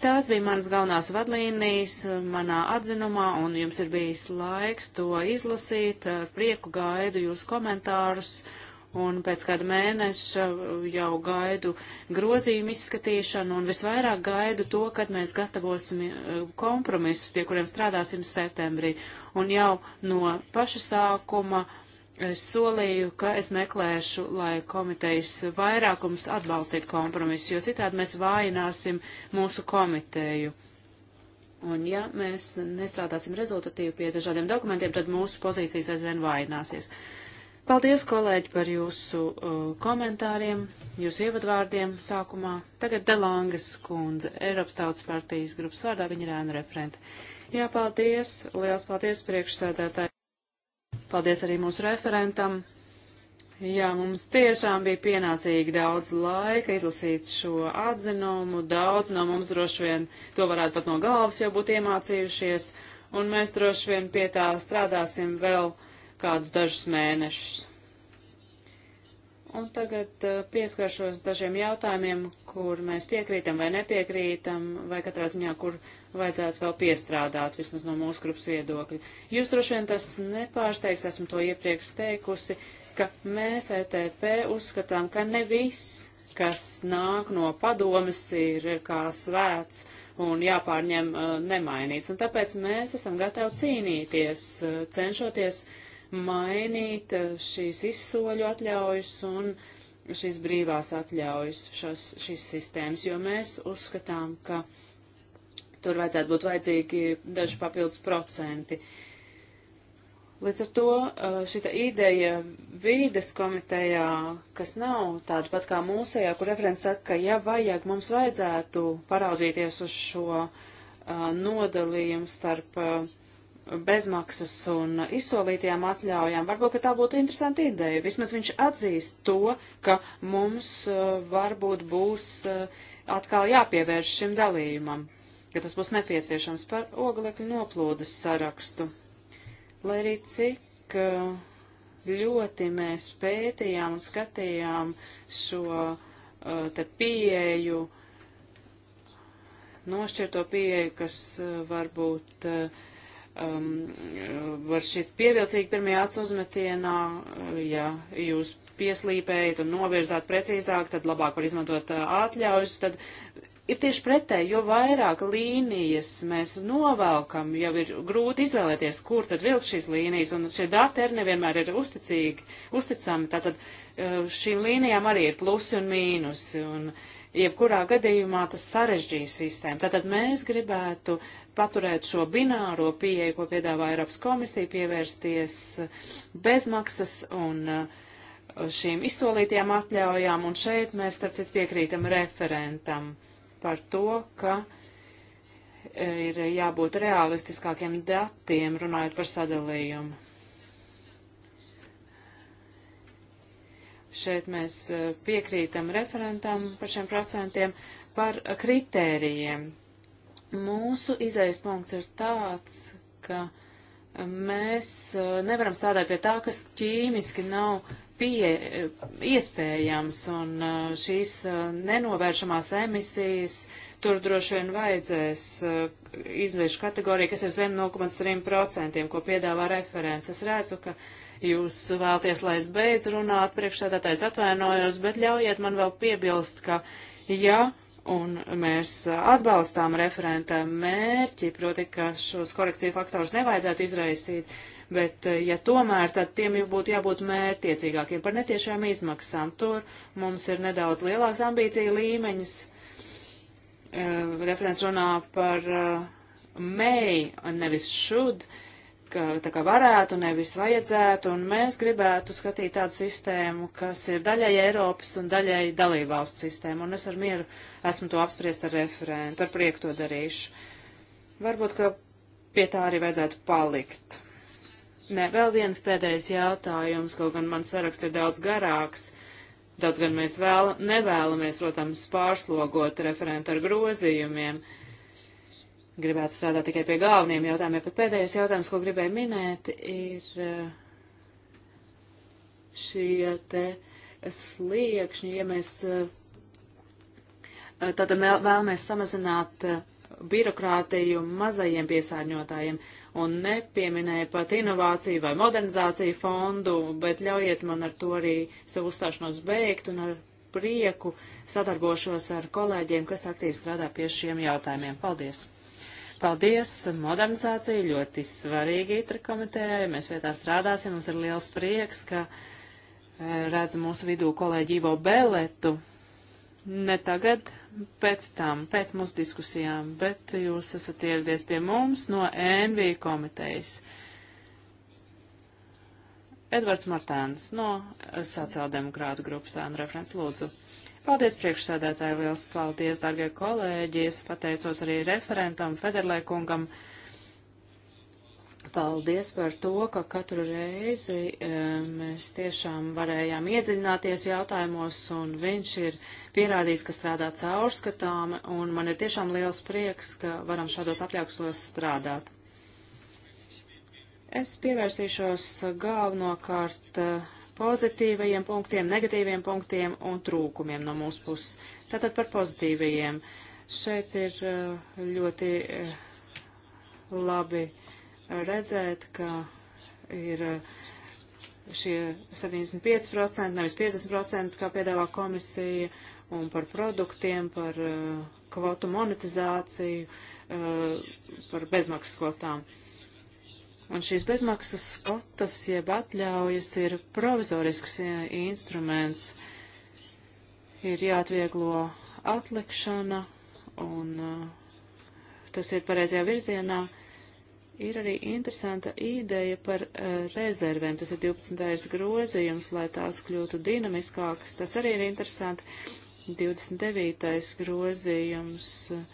Tās bija manas galvenās vadlīnijas eh, manā atzinumā, un jums ir bijis laiks to izlasīt. Ar prieku gaidu jūs komentārus un pēc kāda mēneša jau gaidu grozījumu izskatīšanu un visvairāk gaidu to, kad mēs gatavosim eh, kompromisus, pie kuriem strādāsim septembrī. Un jau no paša sākuma es solīju, ka es meklēšu, lai komitejas vairākums atbalstītu kompromisu, jo citādi mēs vājināsim mūsu komiteju. Un ja mēs nestrādāsim rezultatīvi pie dažādiem dokumentiem, tad mūsu pozīcijas aizvien vājināsies. Uh, Paldies, kolēģi, par jūsu uh, komentāriem, jūsu ievadvārdiem sākumā. Tagad Delangas kundze, Eiropas Tautas partijas grupas vārdā, viņa ir ēna referente. Jā, paldies, liels paldies priekšsēdētāji. Paldies arī mūsu referentam. Jā, mums tiešām bija pienācīgi daudz laika izlasīt šo atzinumu. Daudz no mums droši vien to varētu pat no galvas jau būt iemācījušies, un mēs droši vien pie tā strādāsim vēl kādus dažus mēnešus. Un tagad uh, pieskaršos dažiem jautājumiem, kur mēs piekrītam vai nepiekrītam, vai katrā ziņā, kur vajadzētu vēl piestrādāt, vismaz no mūsu grupas viedokļa. Jūs droši vien tas nepārsteigs, esmu to iepriekš teikusi, ka mēs ETP uzskatām, ka ne viss, kas nāk no padomas, ir eh, kā svēts un jāpārņem uh, nemainīts. Un tāpēc mēs esam gatavi cīnīties, uh, cenšoties uh, mainīt eh, šīs izsoļu atļaujas un šīs brīvās atļaujas šos, šīs sistēmas, jo mēs uzskatām, ka tur vajadzētu būt vajadzīgi daži papildus procenti. Līdz ar to eh, šita ideja vīdes komitejā, kas nav tāda pat kā mūsējā, kur referents saka, ka ja vajag, mums vajadzētu paraudzīties uz šo uh, nodalījumu starp uh, bezmaksas un izsolītajām atļaujām. Varbūt, ka tā būtu interesanta ideja. Vismaz viņš atzīst to, ka mums uh, varbūt būs uh, atkal jāpievērš šim dalījumam, ka tas būs nepieciešams par oglekļu noplūdes sarakstu. Lai arī cik uh, ļoti mēs pētījām un skatījām šo te pieeju, nošķirto pieeju, kas varbūt uh, um, var šis pievilcīgi pirmajā acu uzmetienā, uh, ja jūs pieslīpējat un novirzāt precīzāk, tad labāk var izmantot uh, atļaujas, tad ir tieši pretēji, jo vairāk līnijas mēs novelkam, jau ir grūti izvēlēties, kur tad vilkt šīs līnijas, un šie dati arī nevienmēr ir uzticīgi, uzticami, tātad uh, šīm līnijām arī ir plusi un mīnusi, un jebkurā gadījumā tas sarežģīja sistēmu. Tātad mēs gribētu uh, paturēt šo bināro pieeju, ko piedāvā Eiropas komisija, pievērsties bezmaksas un uh, šīm izsolītajām atļaujām, un šeit mēs, starp citu, piekrītam referentam par to, ka eh, ir jābūt realistiskākiem datiem, runājot par sadalījumu. Šeit mēs eh, piekrītam referentam par šiem procentiem, par kritērijiem, Mūsu izējas punkts ir tāds, ka e, mēs e, nevaram strādāt pie tā, kas ķīmiski nav pie, e, iespējams, un šīs nenovēršamās emisijas tur droši vien vajadzēs izvēršu kategoriju, kas ir zem 0,3%, ko piedāvā referents. Es redzu, ka jūs vēlties, lai es beidzu runāt, priekšsēdētājs atvainojos, bet ļaujiet man vēl piebilst, ka ja un mēs atbalstām referenta mērķi, proti, ka šos korekciju faktorus nevajadzētu izraisīt, bet eh, ja tomēr, tad tiem jau būtu jābūt mērķiecīgākiem par netiešām izmaksām. Tur mums ir nedaudz lielāks ambīcija līmeņas. Eh, referents runā par eh, may, nevis should. Uh, ka tā kā varētu, nevis vajadzētu, un mēs gribētu skatīt tādu sistēmu, kas ir daļai Eiropas un daļai dalībvalsts sistēma, un es ar mieru esmu to apspriest ar referentu, ar prieku to darīšu. Varbūt, ka pie tā arī vajadzētu palikt. Nē, vēl viens pēdējais jautājums, kaut gan man saraksts ir daudz garāks. Daudz gan mēs vēl, nevēlamies, protams, pārslogot referentu ar grozījumiem. Uh, gribētu strādāt tikai pie galveniem jautājumiem, bet pēdējais jautājums, ko gribēju minēt, ir eh, šie te sliekšņi, ja mēs tātad eh, vēlamies samazināt eh, birokrātiju mazajiem piesārņotājiem un nepieminēja pat inovāciju vai modernizāciju fondu, bet ļaujiet man ar to arī savu uzstāšanos beigt un ar prieku sadarbošos ar kolēģiem, kas aktīvi strādā pie šiem jautājumiem. Paldies! Paldies! Modernizācija ļoti svarīga itra komitējai. Mēs pie tā strādāsim. Mums ir liels prieks, ka eh, redzu mūsu vidū kolēģi Ivo Beletu. Ne tagad, pēc tam, pēc mūsu diskusijām, bet jūs esat ieradies pie mums no NV komitejas. Edvards Martēns no sociāldemokrātu grupas ēnu referents lūdzu. Paldies, priekšsēdētāji, liels paldies, dargie kolēģi. Es pateicos arī referentam Federlē kungam. Paldies par to, ka katru reizi e, mēs tiešām varējām iedziļināties jautājumos, un viņš ir pierādījis, ka strādā caurskatām, un man ir tiešām liels prieks, ka varam šādos apjaukstos strādāt. Es pievērsīšos galvenokārt eh, pozitīvajiem punktiem, negatīviem punktiem un trūkumiem no mūsu puses. Tātad par pozitīvajiem. Šeit ir eh, ļoti eh, labi redzēt, ka ir eh, šie 75%, nevis 50%, kā piedāvā komisija, un par produktiem, par kvotu monetizāciju, par bezmaksas kvotām. Uh, Un šīs bezmaksas kvotas jeb atļaujas ir provizorisks instruments. Ir jāatvieglo atlikšana, un uh, tas ir pareizajā virzienā. Ir arī interesanta ideja par uh, rezervēm. Tas ir 12. grozījums, lai tās kļūtu dinamiskākas. Tas arī ir interesanti. 29. grozījums. Uh,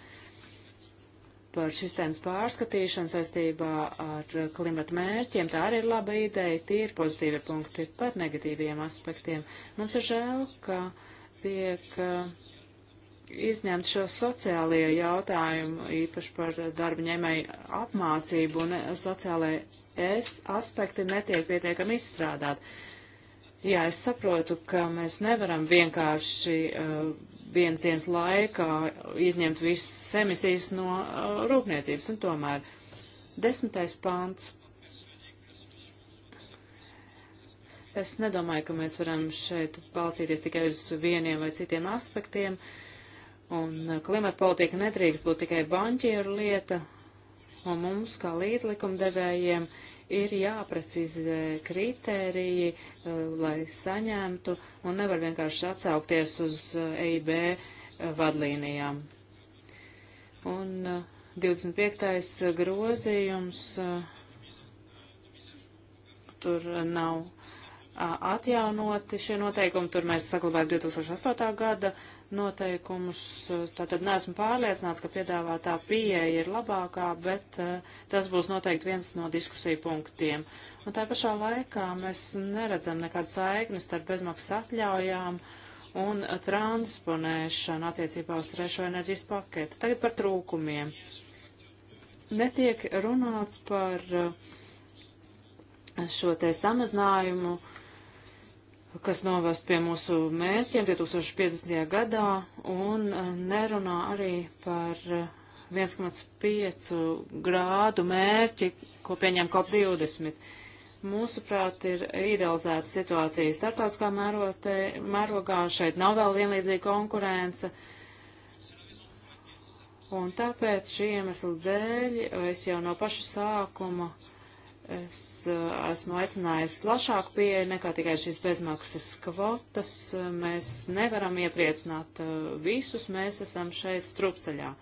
par sistēmas pārskatīšanu saistībā ar klimata mērķiem. Tā arī ir laba ideja, tie ir pozitīvi punkti par negatīviem aspektiem. Mums ir žēl, ka tiek uh, izņemti šo sociālie jautājumu, īpaši par darba ņēmēju apmācību un sociālai aspekti netiek pietiekami izstrādāti. Jā, es saprotu, ka mēs nevaram vienkārši uh, vienas dienas laikā izņemt visas emisijas no uh, rūpniecības, un tomēr desmitais pāns. Es nedomāju, ka mēs varam šeit balstīties tikai uz vieniem vai citiem aspektiem, un uh, klimata politika nedrīkst būt tikai banķieru lieta, un mums, kā līdzlikumdevējiem, devējiem, ir jāprecizē kritēriji, eh, lai saņemtu, un nevar vienkārši atsaukties uz EIB eh, e eh, vadlīnijām. Un 25. grozījums tur nav atjaunoti šie noteikumi, tur mēs saglabājam 2008. gada noteikumus. Eh, tātad neesmu pārliecināts, ka piedāvātā pieeja ir labākā, bet uh, tas būs noteikti viens no diskusiju punktiem. Un tā pašā laikā mēs neredzam nekādu saikni starp bezmaksas atļaujām un eh, transponēšanu attiecībā uz trešo enerģijas paketu. Tagad par trūkumiem. Netiek runāts par šo te samazinājumu uh, kas novest pie mūsu mērķiem 2050. gadā un eh, nerunā arī par 1,5 eh, grādu mērķi, ko pieņem COP20. Mūsuprāt, ir idealizēta situācija starptautiskā mērotē, mērogā, šeit nav vēl vienlīdzīga konkurence. Un tāpēc šī iemesla dēļ es jau no paša sākuma uh, Es eh, esmu aicinājusi plašāku pieeju nekā tikai šīs bezmaksas kvotas. Mēs nevaram iepriecināt eh, visus, mēs esam šeit strupceļā.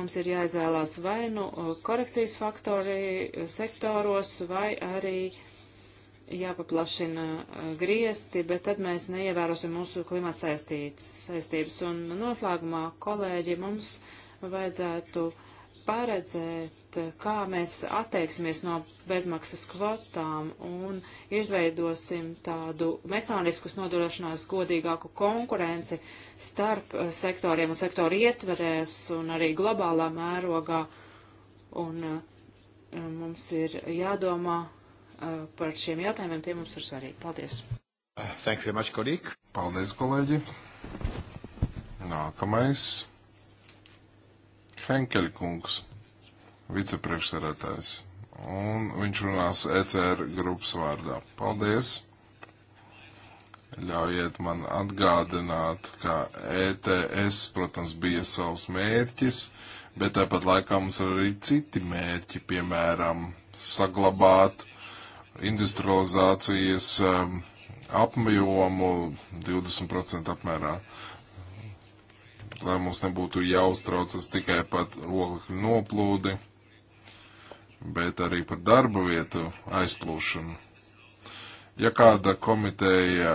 Mums ir jāizvēlās vai nu eh, korekcijas faktori sektoros, vai arī jāpaplašina griesti, bet tad mēs neievērosim mūsu klimata saistības. Un noslēgumā, kolēģi, mums vajadzētu uh, paredzēt, kā mēs atteiksimies no bezmaksas kvotām un izveidosim tādu mehānisku, kas nodrošinās godīgāku konkurenci starp eh, sektoriem un sektoru ietverēs un arī globālā mērogā. Un eh, mums ir jādomā eh, par šiem jautājumiem, tie mums ir svarīgi. Paldies! Thank you very much, kolēģi! Paldies, kolēģi! Nākamais. Henkeļkungs, vicepriekšsarētājs, un viņš runās ECR grupas vārdā. Paldies! Ļaujiet man atgādināt, ka ETS, protams, bija savs mērķis, bet tāpat laikā mums ir arī citi mērķi, piemēram, saglabāt industrializācijas um, apjomu 20% apmērā. Uh, lai mums nebūtu jāuztraucas tikai par oglekļu noplūdi, bet arī par darba vietu aizplūšanu. Ja kāda komiteja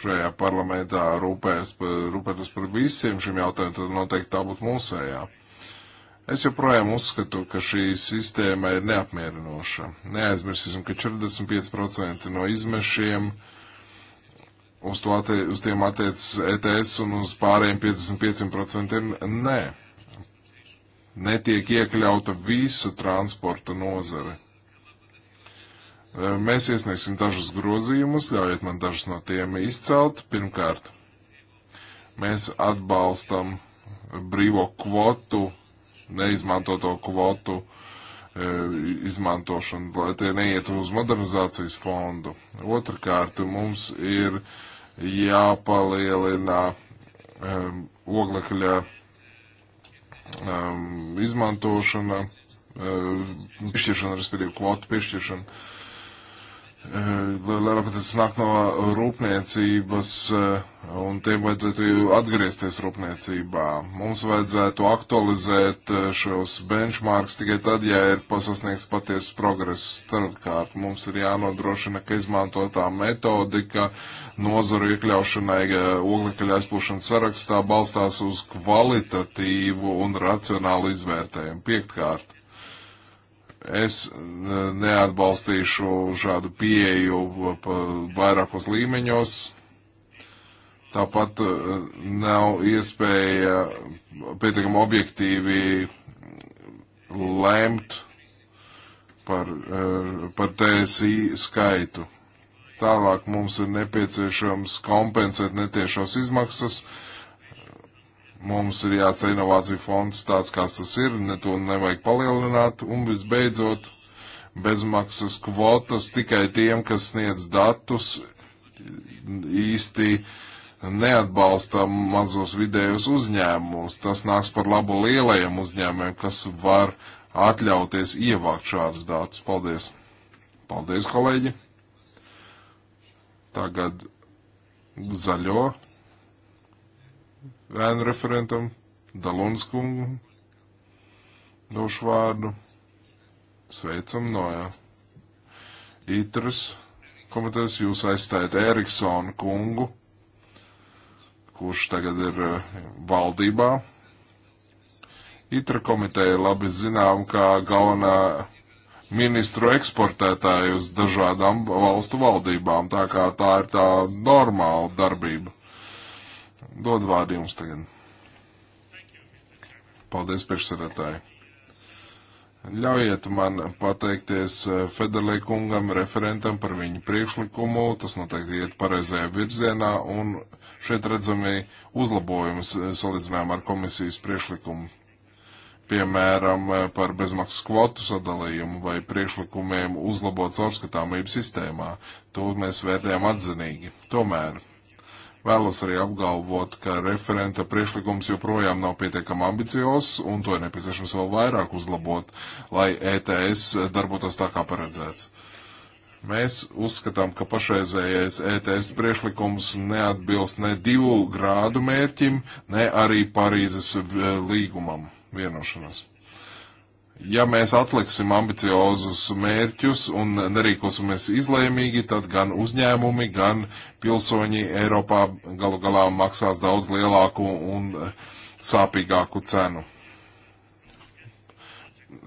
šajā parlamentā rūpēs par, rūpētos par visiem šiem jautājumiem, tad noteikti tā būtu mūsējā. Es joprojām uzskatu, ka šī sistēma ir neapmierinoša. Neaizmirsīsim, ka 45% no izmešiem uh, uz, to, attie, uz tiem attiecas ETS un uz pārējiem 55% nē. Netiek iekļauta visa transporta nozare. E, mēs iesniegsim dažus grozījumus, ļaujiet man dažus no tiem izcelt. Pirmkārt, mēs atbalstam brīvo kvotu, neizmantoto kvotu uh, E, izmantošanu, lai tie neietu uz modernizācijas fondu. Otrakārt, mums ir jāpalielina um, oglekļa um, izmantošana, um, piešķiršana, respektīvi kvotu piešķiršana. Eh, lielākoties nāk no rūpniecības, eh, un tiem vajadzētu atgriezties rūpniecībā. Mums vajadzētu aktualizēt eh, šos benchmarks tikai tad, ja ir pasasniegts patiesas progress. Starpkārt, mums ir jānodrošina, ka izmantotā metodika nozaru iekļaušanai oglekļa aizplūšanas sarakstā balstās uz kvalitatīvu un racionālu izvērtējumu. Piektkārt es neatbalstīšu šādu pieeju vairākos līmeņos. Tāpat nav iespēja pietiekami objektīvi lemt par, eh, par TSI skaitu. Tālāk mums ir nepieciešams kompensēt netiešās izmaksas, uh, Mums ir jāsaka inovāciju fonds tāds, kāds tas ir, ne to nevajag palielināt. Un visbeidzot, bezmaksas kvotas tikai tiem, kas sniedz datus, īsti neatbalsta mazos vidējos uzņēmumus. Tas nāks par labu lielajiem uzņēmumiem, kas var atļauties ievākt šādus datus. Paldies! Paldies, kolēģi! Tagad zaļo vēnu referentam, Dalons kungu. Došu vārdu. Sveicam no Itras komitejas. Jūs aizstājat Eriksonu kungu, kurš tagad ir eh, valdībā. Itra komiteja labi zinām, kā galvenā ministru eksportētāja uz dažādām valstu valdībām, tā kā tā ir tā normāla darbība. Dod vārdu jums tagad. Paldies, priekšsēdētāji. Ļaujiet man pateikties eh, Federlī kungam, referentam par viņu priekšlikumu. Tas noteikti iet pareizajā virzienā un šeit redzami uzlabojumus salīdzinājumā ar komisijas priekšlikumu. Piemēram, eh, par bezmaksas kvotu sadalījumu vai priekšlikumiem uzlabot caurskatāmību sistēmā. To mēs vērtējam atzinīgi. Tomēr Vēlos arī apgalvot, ka referenta priekšlikums joprojām nav pietiekami ambiciozs, un to ir nepieciešams vēl vairāk uzlabot, lai ETS darbotos tā kā paredzēts. Mēs uzskatām, ka pašreizējais ETS priešlikums neatbilst ne divu grādu mērķim, ne arī Parīzes līgumam vienošanos. Ja mēs atliksim ambiciozus mērķus un nerīkosimies izlēmīgi, tad gan uzņēmumi, gan pilsoņi Eiropā galu galā maksās daudz lielāku un sāpīgāku cenu.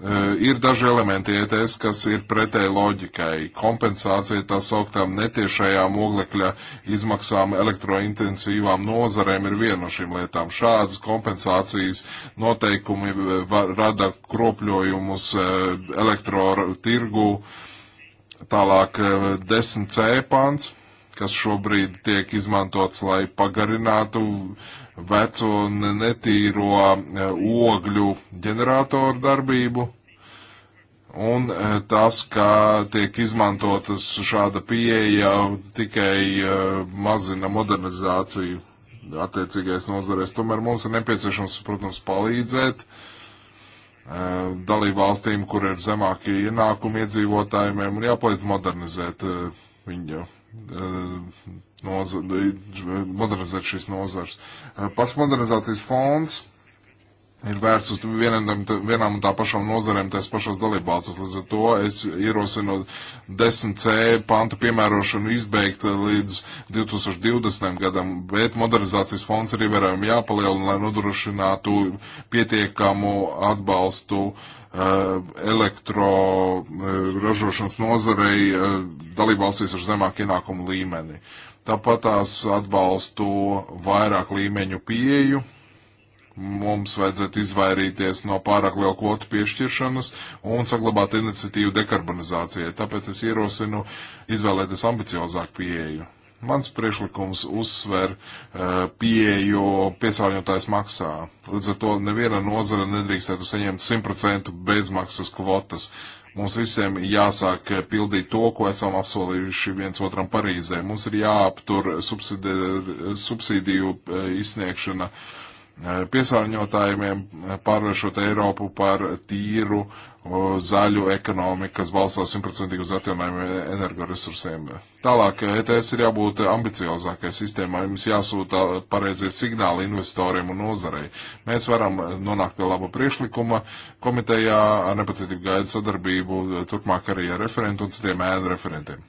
Eh, ir daži elementi ETS, kas ir pretēji loģikai. Kompensācija tā sauktām netiešajām oglekļa izmaksām elektrointensīvām nozarēm ir viena no šīm lietām. Šādas kompensācijas noteikumi eh, rada kropļojumus eh, elektrotirgu. Tālāk 10C pants kas šobrīd tiek izmantots, lai pagarinātu veco netīro e, ogļu ģeneratoru darbību. Un e, tas, ka tiek izmantotas šāda pieeja, tikai e, mazina modernizāciju attiecīgais nozarēs. Tomēr mums ir nepieciešams, protams, palīdzēt dalībvalstīm, kur ir zemākie ienākumi iedzīvotājiem, un jāpalīdz modernizēt viņu Eh, noza, modernizēt šīs nozars. Eh, pats modernizācijas fonds ir vērts uz vienam, vienām un tā pašām nozarēm, tās pašās dalībvalstis. Līdz ar to es ierosinu 10C panta piemērošanu izbeigt eh, līdz 2020. gadam, bet modernizācijas fonds ir ievērojami jāpalielina, lai nodrošinātu pietiekamu atbalstu uh, Eh, elektroražošanas eh, nozarei eh, dalībvalstīs ar zemāku ienākumu līmeni. Tāpat tās atbalstu vairāk līmeņu pieeju. Mums vajadzētu izvairīties no pārāk liela kvotu piešķiršanas un saglabāt iniciatīvu dekarbonizācijai. Tāpēc es ierosinu izvēlēties ambiciozāku pieeju. Mans priekšlikums uzsver eh, pieeju piesārņotājs maksā. Līdz ar to neviena nozara nedrīkstētu saņemt 100% bezmaksas kvotas. Mums visiem jāsāk eh, pildīt to, ko esam apsolījuši viens otram Parīzē. Mums ir jāaptur subsidi, subsīdiju eh, izsniegšana uh, piesārņotājiem, eh, pārvēršot Eiropu par tīru zaļu ekonomiku, kas balstās simtprocentīgi uz atjaunojumiem energoresursiem. Tālāk, ETS eh, e ir jābūt ambiciozākai sistēmai, mums jāsūta pareizie signāli investoriem un nozarei. Mēs varam eh, nonākt pie laba priekšlikuma komitejā ar nepacietību gaidu sadarbību, turpmāk arī ar referentu un citiem ēnu referentiem.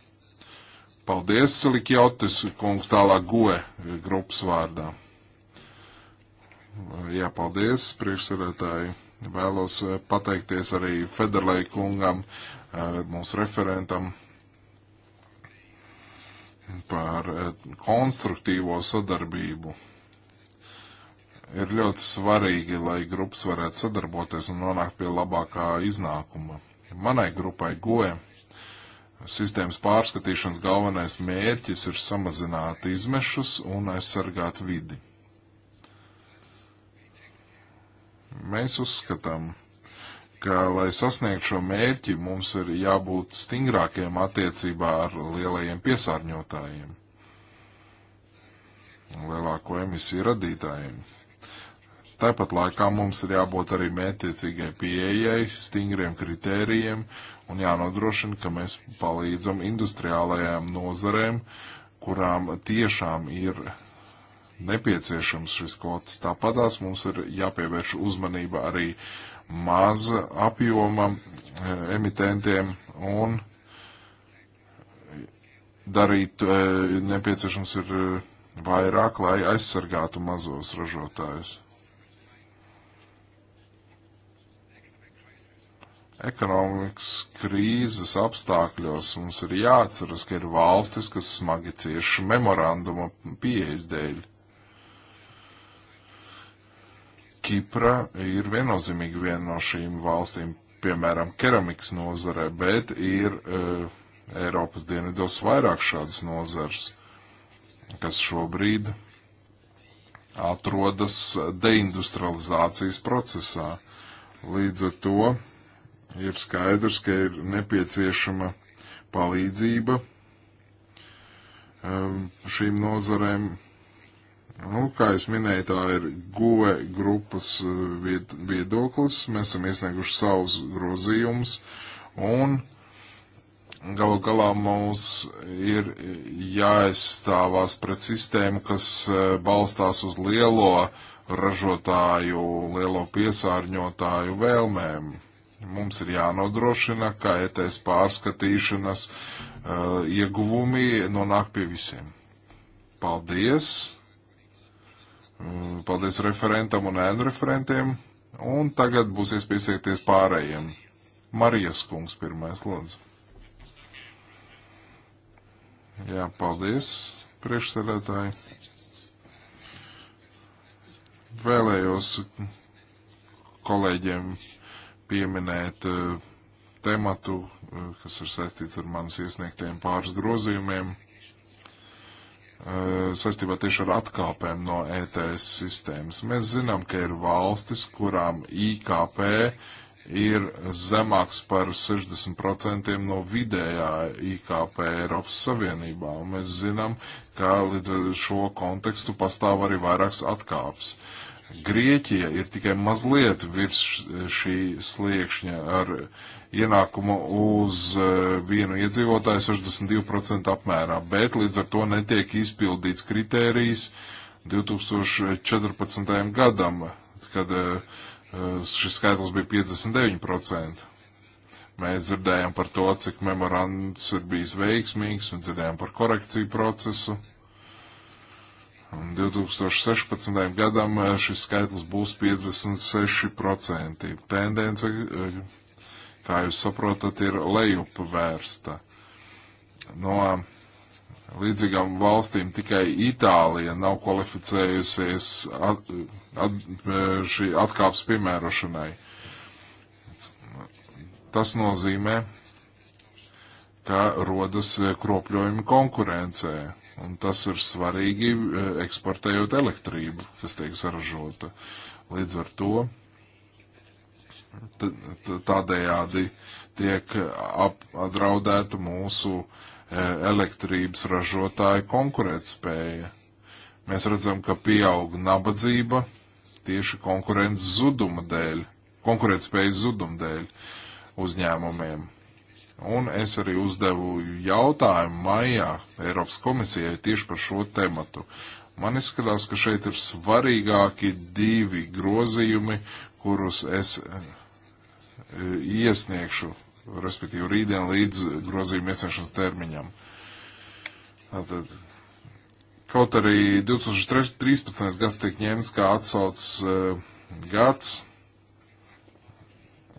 Paldies, Likjotis, kungs tālāk goe grupas vārdā. Jā, paldies, priekšsēdētāji. Vēlos eh, pateikties arī Federlai kungam, eh, mūsu referentam, par eh, konstruktīvo sadarbību. Ir ļoti svarīgi, lai grupas varētu sadarboties un nonākt pie labākā iznākuma. Manai grupai goja sistēmas pārskatīšanas galvenais mērķis ir samazināt izmešus un aizsargāt vidi. Mēs uzskatām, ka, lai sasniegtu šo mērķi, mums ir jābūt stingrākiem attiecībā ar lielajiem piesārņotājiem, lielāko emisiju radītājiem. Tāpat laikā mums ir jābūt arī mētiecīgai pieejai, stingriem kritērijiem un jānodrošina, ka mēs palīdzam industriālajām nozarēm, kurām tiešām ir nepieciešams šis kvotas. Tāpatās mums ir jāpievērš uzmanība arī maza apjoma e, emitentiem un darīt e, nepieciešams ir e, vairāk, lai aizsargātu mazos ražotājus. Ekonomikas krīzes apstākļos mums ir jāatceras, ka ir valstis, kas smagi cieši memoranduma pieejas dēļ. Kipra ir viennozīmīgi viena no šīm valstīm, piemēram, keramikas nozarē, bet ir uh, Eiropas dienvidos vairāk šādas nozars, kas šobrīd atrodas deindustrializācijas procesā. Līdz ar to ir skaidrs, ka ir nepieciešama palīdzība e, šīm nozarēm Nu, kā es minēju, tā ir GUE grupas eh, viedoklis. Mēs esam iesnieguši savus grozījumus un galu galā mums ir jāizstāvās pret sistēmu, kas eh, balstās uz lielo ražotāju, lielo piesārņotāju vēlmēm. Mums ir jānodrošina, ka ETS pārskatīšanas uh, ieguvumi nonāk pie visiem. Paldies! Mm, paldies referentam un ēnu referentiem. Un tagad būs iespējas pārējiem. Marijas kungs pirmais lūdzu. Jā, paldies, priekšsēdētāji. Vēlējos kolēģiem pieminēt uh, tematu, eh, kas ir saistīts ar manas iesniegtajiem pāris grozījumiem. Eh, saistībā tieši ar atkāpēm no ETS sistēmas. Mēs zinām, ka ir valstis, kurām IKP ir zemāks par 60% no vidējā IKP Eiropas Savienībā, un mēs zinām, ka līdz ar šo kontekstu pastāv arī vairāks atkāps. Grieķija ir tikai mazliet virs šī sliekšņa ar uh, ienākumu uz e, vienu iedzīvotāju 62% apmērā, bet līdz ar to netiek izpildīts kritērijs 2014. gadam, kad e, e, šis skaitlis bija 59%. Mēs dzirdējām par to, cik memorands ir bijis veiksmīgs, un dzirdējām par korekciju procesu. Un 2016. gadam šis skaitlis būs 56%. Tendence kā jūs saprotat, ir lejup vērsta. No līdzīgām valstīm tikai Itālija nav kvalificējusies at, at, šī atkāps piemērošanai. Tas nozīmē, ka rodas kropļojumi konkurencē, un tas ir svarīgi eh, eksportējot elektrību, kas tiek saražota. Līdz ar to tādējādi tiek apdraudēta mūsu e, elektrības ražotāju konkurētspēja. Mēs redzam, ka pieaug nabadzība tieši konkurences zuduma dēļ, konkurētspējas zuduma dēļ uzņēmumiem. Un es arī uzdevu jautājumu maijā Eiropas komisijai tieši par šo tematu. Man izskatās, ka šeit ir svarīgāki divi grozījumi, kurus es Eh, iesniegšu, respektīvi rītdien līdz grozījuma iesniegšanas termiņam. Tātad, kaut arī 2013. gads tiek ņemts kā atsaucas uh, gads,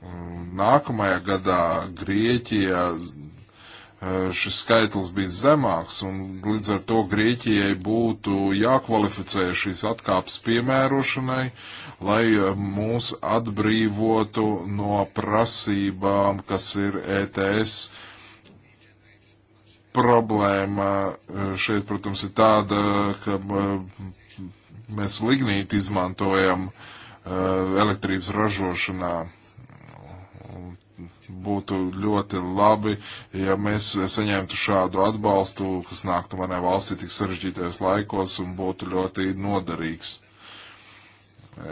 mm, nākamajā gadā Grieķijā šis skaitlis bija zemāks, un līdz ar to Grieķijai būtu jākvalificē šīs atkāpes piemērošanai, lai mūs atbrīvotu no prasībām, kas ir ETS. Problēma šeit, protams, ir tāda, ka mēs lignīti izmantojam elektrības ražošanā būtu ļoti labi, ja mēs saņemtu šādu atbalstu, kas nāktu manai valstī tik sarežģītajos laikos un būtu ļoti noderīgs.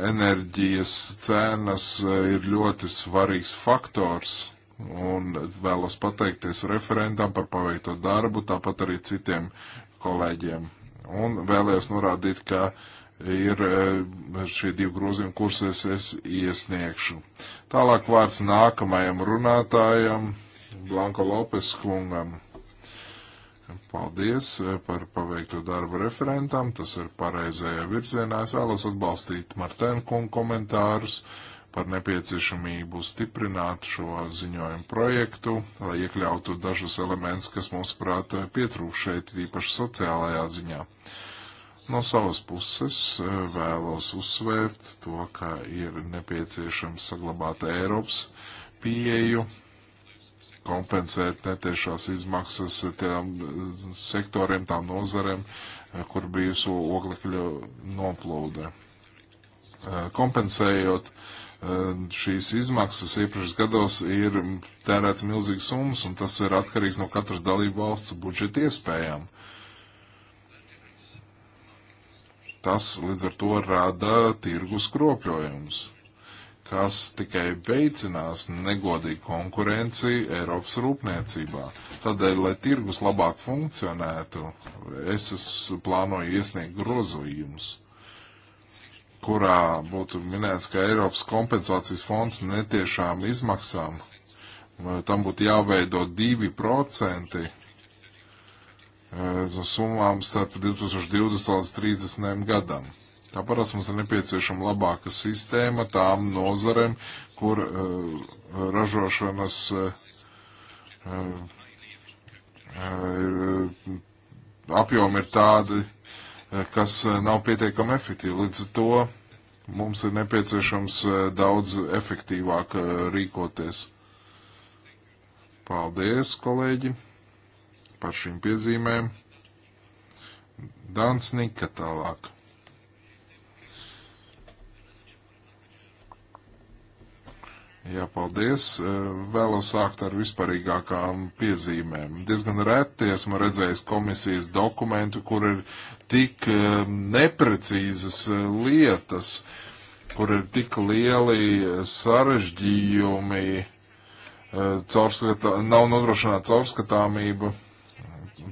Enerģijas cenas ir ļoti svarīgs faktors. Un vēlos pateikties referentam par paveikto darbu, tāpat arī citiem kolēģiem. Un vēlējos norādīt, ka uh, ir e, šie divi grozījumi, kurus es, es iesniegšu. Tālāk vārds nākamajam runātājam, Blanko Lopes kungam. Paldies e, par paveikto darbu referentam, tas ir pareizajā virzienā. Es vēlos atbalstīt Martēnu kungu komentārus par nepieciešamību stiprināt šo ziņojumu projektu, lai iekļautu dažus elementus, kas mums prāt e, pietrūk šeit, īpaši sociālajā ziņā. Uh, No savas puses eh, vēlos uzsvērt to, ka ir nepieciešams saglabāt Eiropas pieeju, kompensēt netiešās izmaksas tiem eh, sektoriem, tām nozarēm, eh, kur bijusi oglekļa noplūde. Kompensējot šīs izmaksas iepriekš gados ir tērēts milzīgas summas, un tas ir atkarīgs no katras dalību valsts budžeta iespējām Tas līdz ar to rada tirgus kropļojumus, kas tikai veicinās negodīgu konkurenci Eiropas rūpniecībā. Tādēļ, lai tirgus labāk funkcionētu, es plānoju iesniegt grozījumus kurā būtu minēts, ka Eiropas kompensācijas fonds netiešām izmaksām. Tam būtu jāveido 2% Eh, summām starp 2020 līdz 30 gadam. Tāpēc mums ir nepieciešama labāka sistēma tām nozarēm, kur uh, ražošanas uh, uh, apjomi ir tādi, kas nav pietiekami efektīvi. Līdz ar to mums ir nepieciešams daudz efektīvāk rīkoties. Paldies, kolēģi! par šīm piezīmēm. Dans Nika tālāk. Jā, paldies. Vēlos sākt ar vispārīgākām piezīmēm. Diezgan reti esmu redzējis komisijas dokumentu, kur ir tik eh, neprecīzas eh, lietas, kur ir tik lieli eh, sarežģījumi, caurskatā, nav nodrošināta caurskatāmība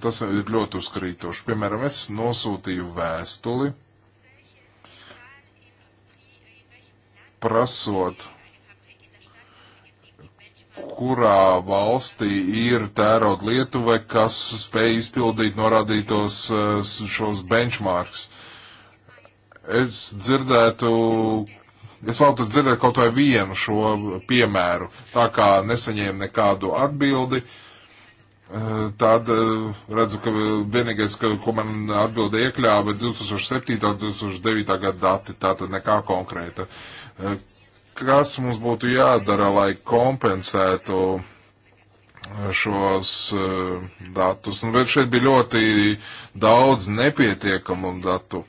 tas ir ļoti uzkrītoši. Piemēram, es nosūtīju vēstuli, prasot, kurā valstī ir tērot Lietuvai, kas spēj izpildīt norādītos eh, šos benchmarks. Es dzirdētu, Es vēlos dzirdēt kaut vai vienu šo piemēru. Tā kā nesaņēmu nekādu atbildi, uh, Eh, tad eh, redzu, ka eh, vienīgais, ka, ko man atbilde iekļāva, ir 2007. un 2009. gada dati, tātad nekā konkrēta. Kas mums būtu jādara, lai kompensētu šos datus? Nu, šeit bija ļoti daudz nepietiekamu datu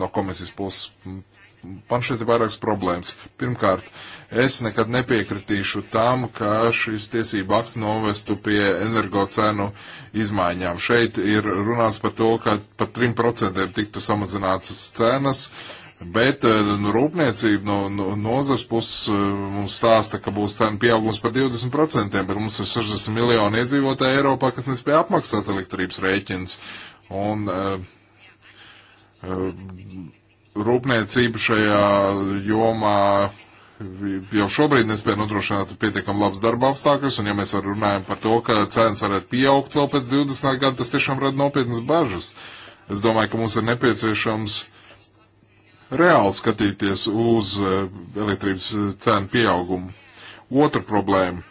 no komisijas puses. Man šeit ir vairākas problēmas. Pirmkārt, uh, Es nekad nepiekritīšu tam, ka šis tiesība akts novestu pie energocenu izmaiņām. Šeit ir runāts par to, ka par 3% tiktu samazinātas cenas. Bet eh, nu, rūpniecība no, no nozars puses eh, mums stāsta, ka būs cena pieaugums par 20%, bet mums ir 60 miljoni iedzīvotāji Eiropā, kas nespēja apmaksāt elektrības rēķins. Un uh, uh, rūpniecība šajā jomā jau šobrīd nespēja nodrošināt pietiekam labs darba apstākļus, un ja mēs runājam par to, ka cenas varētu pieaugt vēl pēc 20 gadu, tas tiešām rada nopietnas bažas. Es domāju, ka mums ir nepieciešams reāli skatīties uz eh, elektrības eh, cenu pieaugumu. Otra problēma.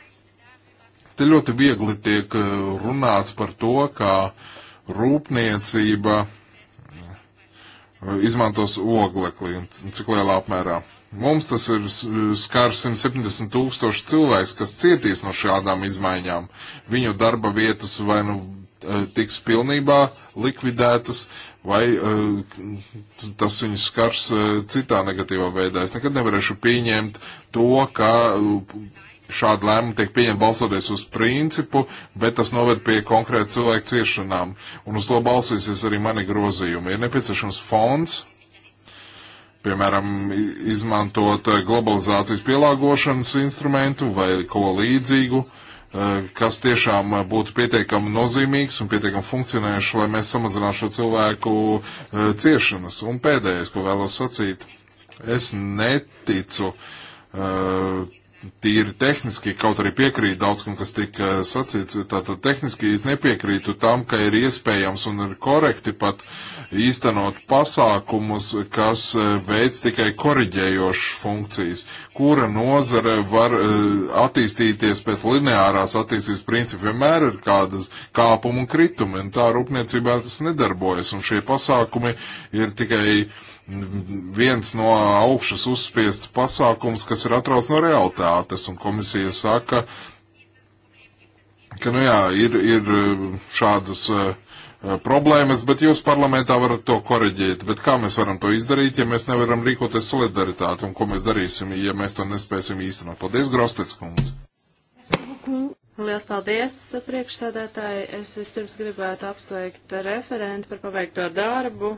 Te ļoti viegli tiek eh, runāts par to, ka rūpniecība izmantos oglekli un cik lielā apmērā. Mums tas ir skar 170 tūkstoši cilvēks, kas cietīs no šādām izmaiņām. Viņu darba vietas vai nu eh, tiks pilnībā likvidētas, vai eh, tas viņus skars eh, citā negatīvā veidā. Es nekad nevarēšu pieņemt to, ka šāda lēmuma tiek pieņemta balsoties uz principu, bet tas noved pie konkrēta cilvēka ciešanām. Un uz to balsīsies arī mani grozījumi. Ir nepieciešams fonds, piemēram, izmantot eh, globalizācijas pielāgošanas instrumentu vai ko līdzīgu, eh, kas tiešām eh, būtu pietiekami nozīmīgs un pietiekami funkcionējuši, lai mēs samazinātu šo cilvēku ciešanas. Un pēdējais, ko vēlos sacīt, es neticu tīri tehniski, kaut arī piekrītu daudz kam, kas tika eh, sacīts, tātad tehniski es nepiekrītu tam, ka ir iespējams un ir korekti pat īstenot pasākumus, kas eh, veids tikai koriģējošas funkcijas, kura nozare var eh, attīstīties pēc lineārās attīstības principa, vienmēr ir kādas kāpumi un kritumi, un tā rūpniecībā tas nedarbojas, un šie pasākumi ir tikai viens no augšas uzspiests pasākums, kas ir atrauts no realitātes, un komisija saka, ka, nu jā, ir, ir eh, šādas eh, problēmas, bet jūs parlamentā varat to koreģēt. Bet kā mēs varam to izdarīt, ja mēs nevaram rīkoties solidaritāti, un ko mēs darīsim, ja mēs to nespēsim īstenot? Paldies, Grostets kundze! Liels paldies, priekšsēdētāji. Es vispirms gribētu apsveikt referentu par paveikto darbu.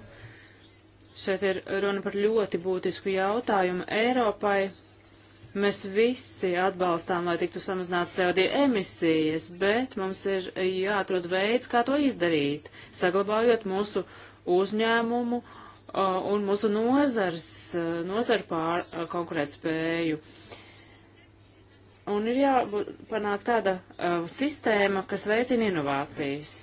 Šeit ir runa par ļoti būtisku jautājumu Eiropai. Mēs visi atbalstām, lai tiktu samazināts CO2 emisijas, bet mums ir jāatrod veids, kā to izdarīt, saglabājot mūsu uzņēmumu un mūsu nozars, nozaru pār konkurēt spēju. Un ir jāpanāk tāda sistēma, kas veicina inovācijas.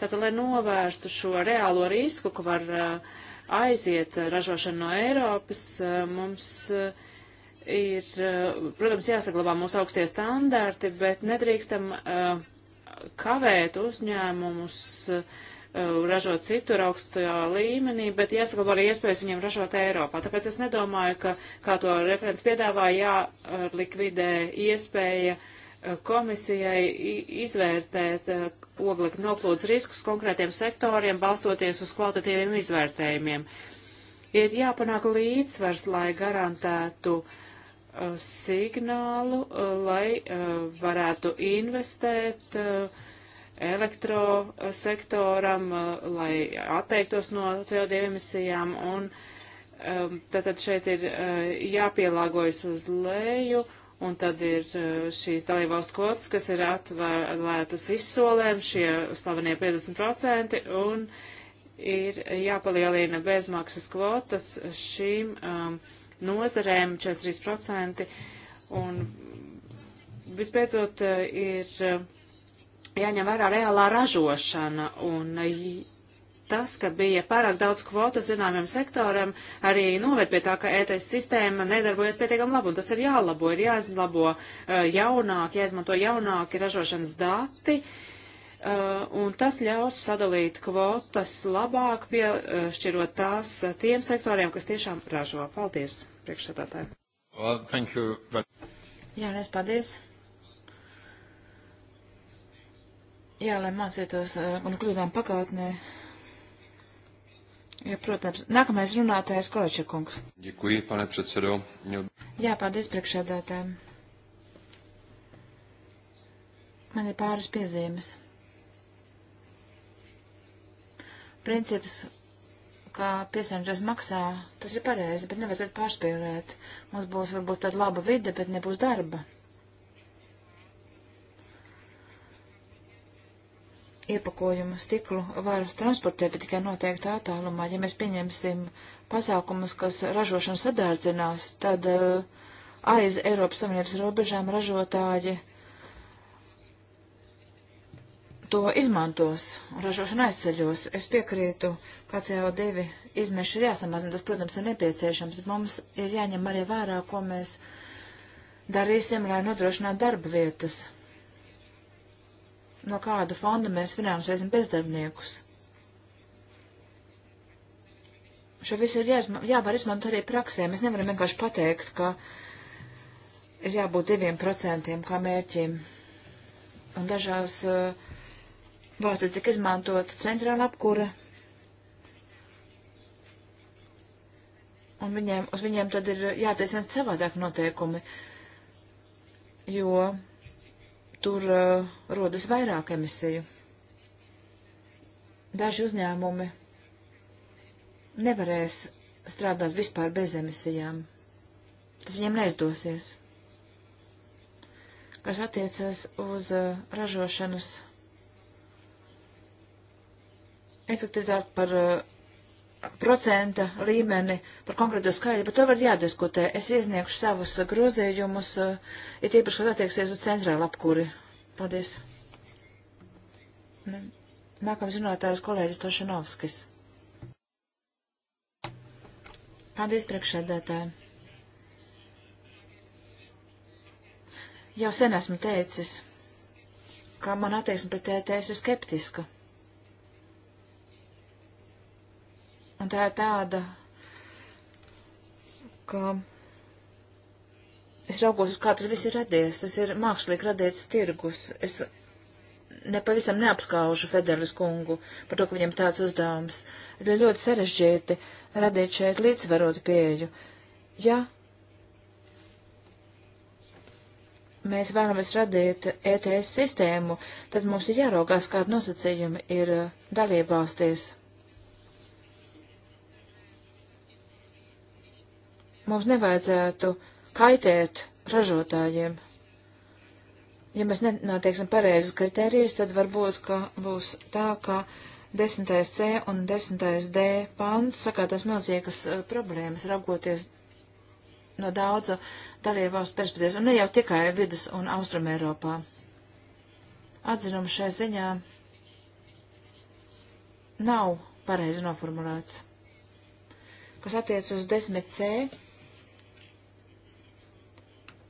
Tātad, lai novērstu šo reālo risku, ka var uh, aiziet eh, ražošana no Eiropas, eh, mums eh, ir, protams, jāsaglabā mūsu augstie standarti, bet nedrīkstam kavēt uzņēmumus ražot citur augstajā līmenī, bet jāsaglabā arī iespējas viņiem ražot Eiropā. Tāpēc es nedomāju, ka, kā to referents piedāvā, jālikvidē iespēja uh, komisijai izvērtēt e, oglekļa noplūdes riskus konkrētiem sektoriem, balstoties uz kvalitatīviem izvērtējumiem. Ir jāpanāk līdzsvars, lai garantētu uh, signālu, uh, lai uh, varētu investēt elektrosektoram, lai atteiktos no CO2 emisijām, un tātad šeit ir jāpielāgojas uz leju, Un tad ir eh, šīs dalībvalstu kvotas, kas ir atvēlētas izsolēm, šie slavenie 50%, un ir jāpalielina bezmaksas kvotas šīm um, nozarēm 43%, un vispēcot eh, ir eh, jāņem vērā reālā ražošana, un tas, ka bija pārāk daudz kvotu zināmiem sektoram, arī noved pie tā, ka ETS sistēma nedarbojas pietiekami labi, un tas ir jālabo, ir jāizlabo uh, jaunāk, jāizmanto jaunāki ražošanas dati, uh, un tas ļaus sadalīt kvotas labāk, piešķirot tās tiem sektoriem, kas tiešām ražo. Paldies, priekšsēdētāji. Well, thank you. Jā, es paldies. Jā, lai mācītos uh, un kļūdām pagātnē, Ja, protams. Nākamais runātājs Koločekungs. Děkuji, pane předsedo. Jā, paldies priekšsēdētājiem. Man ir pāris piezīmes. Princips, kā piesārņotājs maksā, tas ir pareizi, bet nevajadzētu pārspīlēt. Mums būs varbūt tāda laba vide, bet nebūs darba. iepakojumu stiklu var transportēt, bet tikai noteiktā attālumā. Ja mēs pieņemsim pasākumus, kas ražošanu sadārdzinās, tad uh, aiz Eiropas Savienības robežām ražotāji to izmantos, ražošana aizceļos. Es piekrītu, ka CO2 izmeši ir jāsamazina, tas, protams, ir nepieciešams, bet mums ir jāņem arī vērā, ko mēs darīsim, lai nodrošinātu darba vietas no kāda fonda mēs finansēsim bezdarbniekus. Šo visu ir jāizma, jāvar izmantot arī praksē. Mēs nevaram vienkārši pateikt, ka ir jābūt diviem procentiem kā mērķim. Un dažās uh, valstī tika izmantota centrāla apkura. Un viņiem, uz viņiem tad ir jātiesina savādāk noteikumi, jo tur uh, rodas vairāk emisiju. Daži uzņēmumi nevarēs strādāt vispār bez emisijām. Tas viņiem neizdosies. Kas attiecas uz uh, ražošanas efektivitāti par uh, procenta līmeni par konkrēto skaidri, par to var jādiskutē. Es iesniegšu savus grozējumus, eh, ir tīpaši, kad attieksies uz centrālu apkuri. Paldies. Nākamais runātājs kolēģis Tošanovskis. Paldies, priekšsēdētāji. Jau sen esmu teicis, ka man attieksme pret e TTS ir skeptiska. Un tā ir tāda, ka es raugos uz kā tas viss ir radies. Tas ir mākslīgi radīts tirgus. Es nepavisam neapskaužu Federas kungu par to, ka viņam tāds uzdevums ir ļoti sarežģīti radīt šeit līdzsvarotu pieeju. Ja mēs vēlamies radīt ETS sistēmu, tad mums ir jāraugās, kāda nosacījuma ir dalībvalstīs. Mums nevajadzētu kaitēt ražotājiem. Ja mēs nenotieksim pareizes kritērijas, tad varbūt, ka būs tā, ka 10. C un 10. D pants sakātās milzīgas eh, problēmas raugoties no daudzu dalību valstu perspektīvas, un ne jau tikai vidus un austrum Eiropā. Atzinums šai ziņā nav pareizi noformulēts. Kas attiec uz 10C,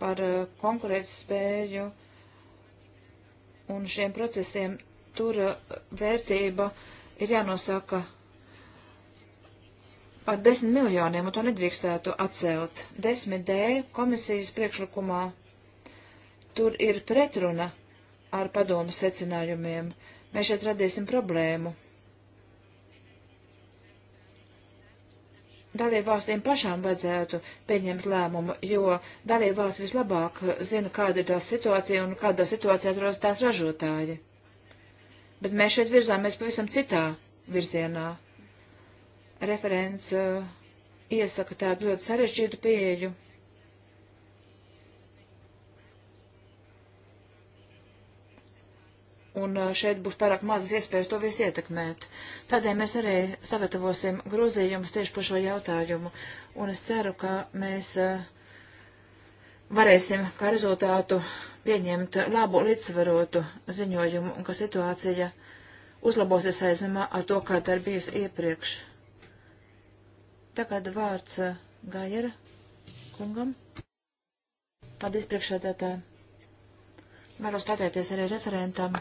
par eh, konkurētspēju un šiem procesiem, tur eh, vērtība ir jānosaka par desmit miljoniem, un to nedrīkstētu atcelt. Desmit D komisijas priekšlikumā tur ir pretruna ar padomu secinājumiem. Mēs šeit radīsim problēmu. dalībvalstīm pašām vajadzētu pieņemt lēmumu, jo dalībvalsts vislabāk zina, kāda ir tā situācija un kādā situācijā atrodas tās ražotāji. Bet mēs šeit virzāmies pavisam citā virzienā. Referents uh, iesaka tādu ļoti sarežģītu pieeju. un šeit būs pārāk mazas iespējas to visu ietekmēt. Tādēļ mēs arī sagatavosim grozījumus tieši par šo jautājumu, un es ceru, ka mēs varēsim kā rezultātu pieņemt labu līdzsvarotu ziņojumu, un ka situācija uzlabosies aizmā ar to, kā tā ir bijusi iepriekš. Tagad vārds Gajera kungam. Paldies priekšādātājiem. Vēlos pateikties arī referentam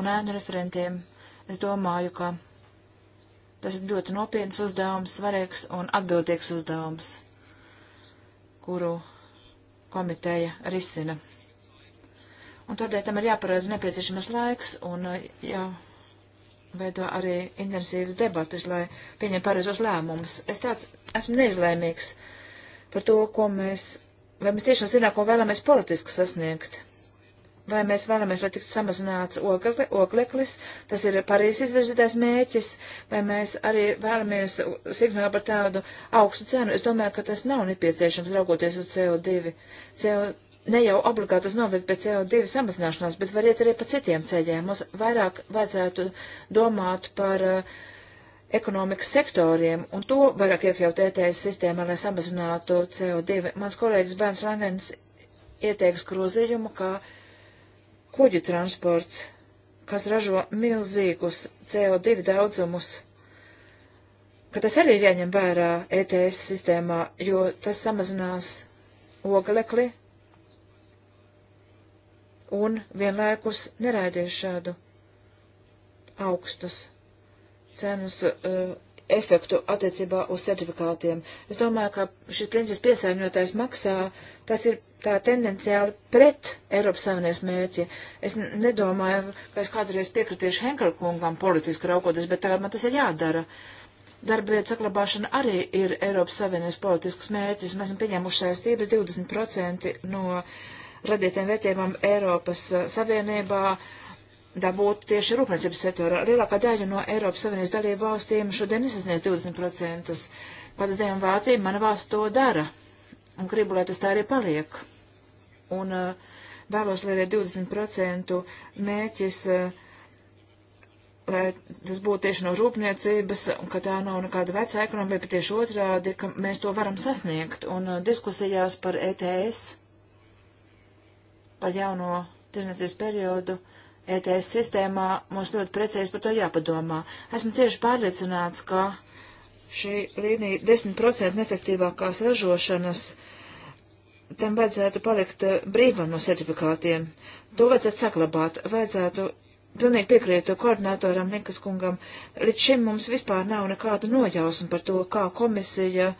un ēnu referentiem. Es domāju, ka tas ir ļoti nopietns uzdevums, svarīgs un atbildīgs uzdevums, kuru komiteja risina. Un tādēļ tam ir jāparāda nepieciešamas laiks un uh, jāveido arī intensīvas debatas, lai pieņem pareizos lēmumus. Es tāds esmu neizlēmīgs par to, ko mēs, vai mēs tiešām zinām, ko vēlamies politiski sasniegt vai mēs vēlamies, lai tiktu samazināts ogleklis, tas ir Parīzes izvirzītais mēķis, vai mēs arī vēlamies signālu par tādu augstu cenu. Es domāju, ka tas nav nepieciešams raugoties uz CO2. CO, ne jau obligāti tas noved pie CO2 samazināšanās, bet var iet arī pa citiem ceļiem. Mums vairāk vajadzētu domāt par uh, ekonomikas sektoriem, un to vairāk iekļaut ETS sistēmā, lai samazinātu CO2. Mans kolēģis Bērns Langens ieteiks grozījumu, ka uh, Kuģu transports, kas ražo milzīgus CO2 daudzumus, ka tas arī ir jāņem vērā ETS sistēmā, jo tas samazinās oglekli un vienlaikus neraidīs šādu augstus cenas. Uh, efektu attiecībā uz certifikātiem. Es domāju, ka šis princips piesārņotājs maksā, tas ir tā tendenciāli pret Eiropas Savienības mērķi. Es nedomāju, ka es kādreiz piekritīšu Henkel kungam politiski raugoties, bet tagad man tas ir jādara. Darbvietas saglabāšana arī ir Eiropas Savienības politisks mērķis. Mēs esam pieņēmuši saistības 20% no radītiem vērtībām Eiropas uh, Savienībā. Uh, dabūt tieši rūpniecības sektorā. Lielākā daļa no Eiropas Savienības dalību valstīm šodien nesasniedz 20%. Paldies Dievam Vācija, mana valsts to dara. Un gribu, lai tas tā arī paliek. Un uh, vēlos, lai arī 20% mērķis, uh, lai tas būtu tieši no rūpniecības, un ka tā nav nekāda vecā ekonomija, bet tieši otrādi, ka mēs to varam sasniegt. Un uh, diskusijās par ETS, par jauno tirzniecības periodu, uh, ETS sistēmā mums ļoti precīzi par to jāpadomā. Esmu cieši pārliecināts, ka šī līnija 10% efektīvākās ražošanas tam vajadzētu palikt eh, brīva no certifikātiem. To vajadzētu saglabāt, vajadzētu pilnīgi piekrītu koordinatoram Nikas kungam. Līdz šim mums vispār nav nekāda nojausma par to, kā komisija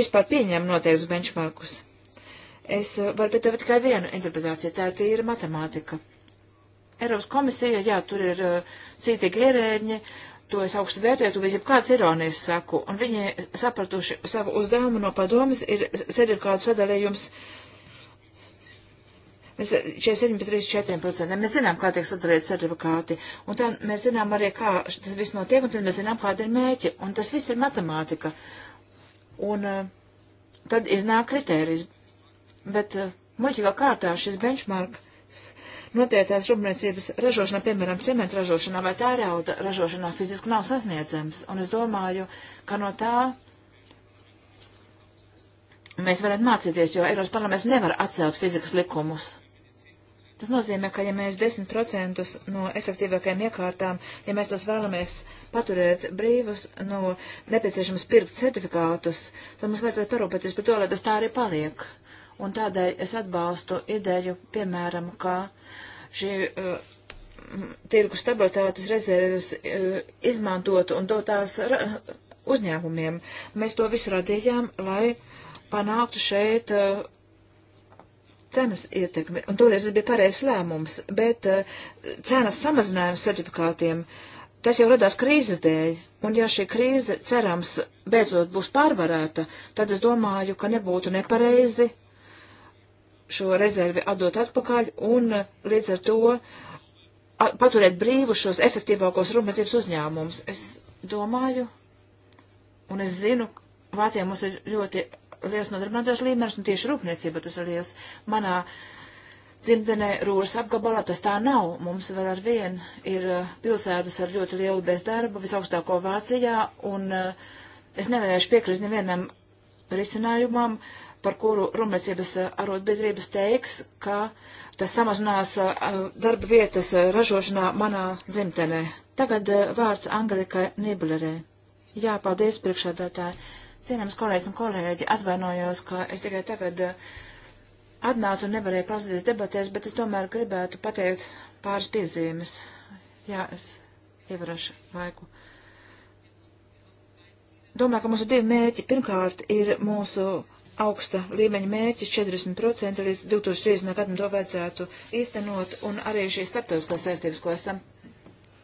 vispār pieņem noteikts benchmarkus. Es eh, varu pie tevi tikai vienu interpretāciju, tā ir tīra matemātika. Eiropas komisija, jā, tur ir uh, eh, cītīgi ierēģi, to es augstu vērtēju, tu bez jebkādas ironijas saku, un viņi sapratuši savu uzdevumu no padomas, ir sedirkādu sadalījums. Mēs 47,34%. Mēs zinām, kā tiek sadalīti certifikāti, un tā mēs zinām arī, kā tas viss notiek, un tad mēs zinām, kāda ir mēķi, un tas viss ir matemātika. Un uh, tad iznāk kritērijas. Bet uh, muļķīgā kārtā šis benchmark noteiktās rūpniecības ražošanā, piemēram, cementu ražošanā vai tērauda ražošanā, fiziski nav sasniedzams. Un es domāju, ka no tā mēs varētu mācīties, jo Eiropas parlaments nevar atcelt fizikas likumus. Tas nozīmē, ka ja mēs 10% no efektīvākajām iekārtām, ja mēs tos vēlamies paturēt brīvus no nepieciešams pirkt certifikātus, tad mums vajadzētu parūpēties par to, lai tas tā arī paliek un tādēļ es atbalstu ideju, piemēram, kā šī uh, tirgu stabilitātes rezerves uh, izmantot un dot tās uzņēmumiem. Mēs to visu radījām, lai panāktu šeit uh, cenas ietekmi. Un toreiz tas bija pareizs lēmums, bet uh, cenas samazinājums certifikātiem, tas jau radās krīzes dēļ. Un ja šī krīze, cerams, beidzot būs pārvarēta, tad es domāju, ka nebūtu nepareizi šo rezervi atdot atpakaļ un uh, līdz ar to paturēt brīvu šos efektīvākos rūpniecības uzņēmumus. Es domāju, un es zinu, Vācijā mums ir ļoti liels nodarbinātās līmenis, un tieši rūpniecība tas ir liels. Manā dzimtenē Rūras apgabalā tas tā nav. Mums vēl ar vien ir uh, pilsētas ar ļoti lielu bezdarbu, visaugstāko Vācijā, un uh, es nevarēšu piekrist nevienam risinājumam. Uh, par kuru rūpniecības eh, arotbiedrības teiks, ka tas samazinās eh, darba vietas eh, ražošanā manā dzimtenē. Tagad vārds Angelikai Niblerē. Jā, paldies priekšādātāji. Cienams kolēģis un kolēģi, atvainojos, ka es tikai tagad atnācu un nevarēju klausīties debatēs, bet es tomēr gribētu pateikt pāris piezīmes. Jā, es ievarošu laiku domāju, ka mūsu divi mērķi pirmkārt ir mūsu augsta līmeņa mērķis 40% līdz 2030. gadam to vajadzētu īstenot, un arī šīs starptautiskās saistības, ko esam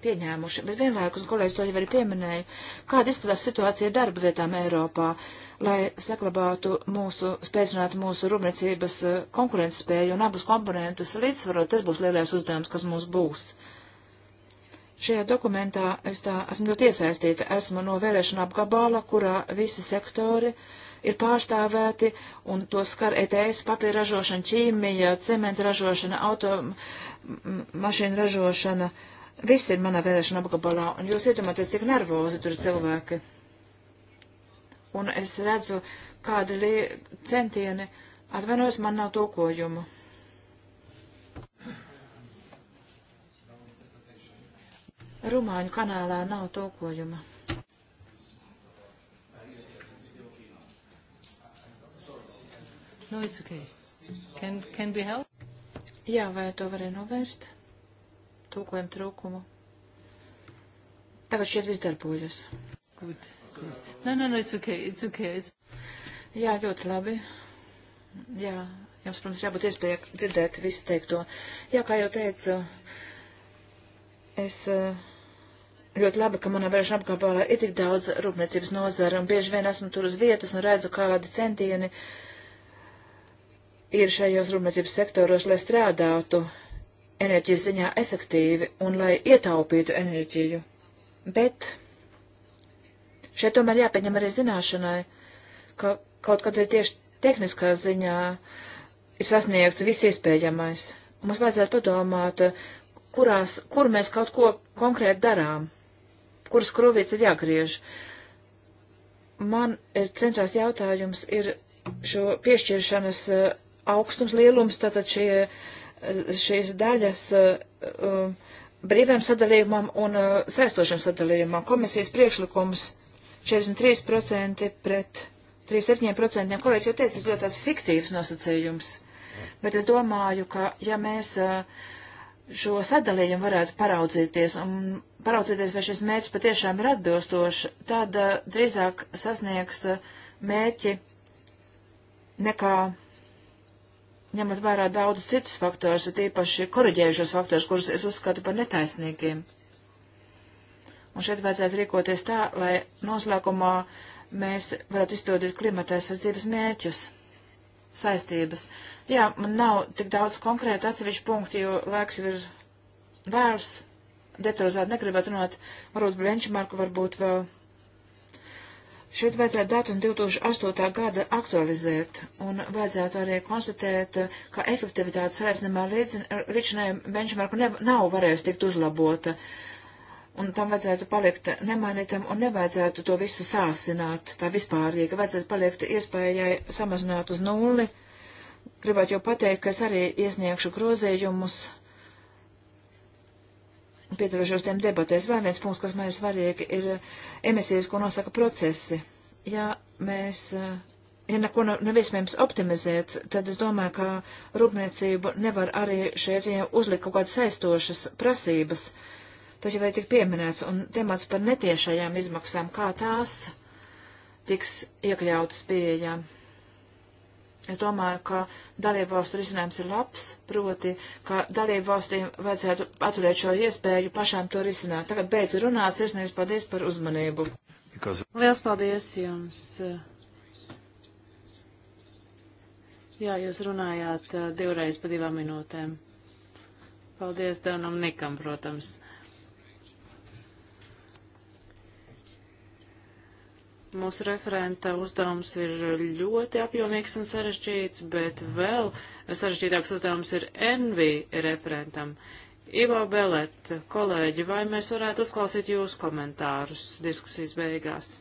pieņēmuši. Bet vienlaikus, kolēģis to jau arī pieminēja, kāda izskatās situācija darba vietām Eiropā, lai saklabātu mūsu, spēcinātu mūsu rūpniecības eh, konkurences spēju un abus komponentus līdzsvarot, tas būs lielais uzdevums, kas mums būs. Uh, Šajā dokumentā es tā esmu ļoti iesaistīta. Esmu no vēlēšana apgabala, kurā visi sektori ir pārstāvēti, un to skar ETS papīra ražošana, ķīmija, cementa ražošana, automašīna ražošana. Viss ir manā vēlēšana apgabalā, un jūs iedomāties, cik nervozi tur ir cilvēki. Un es redzu, kādi ir centieni. Atvainojos, man nav tulkojumu. Rumāņu kanālā nav tulkojuma. No, it's okay. Can, can we help? Jā, vai to varēja novērst? Tūkojumu trūkumu. Tagad šķiet viss darbojas. Good. No, no, no, it's okay, it's okay. It's... Jā, ļoti labi. Jā, jums, protams, jābūt iespēja dzirdēt visu teikto. Jā, kā jau teicu, es. Uh, ļoti labi, ka manā vēršu apgabalā ir tik daudz rūpniecības nozara, un bieži vien esmu tur uz vietas un redzu, kādi centieni ir šajos rūpniecības sektoros, lai strādātu enerģijas ziņā efektīvi un lai ietaupītu enerģiju. Bet šeit tomēr jāpieņem arī zināšanai, ka kaut kad ir tieši tehniskā ziņā ir sasniegts viss iespējamais. Mums vajadzētu padomāt, kurās, kur mēs kaut ko konkrēti darām kuras krūvītes ir jāgriež. Man ir centrās jautājums ir šo piešķiršanas eh, augstums, lielums, tātad šie, eh, šīs daļas eh, um, brīviem sadalījumam un saistošam sadalījumam. Komisijas priekšlikums 43% pret 37%. Kolēģis jau teica, tas ļoti tās fiktīvs nosacījums. Bet es domāju, ka ja mēs uh, šo sadalījumu varētu paraudzīties un paraudzīties, vai šis mērķis patiešām ir atbilstošs, tad uh, drīzāk sasniegs uh, mērķi nekā ņemot vērā daudz citus faktorus, tīpaši koriģējušos faktorus, kurus es uzskatu par netaisnīgiem. Un šeit vajadzētu rīkoties tā, lai noslēgumā mēs varētu izpildīt klimata aizsardzības mērķus saistības. Jā, man nav tik daudz konkrēti atsevišķu punktu, jo laiks ir vērs, detalizēti negribētu runāt, varbūt benchmarku, varbūt vēl. Šeit vajadzētu datus 2008. gada aktualizēt un vajadzētu arī konstatēt, ka efektivitātes rēcinamā līdzinājuma benchmarku ne, nav varējusi tikt uzlabota. Uh, un tam vajadzētu palikt nemainītam un nevajadzētu to visu sāsināt tā vispārīgi. Vajadzētu palikt iespējai samazināt uz nulli. Gribētu jau pateikt, ka es arī iesniegšu grozējumus, pieturošos tiem debatēs. Vēl viens punkts, kas man ir svarīgi, ir emisijas, ko nosaka procesi. Ja mēs, ja neko nevispējams optimizēt, tad es domāju, ka rūpniecību nevar arī šeit ja uzlikt kaut kādas saistošas prasības. Uh, tas jau arī tik pieminēts, un temats par netiešajām izmaksām, kā tās tiks iekļautas pieejām. Es domāju, ka dalībvalstu risinājums ir labs, proti, ka dalībvalstīm vajadzētu atturēt šo iespēju pašām to risināt. Tagad beidz runāt, sirsnīgs paldies par uzmanību. Because... Liels paldies jums. Jā, jūs runājāt uh, divreiz pa divām minūtēm. Paldies Danam Nikam, protams. Mūsu referenta uzdevums ir ļoti apjomīgs un sarežģīts, bet vēl sarežģītāks uzdevums ir NV referentam. Ivo Belet, kolēģi, vai mēs varētu uzklausīt jūsu komentārus diskusijas beigās?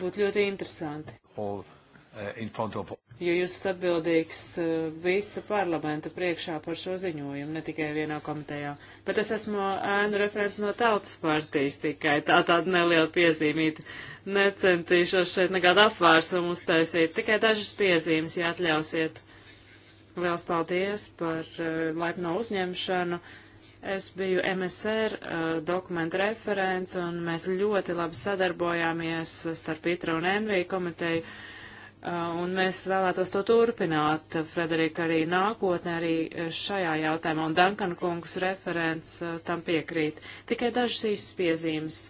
Būtu ļoti interesanti. All, uh, jo jūs esat atbildīgs eh, visa parlamenta priekšā par šo ziņojumu, ne tikai vienā komitejā. Bet es esmu ēnu referents no tautas partijas tikai, tā tāda neliela piezīmīta. Necentīšos šeit nekādu apvārsumu uztaisīt, tikai dažas piezīmes, ja atļausiet. Liels paldies par uh, laipno uzņemšanu. Es biju MSR uh, eh, dokumentu referents, un mēs ļoti labi sadarbojāmies starp ITRA un NV komiteju. Uh, Uh, un mēs vēlētos to turpināt, Frederika, arī nākotnē, arī uh, šajā jautājumā, un Dankana kungs referents uh, tam piekrīt. Tikai dažas īstas piezīmes.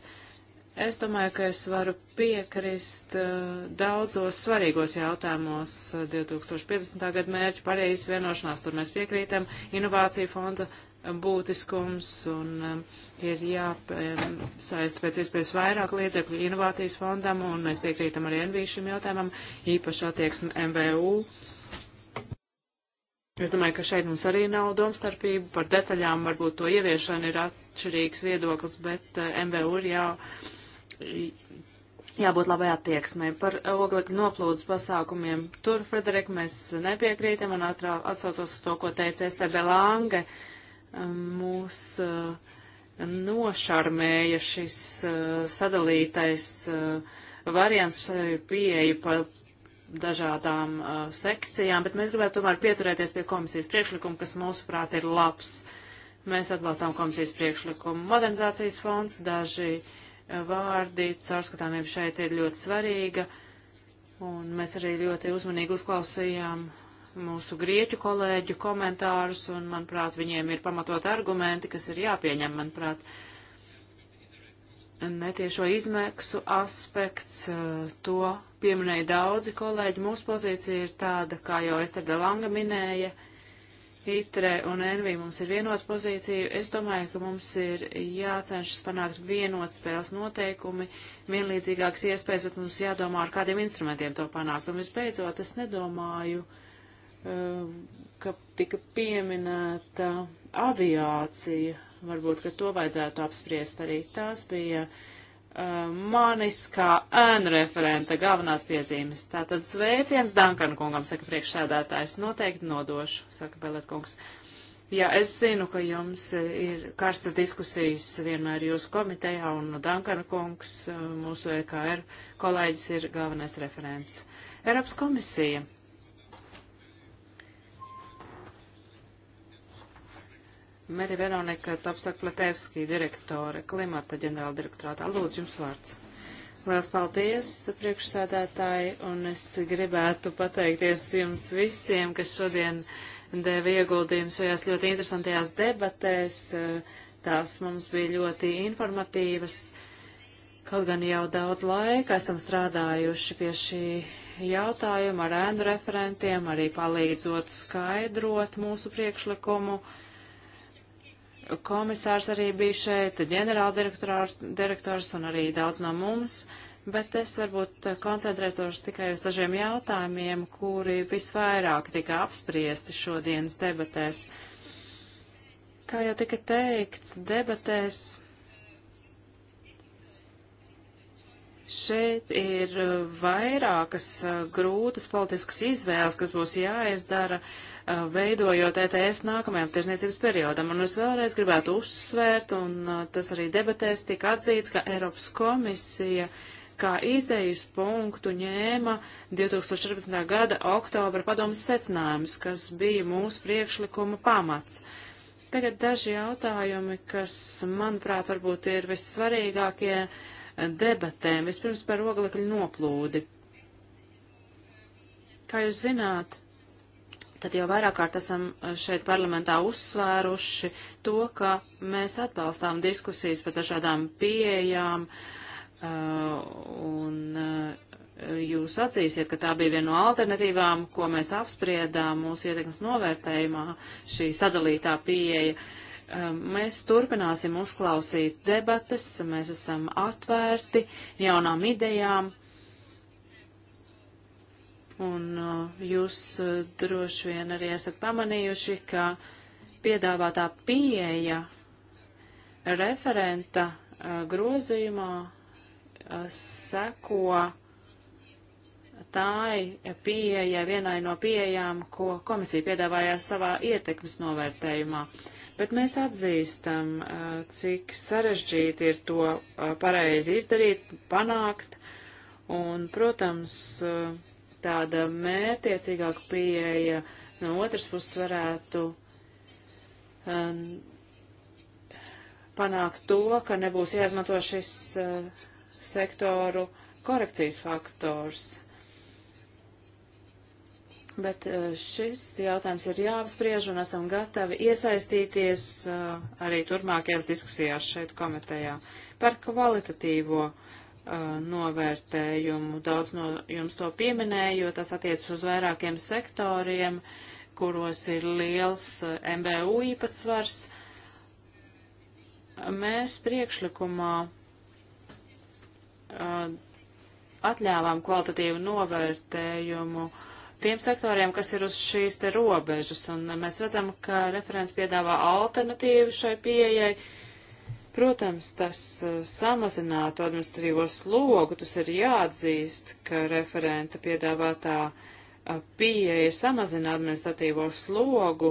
Es domāju, ka es varu piekrist daudzos svarīgos jautājumos 2050. gada mērķu pareizes vienošanās, tur mēs piekrītam, inovāciju fonda būtiskums un um, ir jāsaist pēc iespējas vairāk līdzekļu inovācijas fondam, un mēs piekrītam arī NV šim jautājumam, īpaši attieksmi MVU. Es domāju, ka šeit mums arī nav domstarpība. Par detaļām varbūt to ieviešana ir atšķirīgs viedoklis, bet uh, MVU ir jā, jābūt labai attieksmei. Par oglekļu noplūdes pasākumiem tur, Frederik, mēs nepiekrītam un atrā, atsaucos uz to, ko teica Estebe Lange. Uh, mūs eh, nošarmēja šis eh, sadalītais eh, variants pieeja pa dažādām sekcijām, bet mēs gribētu tomēr pieturēties pie komisijas priekšlikuma, kas mūsuprāt ir labs. Mēs atbalstām komisijas priekšlikumu. Modernizācijas fonds, daži vārdi, caurskatāmība šeit ir ļoti svarīga, un mēs arī ļoti uzmanīgi uzklausījām uh, mūsu grieķu kolēģu komentārus, un, manuprāt, viņiem ir pamatot argumenti, kas ir jāpieņem, manuprāt. Netiešo izmaksu aspekts, eh, to pieminēja daudzi kolēģi. Mūsu pozīcija ir tāda, kā jau Estrada Langa minēja, ITRE un NV mums ir vienota pozīcija. Es domāju, ka mums ir jācenšas panākt vienot spēles noteikumi, vienlīdzīgākas iespējas, bet mums jādomā, ar kādiem instrumentiem to panākt. Un visbeidzot, es nedomāju, uh, Um, ka tika pieminēta aviācija. Varbūt, ka to vajadzētu apspriest arī. Tās bija uh, manis kā ēnu referenta galvenās piezīmes. Tātad sveiciens Dankanu kungam, saka priekšsēdētājs. Noteikti nodošu, saka Belet kungs. Jā, es zinu, ka jums ir karstas diskusijas vienmēr jūsu komitejā, un Dankana kungs, uh, mūsu EKR kolēģis, ir galvenais referents. Eiropas komisija Meri Veronika Topsak-Platevski, direktore klimata ģenerāldirektorātā. Lūdzu, jums vārds. Lielas paldies, priekšsēdētāji, un es gribētu pateikties jums visiem, kas šodien deva ieguldījumu šajās ļoti interesantajās debatēs. Tās mums bija ļoti informatīvas. Kaut gan jau daudz laika esam strādājuši pie šī jautājuma ar ēnu referentiem, arī palīdzot skaidrot mūsu priekšlikumu. Uh, komisārs arī bija šeit, ģenerāldirektors un arī daudz no mums, bet es varbūt koncentrētos tikai uz dažiem jautājumiem, kuri visvairāk tika apspriesti šodienas debatēs. Kā jau tika teikts, debatēs šeit ir vairākas eh, grūtas politiskas izvēles, kas būs jāizdara. Uh, Uh, veidojot ETS nākamajam tirzniecības periodam. Un es vēlreiz gribētu uzsvērt, un uh, tas arī debatēs tika atzīts, ka Eiropas komisija kā izējas punktu ņēma 2014. gada oktobra padomas secinājumus, kas bija mūsu priekšlikuma pamats. Tagad daži jautājumi, kas, manuprāt, varbūt ir vissvarīgākie debatēm. Vispirms par oglekļu noplūdi. Kā jūs zināt, tad jau vairāk kārt esam eh, šeit parlamentā uzsvēruši to, ka mēs atbalstām diskusijas par dažādām pieejām, eh, un eh, jūs atzīsiet, ka tā bija viena no alternatīvām, ko mēs apspriedām mūsu ietekmes novērtējumā, šī sadalītā pieeja. Mēs turpināsim uzklausīt debates, mēs esam atvērti jaunām idejām Un uh, jūs uh, droši vien arī esat pamanījuši, ka piedāvātā pieeja referenta uh, grozījumā seko tai pieeja vienai no pieejām, ko komisija piedāvāja savā ietekmes novērtējumā. Bet mēs atzīstam, cik sarežģīti ir to pareizi izdarīt, panākt, un, protams, tāda mērtiecīgāka pieeja no otras puses varētu um, panākt to, ka nebūs jāizmanto šis uh, sektoru korekcijas faktors. Bet uh, šis jautājums ir jāapspriež un esam gatavi iesaistīties uh, arī turpmākajās diskusijās šeit komitejā par kvalitatīvo uh, Uh, novērtējumu. Daudz no jums to pieminēja, jo tas attiecas uz vairākiem sektoriem, kuros ir liels uh, MBU īpatsvars. Mēs priekšlikumā uh, atļāvām kvalitatīvu novērtējumu tiem sektoriem, kas ir uz šīs te robežas, un mēs redzam, ka referents piedāvā alternatīvu šai pieejai. Uh, Protams, tas eh, samazinātu administratīvo slogu, tas ir jāatzīst, ka referenta piedāvātā eh, pieeja samazina administratīvo slogu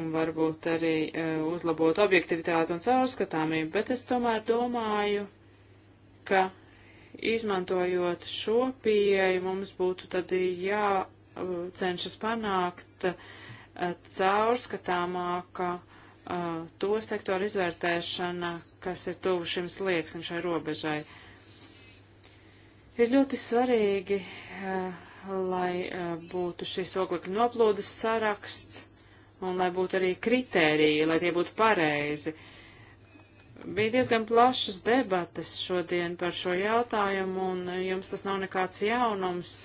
un varbūt arī eh, uzlabot objektivitāti un caurskatāmību, bet es tomēr domāju, ka izmantojot šo pieeju mums būtu tad jācenšas panākt caurskatāmāka uh, to sektoru izvērtēšana, kas ir tuvu šim slieksnim šai robežai. Ir ļoti svarīgi, uh, lai uh, būtu šis oglekļa noplūdes saraksts un lai būtu arī kritēriji, lai tie būtu pareizi. Bija diezgan plašas debates šodien par šo jautājumu, un jums tas nav nekāds jaunums,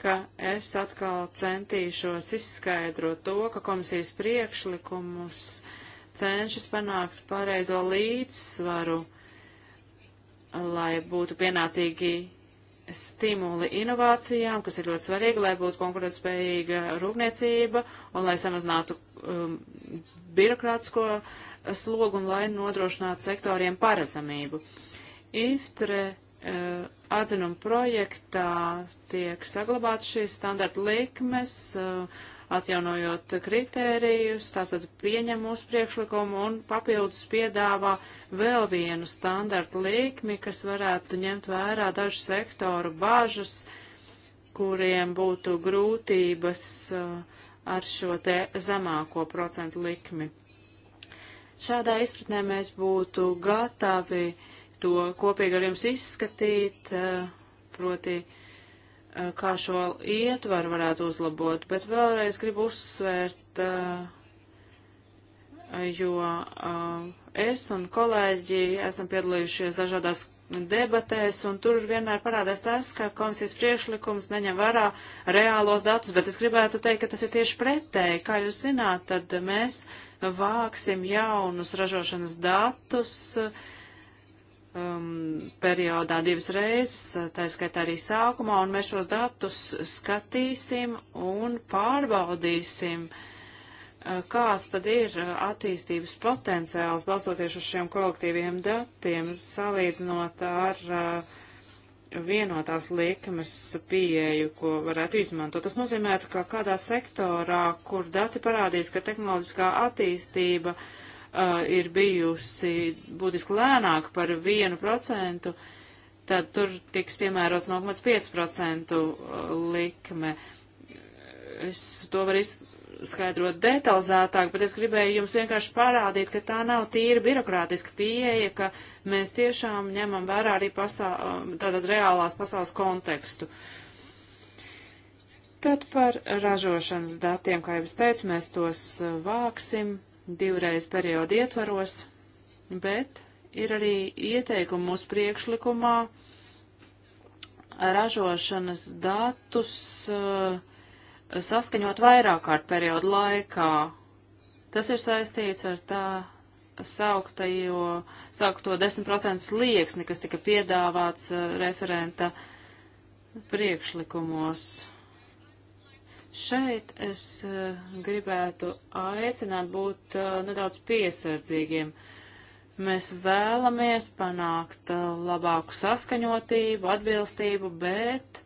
ka es atkal centīšos izskaidrot to, ka komisijas priekšlikumus uh, cenšas panākt pareizo līdzsvaru, lai būtu pienācīgi stimuli inovācijām, kas ir ļoti svarīgi, lai būtu konkurētspējīga rūpniecība un lai samazinātu um, birokrātisko slogu un lai nodrošinātu sektoriem paredzamību. IFTRE uh, atzinuma projektā tiek saglabāts šīs standarta likmes, uh, atjaunojot kritērijus, tātad pieņem mūsu priekšlikumu un papildus piedāvā vēl vienu standartu līkmi, kas varētu ņemt vērā dažu sektoru bažas, kuriem būtu grūtības uh, ar šo te zemāko procentu likmi. Šādā izpratnē mēs būtu gatavi to kopīgi ar jums izskatīt, uh, proti, uh, Eh, kā šo ietvaru varētu uzlabot, bet vēlreiz gribu uzsvērt, eh, jo eh, es un kolēģi esam piedalījušies dažādās debatēs, un tur vienmēr parādās tas, ka komisijas priekšlikums neņem vērā reālos datus, bet es gribētu teikt, ka tas ir tieši pretēji. Kā jūs zināt, tad mēs vāksim jaunus ražošanas datus, uh, um, periodā divas reizes, tā skaitā arī sākumā, un mēs šos datus skatīsim un pārbaudīsim, uh, kāds tad ir uh, attīstības potenciāls, balstoties uz šiem kolektīviem datiem, salīdzinot ar uh, vienotās likmes pieeju, ko varētu izmantot. Tas nozīmē, ka kādā sektorā, kur dati parādīs, ka tehnoloģiskā attīstība uh, uh, ir bijusi būtiski lēnāka par 1%, tad tur tiks piemērots 0,5% uh, likme. Es to varu izskaidrot detalizētāk, bet es gribēju jums vienkārši parādīt, ka tā nav tīra birokrātiska pieeja, ka mēs tiešām ņemam vērā arī pasā, um, tātad reālās pasaules kontekstu. Tad par ražošanas datiem, kā jau es teicu, mēs tos uh, vāksim divreiz periodu ietvaros, bet ir arī ieteikumi mūsu priekšlikumā ražošanas datus uh, saskaņot vairāk kārt periodu laikā. Tas ir saistīts ar tā sauktajo, saukto 10% slieksni, kas tika piedāvāts uh, referenta priekšlikumos. Šeit es eh, gribētu aicināt būt eh, nedaudz piesardzīgiem. Mēs vēlamies panākt eh, labāku saskaņotību, atbilstību, bet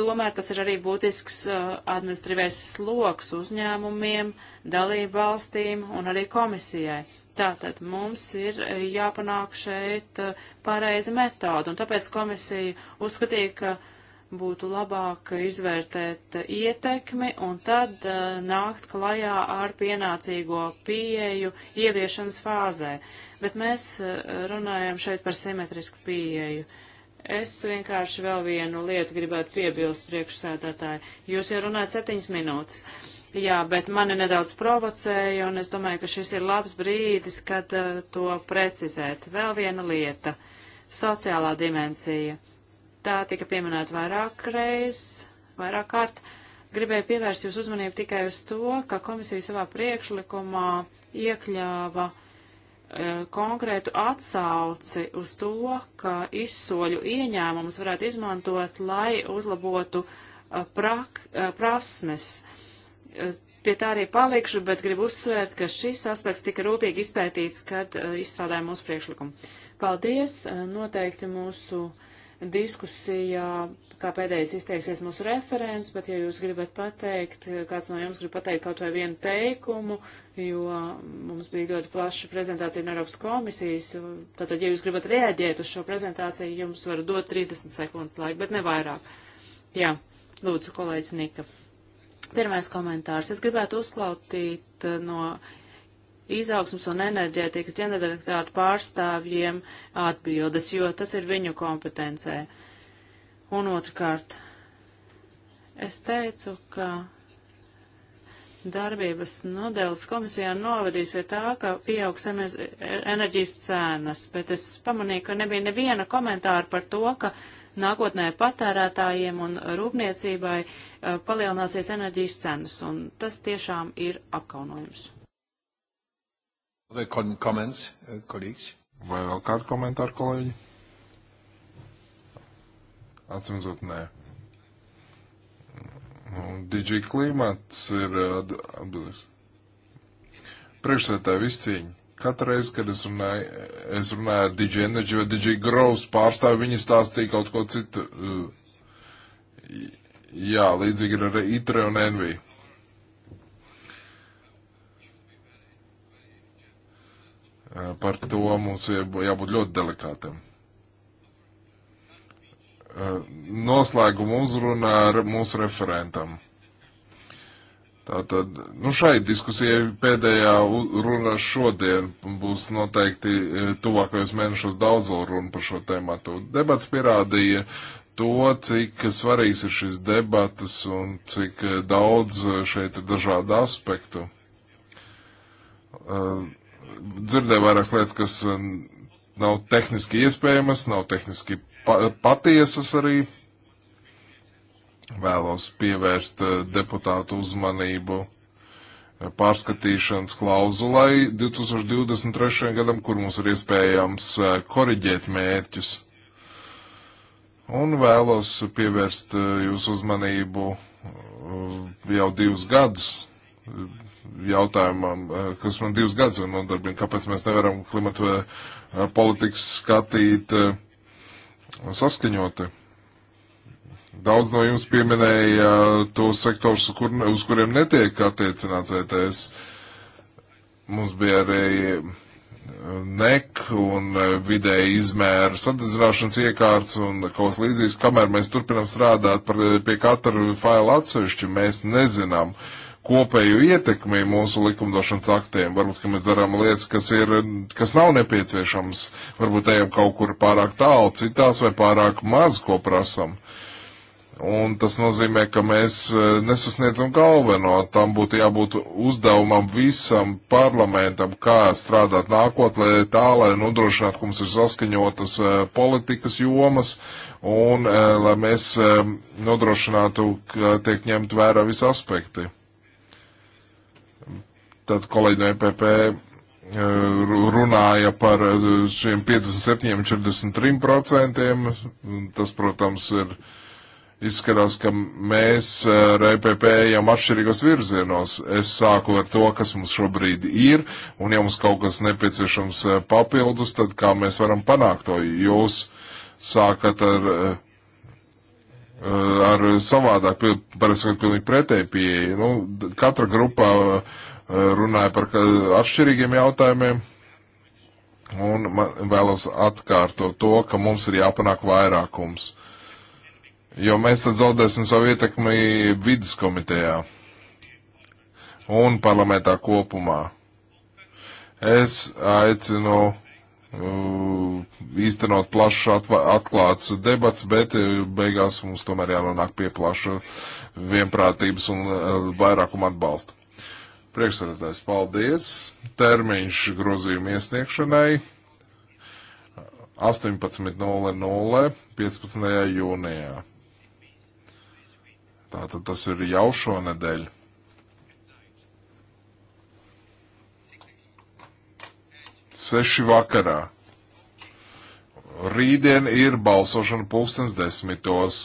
tomēr tas ir arī būtisks administratīvais sloks uzņēmumiem, dalību valstīm un arī komisijai. Tātad mums ir jāpanāk šeit pareiza metoda, un tāpēc komisija uzskatīja, ka būtu labāk izvērtēt ietekmi un tad uh, nākt klajā ar pienācīgo pieeju ieviešanas fāzē. Bet mēs uh, runājam šeit par simetrisku pieeju. Es vienkārši vēl vienu lietu gribētu piebilst priekšsēdētāji. Jūs jau runājat septiņas minūtes. Jā, bet mani nedaudz provocēja, un es domāju, ka šis ir labs brīdis, kad uh, to precizēt. Vēl viena lieta - sociālā dimensija. Uh, tā tika pieminēta vairāk reiz, vairāk kārt. Gribēju pievērst jūs uzmanību tikai uz to, ka komisija savā priekšlikumā iekļāva e, konkrētu atsauci uz to, ka izsoļu ieņēmumus varētu izmantot, lai uzlabotu e, prak, e, prasmes. E, pie tā arī palikšu, bet gribu uzsvērt, ka šis aspekts tika rūpīgi izpētīts, kad izstrādājām mūsu priekšlikumu. Paldies! Noteikti mūsu uh, diskusijā, kā pēdējais izteiksies mūsu referents, bet ja jūs gribat pateikt, kāds no jums grib pateikt kaut vai vienu teikumu, jo mums bija ļoti plaša prezentācija no Eiropas komisijas, tātad, ja jūs gribat reaģēt uz šo prezentāciju, jums var dot 30 sekundes laika, bet ne vairāk. Jā, lūdzu, kolēģis Nika. Pirmais komentārs. Es gribētu uzklausīt eh, no izaugsmas un enerģētikas ģenerētātu pārstāvjiem atbildes, jo tas ir viņu kompetencē. Un otrkārt, es teicu, ka darbības nodeļas komisijā novadīs pie tā, ka pieaugs enerģijas cēnas, bet es pamanīju, ka nebija neviena komentāra par to, ka nākotnē patērētājiem un rūpniecībai eh, palielināsies enerģijas cenas, un tas tiešām ir apkaunojums. Vai comments, kolēģis? Uh, vai vēl kādu komentāru, kolēģi? Atsimzot, nē. Nu, Digi klimats ir uh, atbildīgs. Priekšsētāji viss cīņa. Katru reizi, kad es runāju, es runāju ar Digi Energy vai Digi Growth pārstāvi, viņi stāstīja kaut ko citu. Uh, jā, līdzīgi ir ar ITRE un NVI. Eh, par to mums ir jābūt ļoti delikātam. Eh, noslēguma uzruna ar mūsu referentam. Tātad, nu šai diskusijai pēdējā runa šodien būs noteikti eh, tuvākajos mēnešos daudz runa par šo tēmatu. Debats pierādīja to, cik svarīgs ir šis debatas un cik daudz šeit ir dažādu aspektu dzirdēju vairākas lietas, kas um, nav tehniski iespējamas, nav tehniski pa patiesas arī. Vēlos pievērst uh, deputātu uzmanību uh, pārskatīšanas klauzulai 2023. gadam, kur mums ir iespējams uh, koriģēt mērķus. Un vēlos pievērst jūsu uzmanību jau divus gadus jautājumam, eh, kas man divus gadus ir nodarbina, kāpēc mēs nevaram klimata eh, politikas skatīt eh, saskaņoti. Daudz no jums pieminēja tos sektors, kur, uz kuriem netiek attiecināts ETS. Mums bija arī nek un vidēji izmēra sadedzināšanas iekārts un kaut kas līdzīgs. Kamēr mēs turpinam strādāt par, pie katra faila atsevišķi, mēs nezinām, uh, kopēju ietekmi mūsu likumdošanas aktiem. Varbūt, ka mēs darām lietas, kas, ir, kas nav nepieciešams, varbūt ejam kaut kur pārāk tālu citās vai pārāk maz, ko prasam. Un tas nozīmē, ka mēs e, nesasniedzam galveno. Tam būtu jābūt uzdevumam visam parlamentam, kā strādāt nākotnē tā, lai nodrošinātu, ka mums ir saskaņotas e, politikas jomas un e, lai mēs nodrošinātu, ka tiek ņemt vērā visi aspekti. Tad kolēģi no EPP e, runāja par e, šiem 57, 43 procentiem. Tas, protams, ir izskatās, ka mēs e, ar EPP ejam atšķirīgos virzienos. Es sāku ar to, kas mums šobrīd ir, un ja mums kaut kas nepieciešams papildus, tad kā mēs varam panākt to? Jūs sākat ar ar savādāk, parasti pilnīgi pretēji pieeja. Nu, katra grupā runāja par atšķirīgiem jautājumiem. Un vēlos atkārtot to, ka mums ir jāpanāk vairākums. Jo mēs tad zaudēsim savu ietekmi vidas komitejā un parlamentā kopumā. Es aicinu uh, īstenot plašu atklāts debats, bet uh, beigās mums tomēr jānonāk pie plaša vienprātības un uh, vairākuma atbalsta. Priekšsēdētājs, paldies. Termiņš grozījuma iesniegšanai 18.00 15. jūnijā. Tātad tas ir jau šonedēļ. Seši vakarā. Rītdien ir balsošana pulkstens desmitos.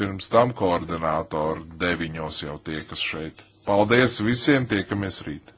Pirms tam koordinātori deviņos jau tie, kas šeit. Paldies visiem, tiekamies rīt!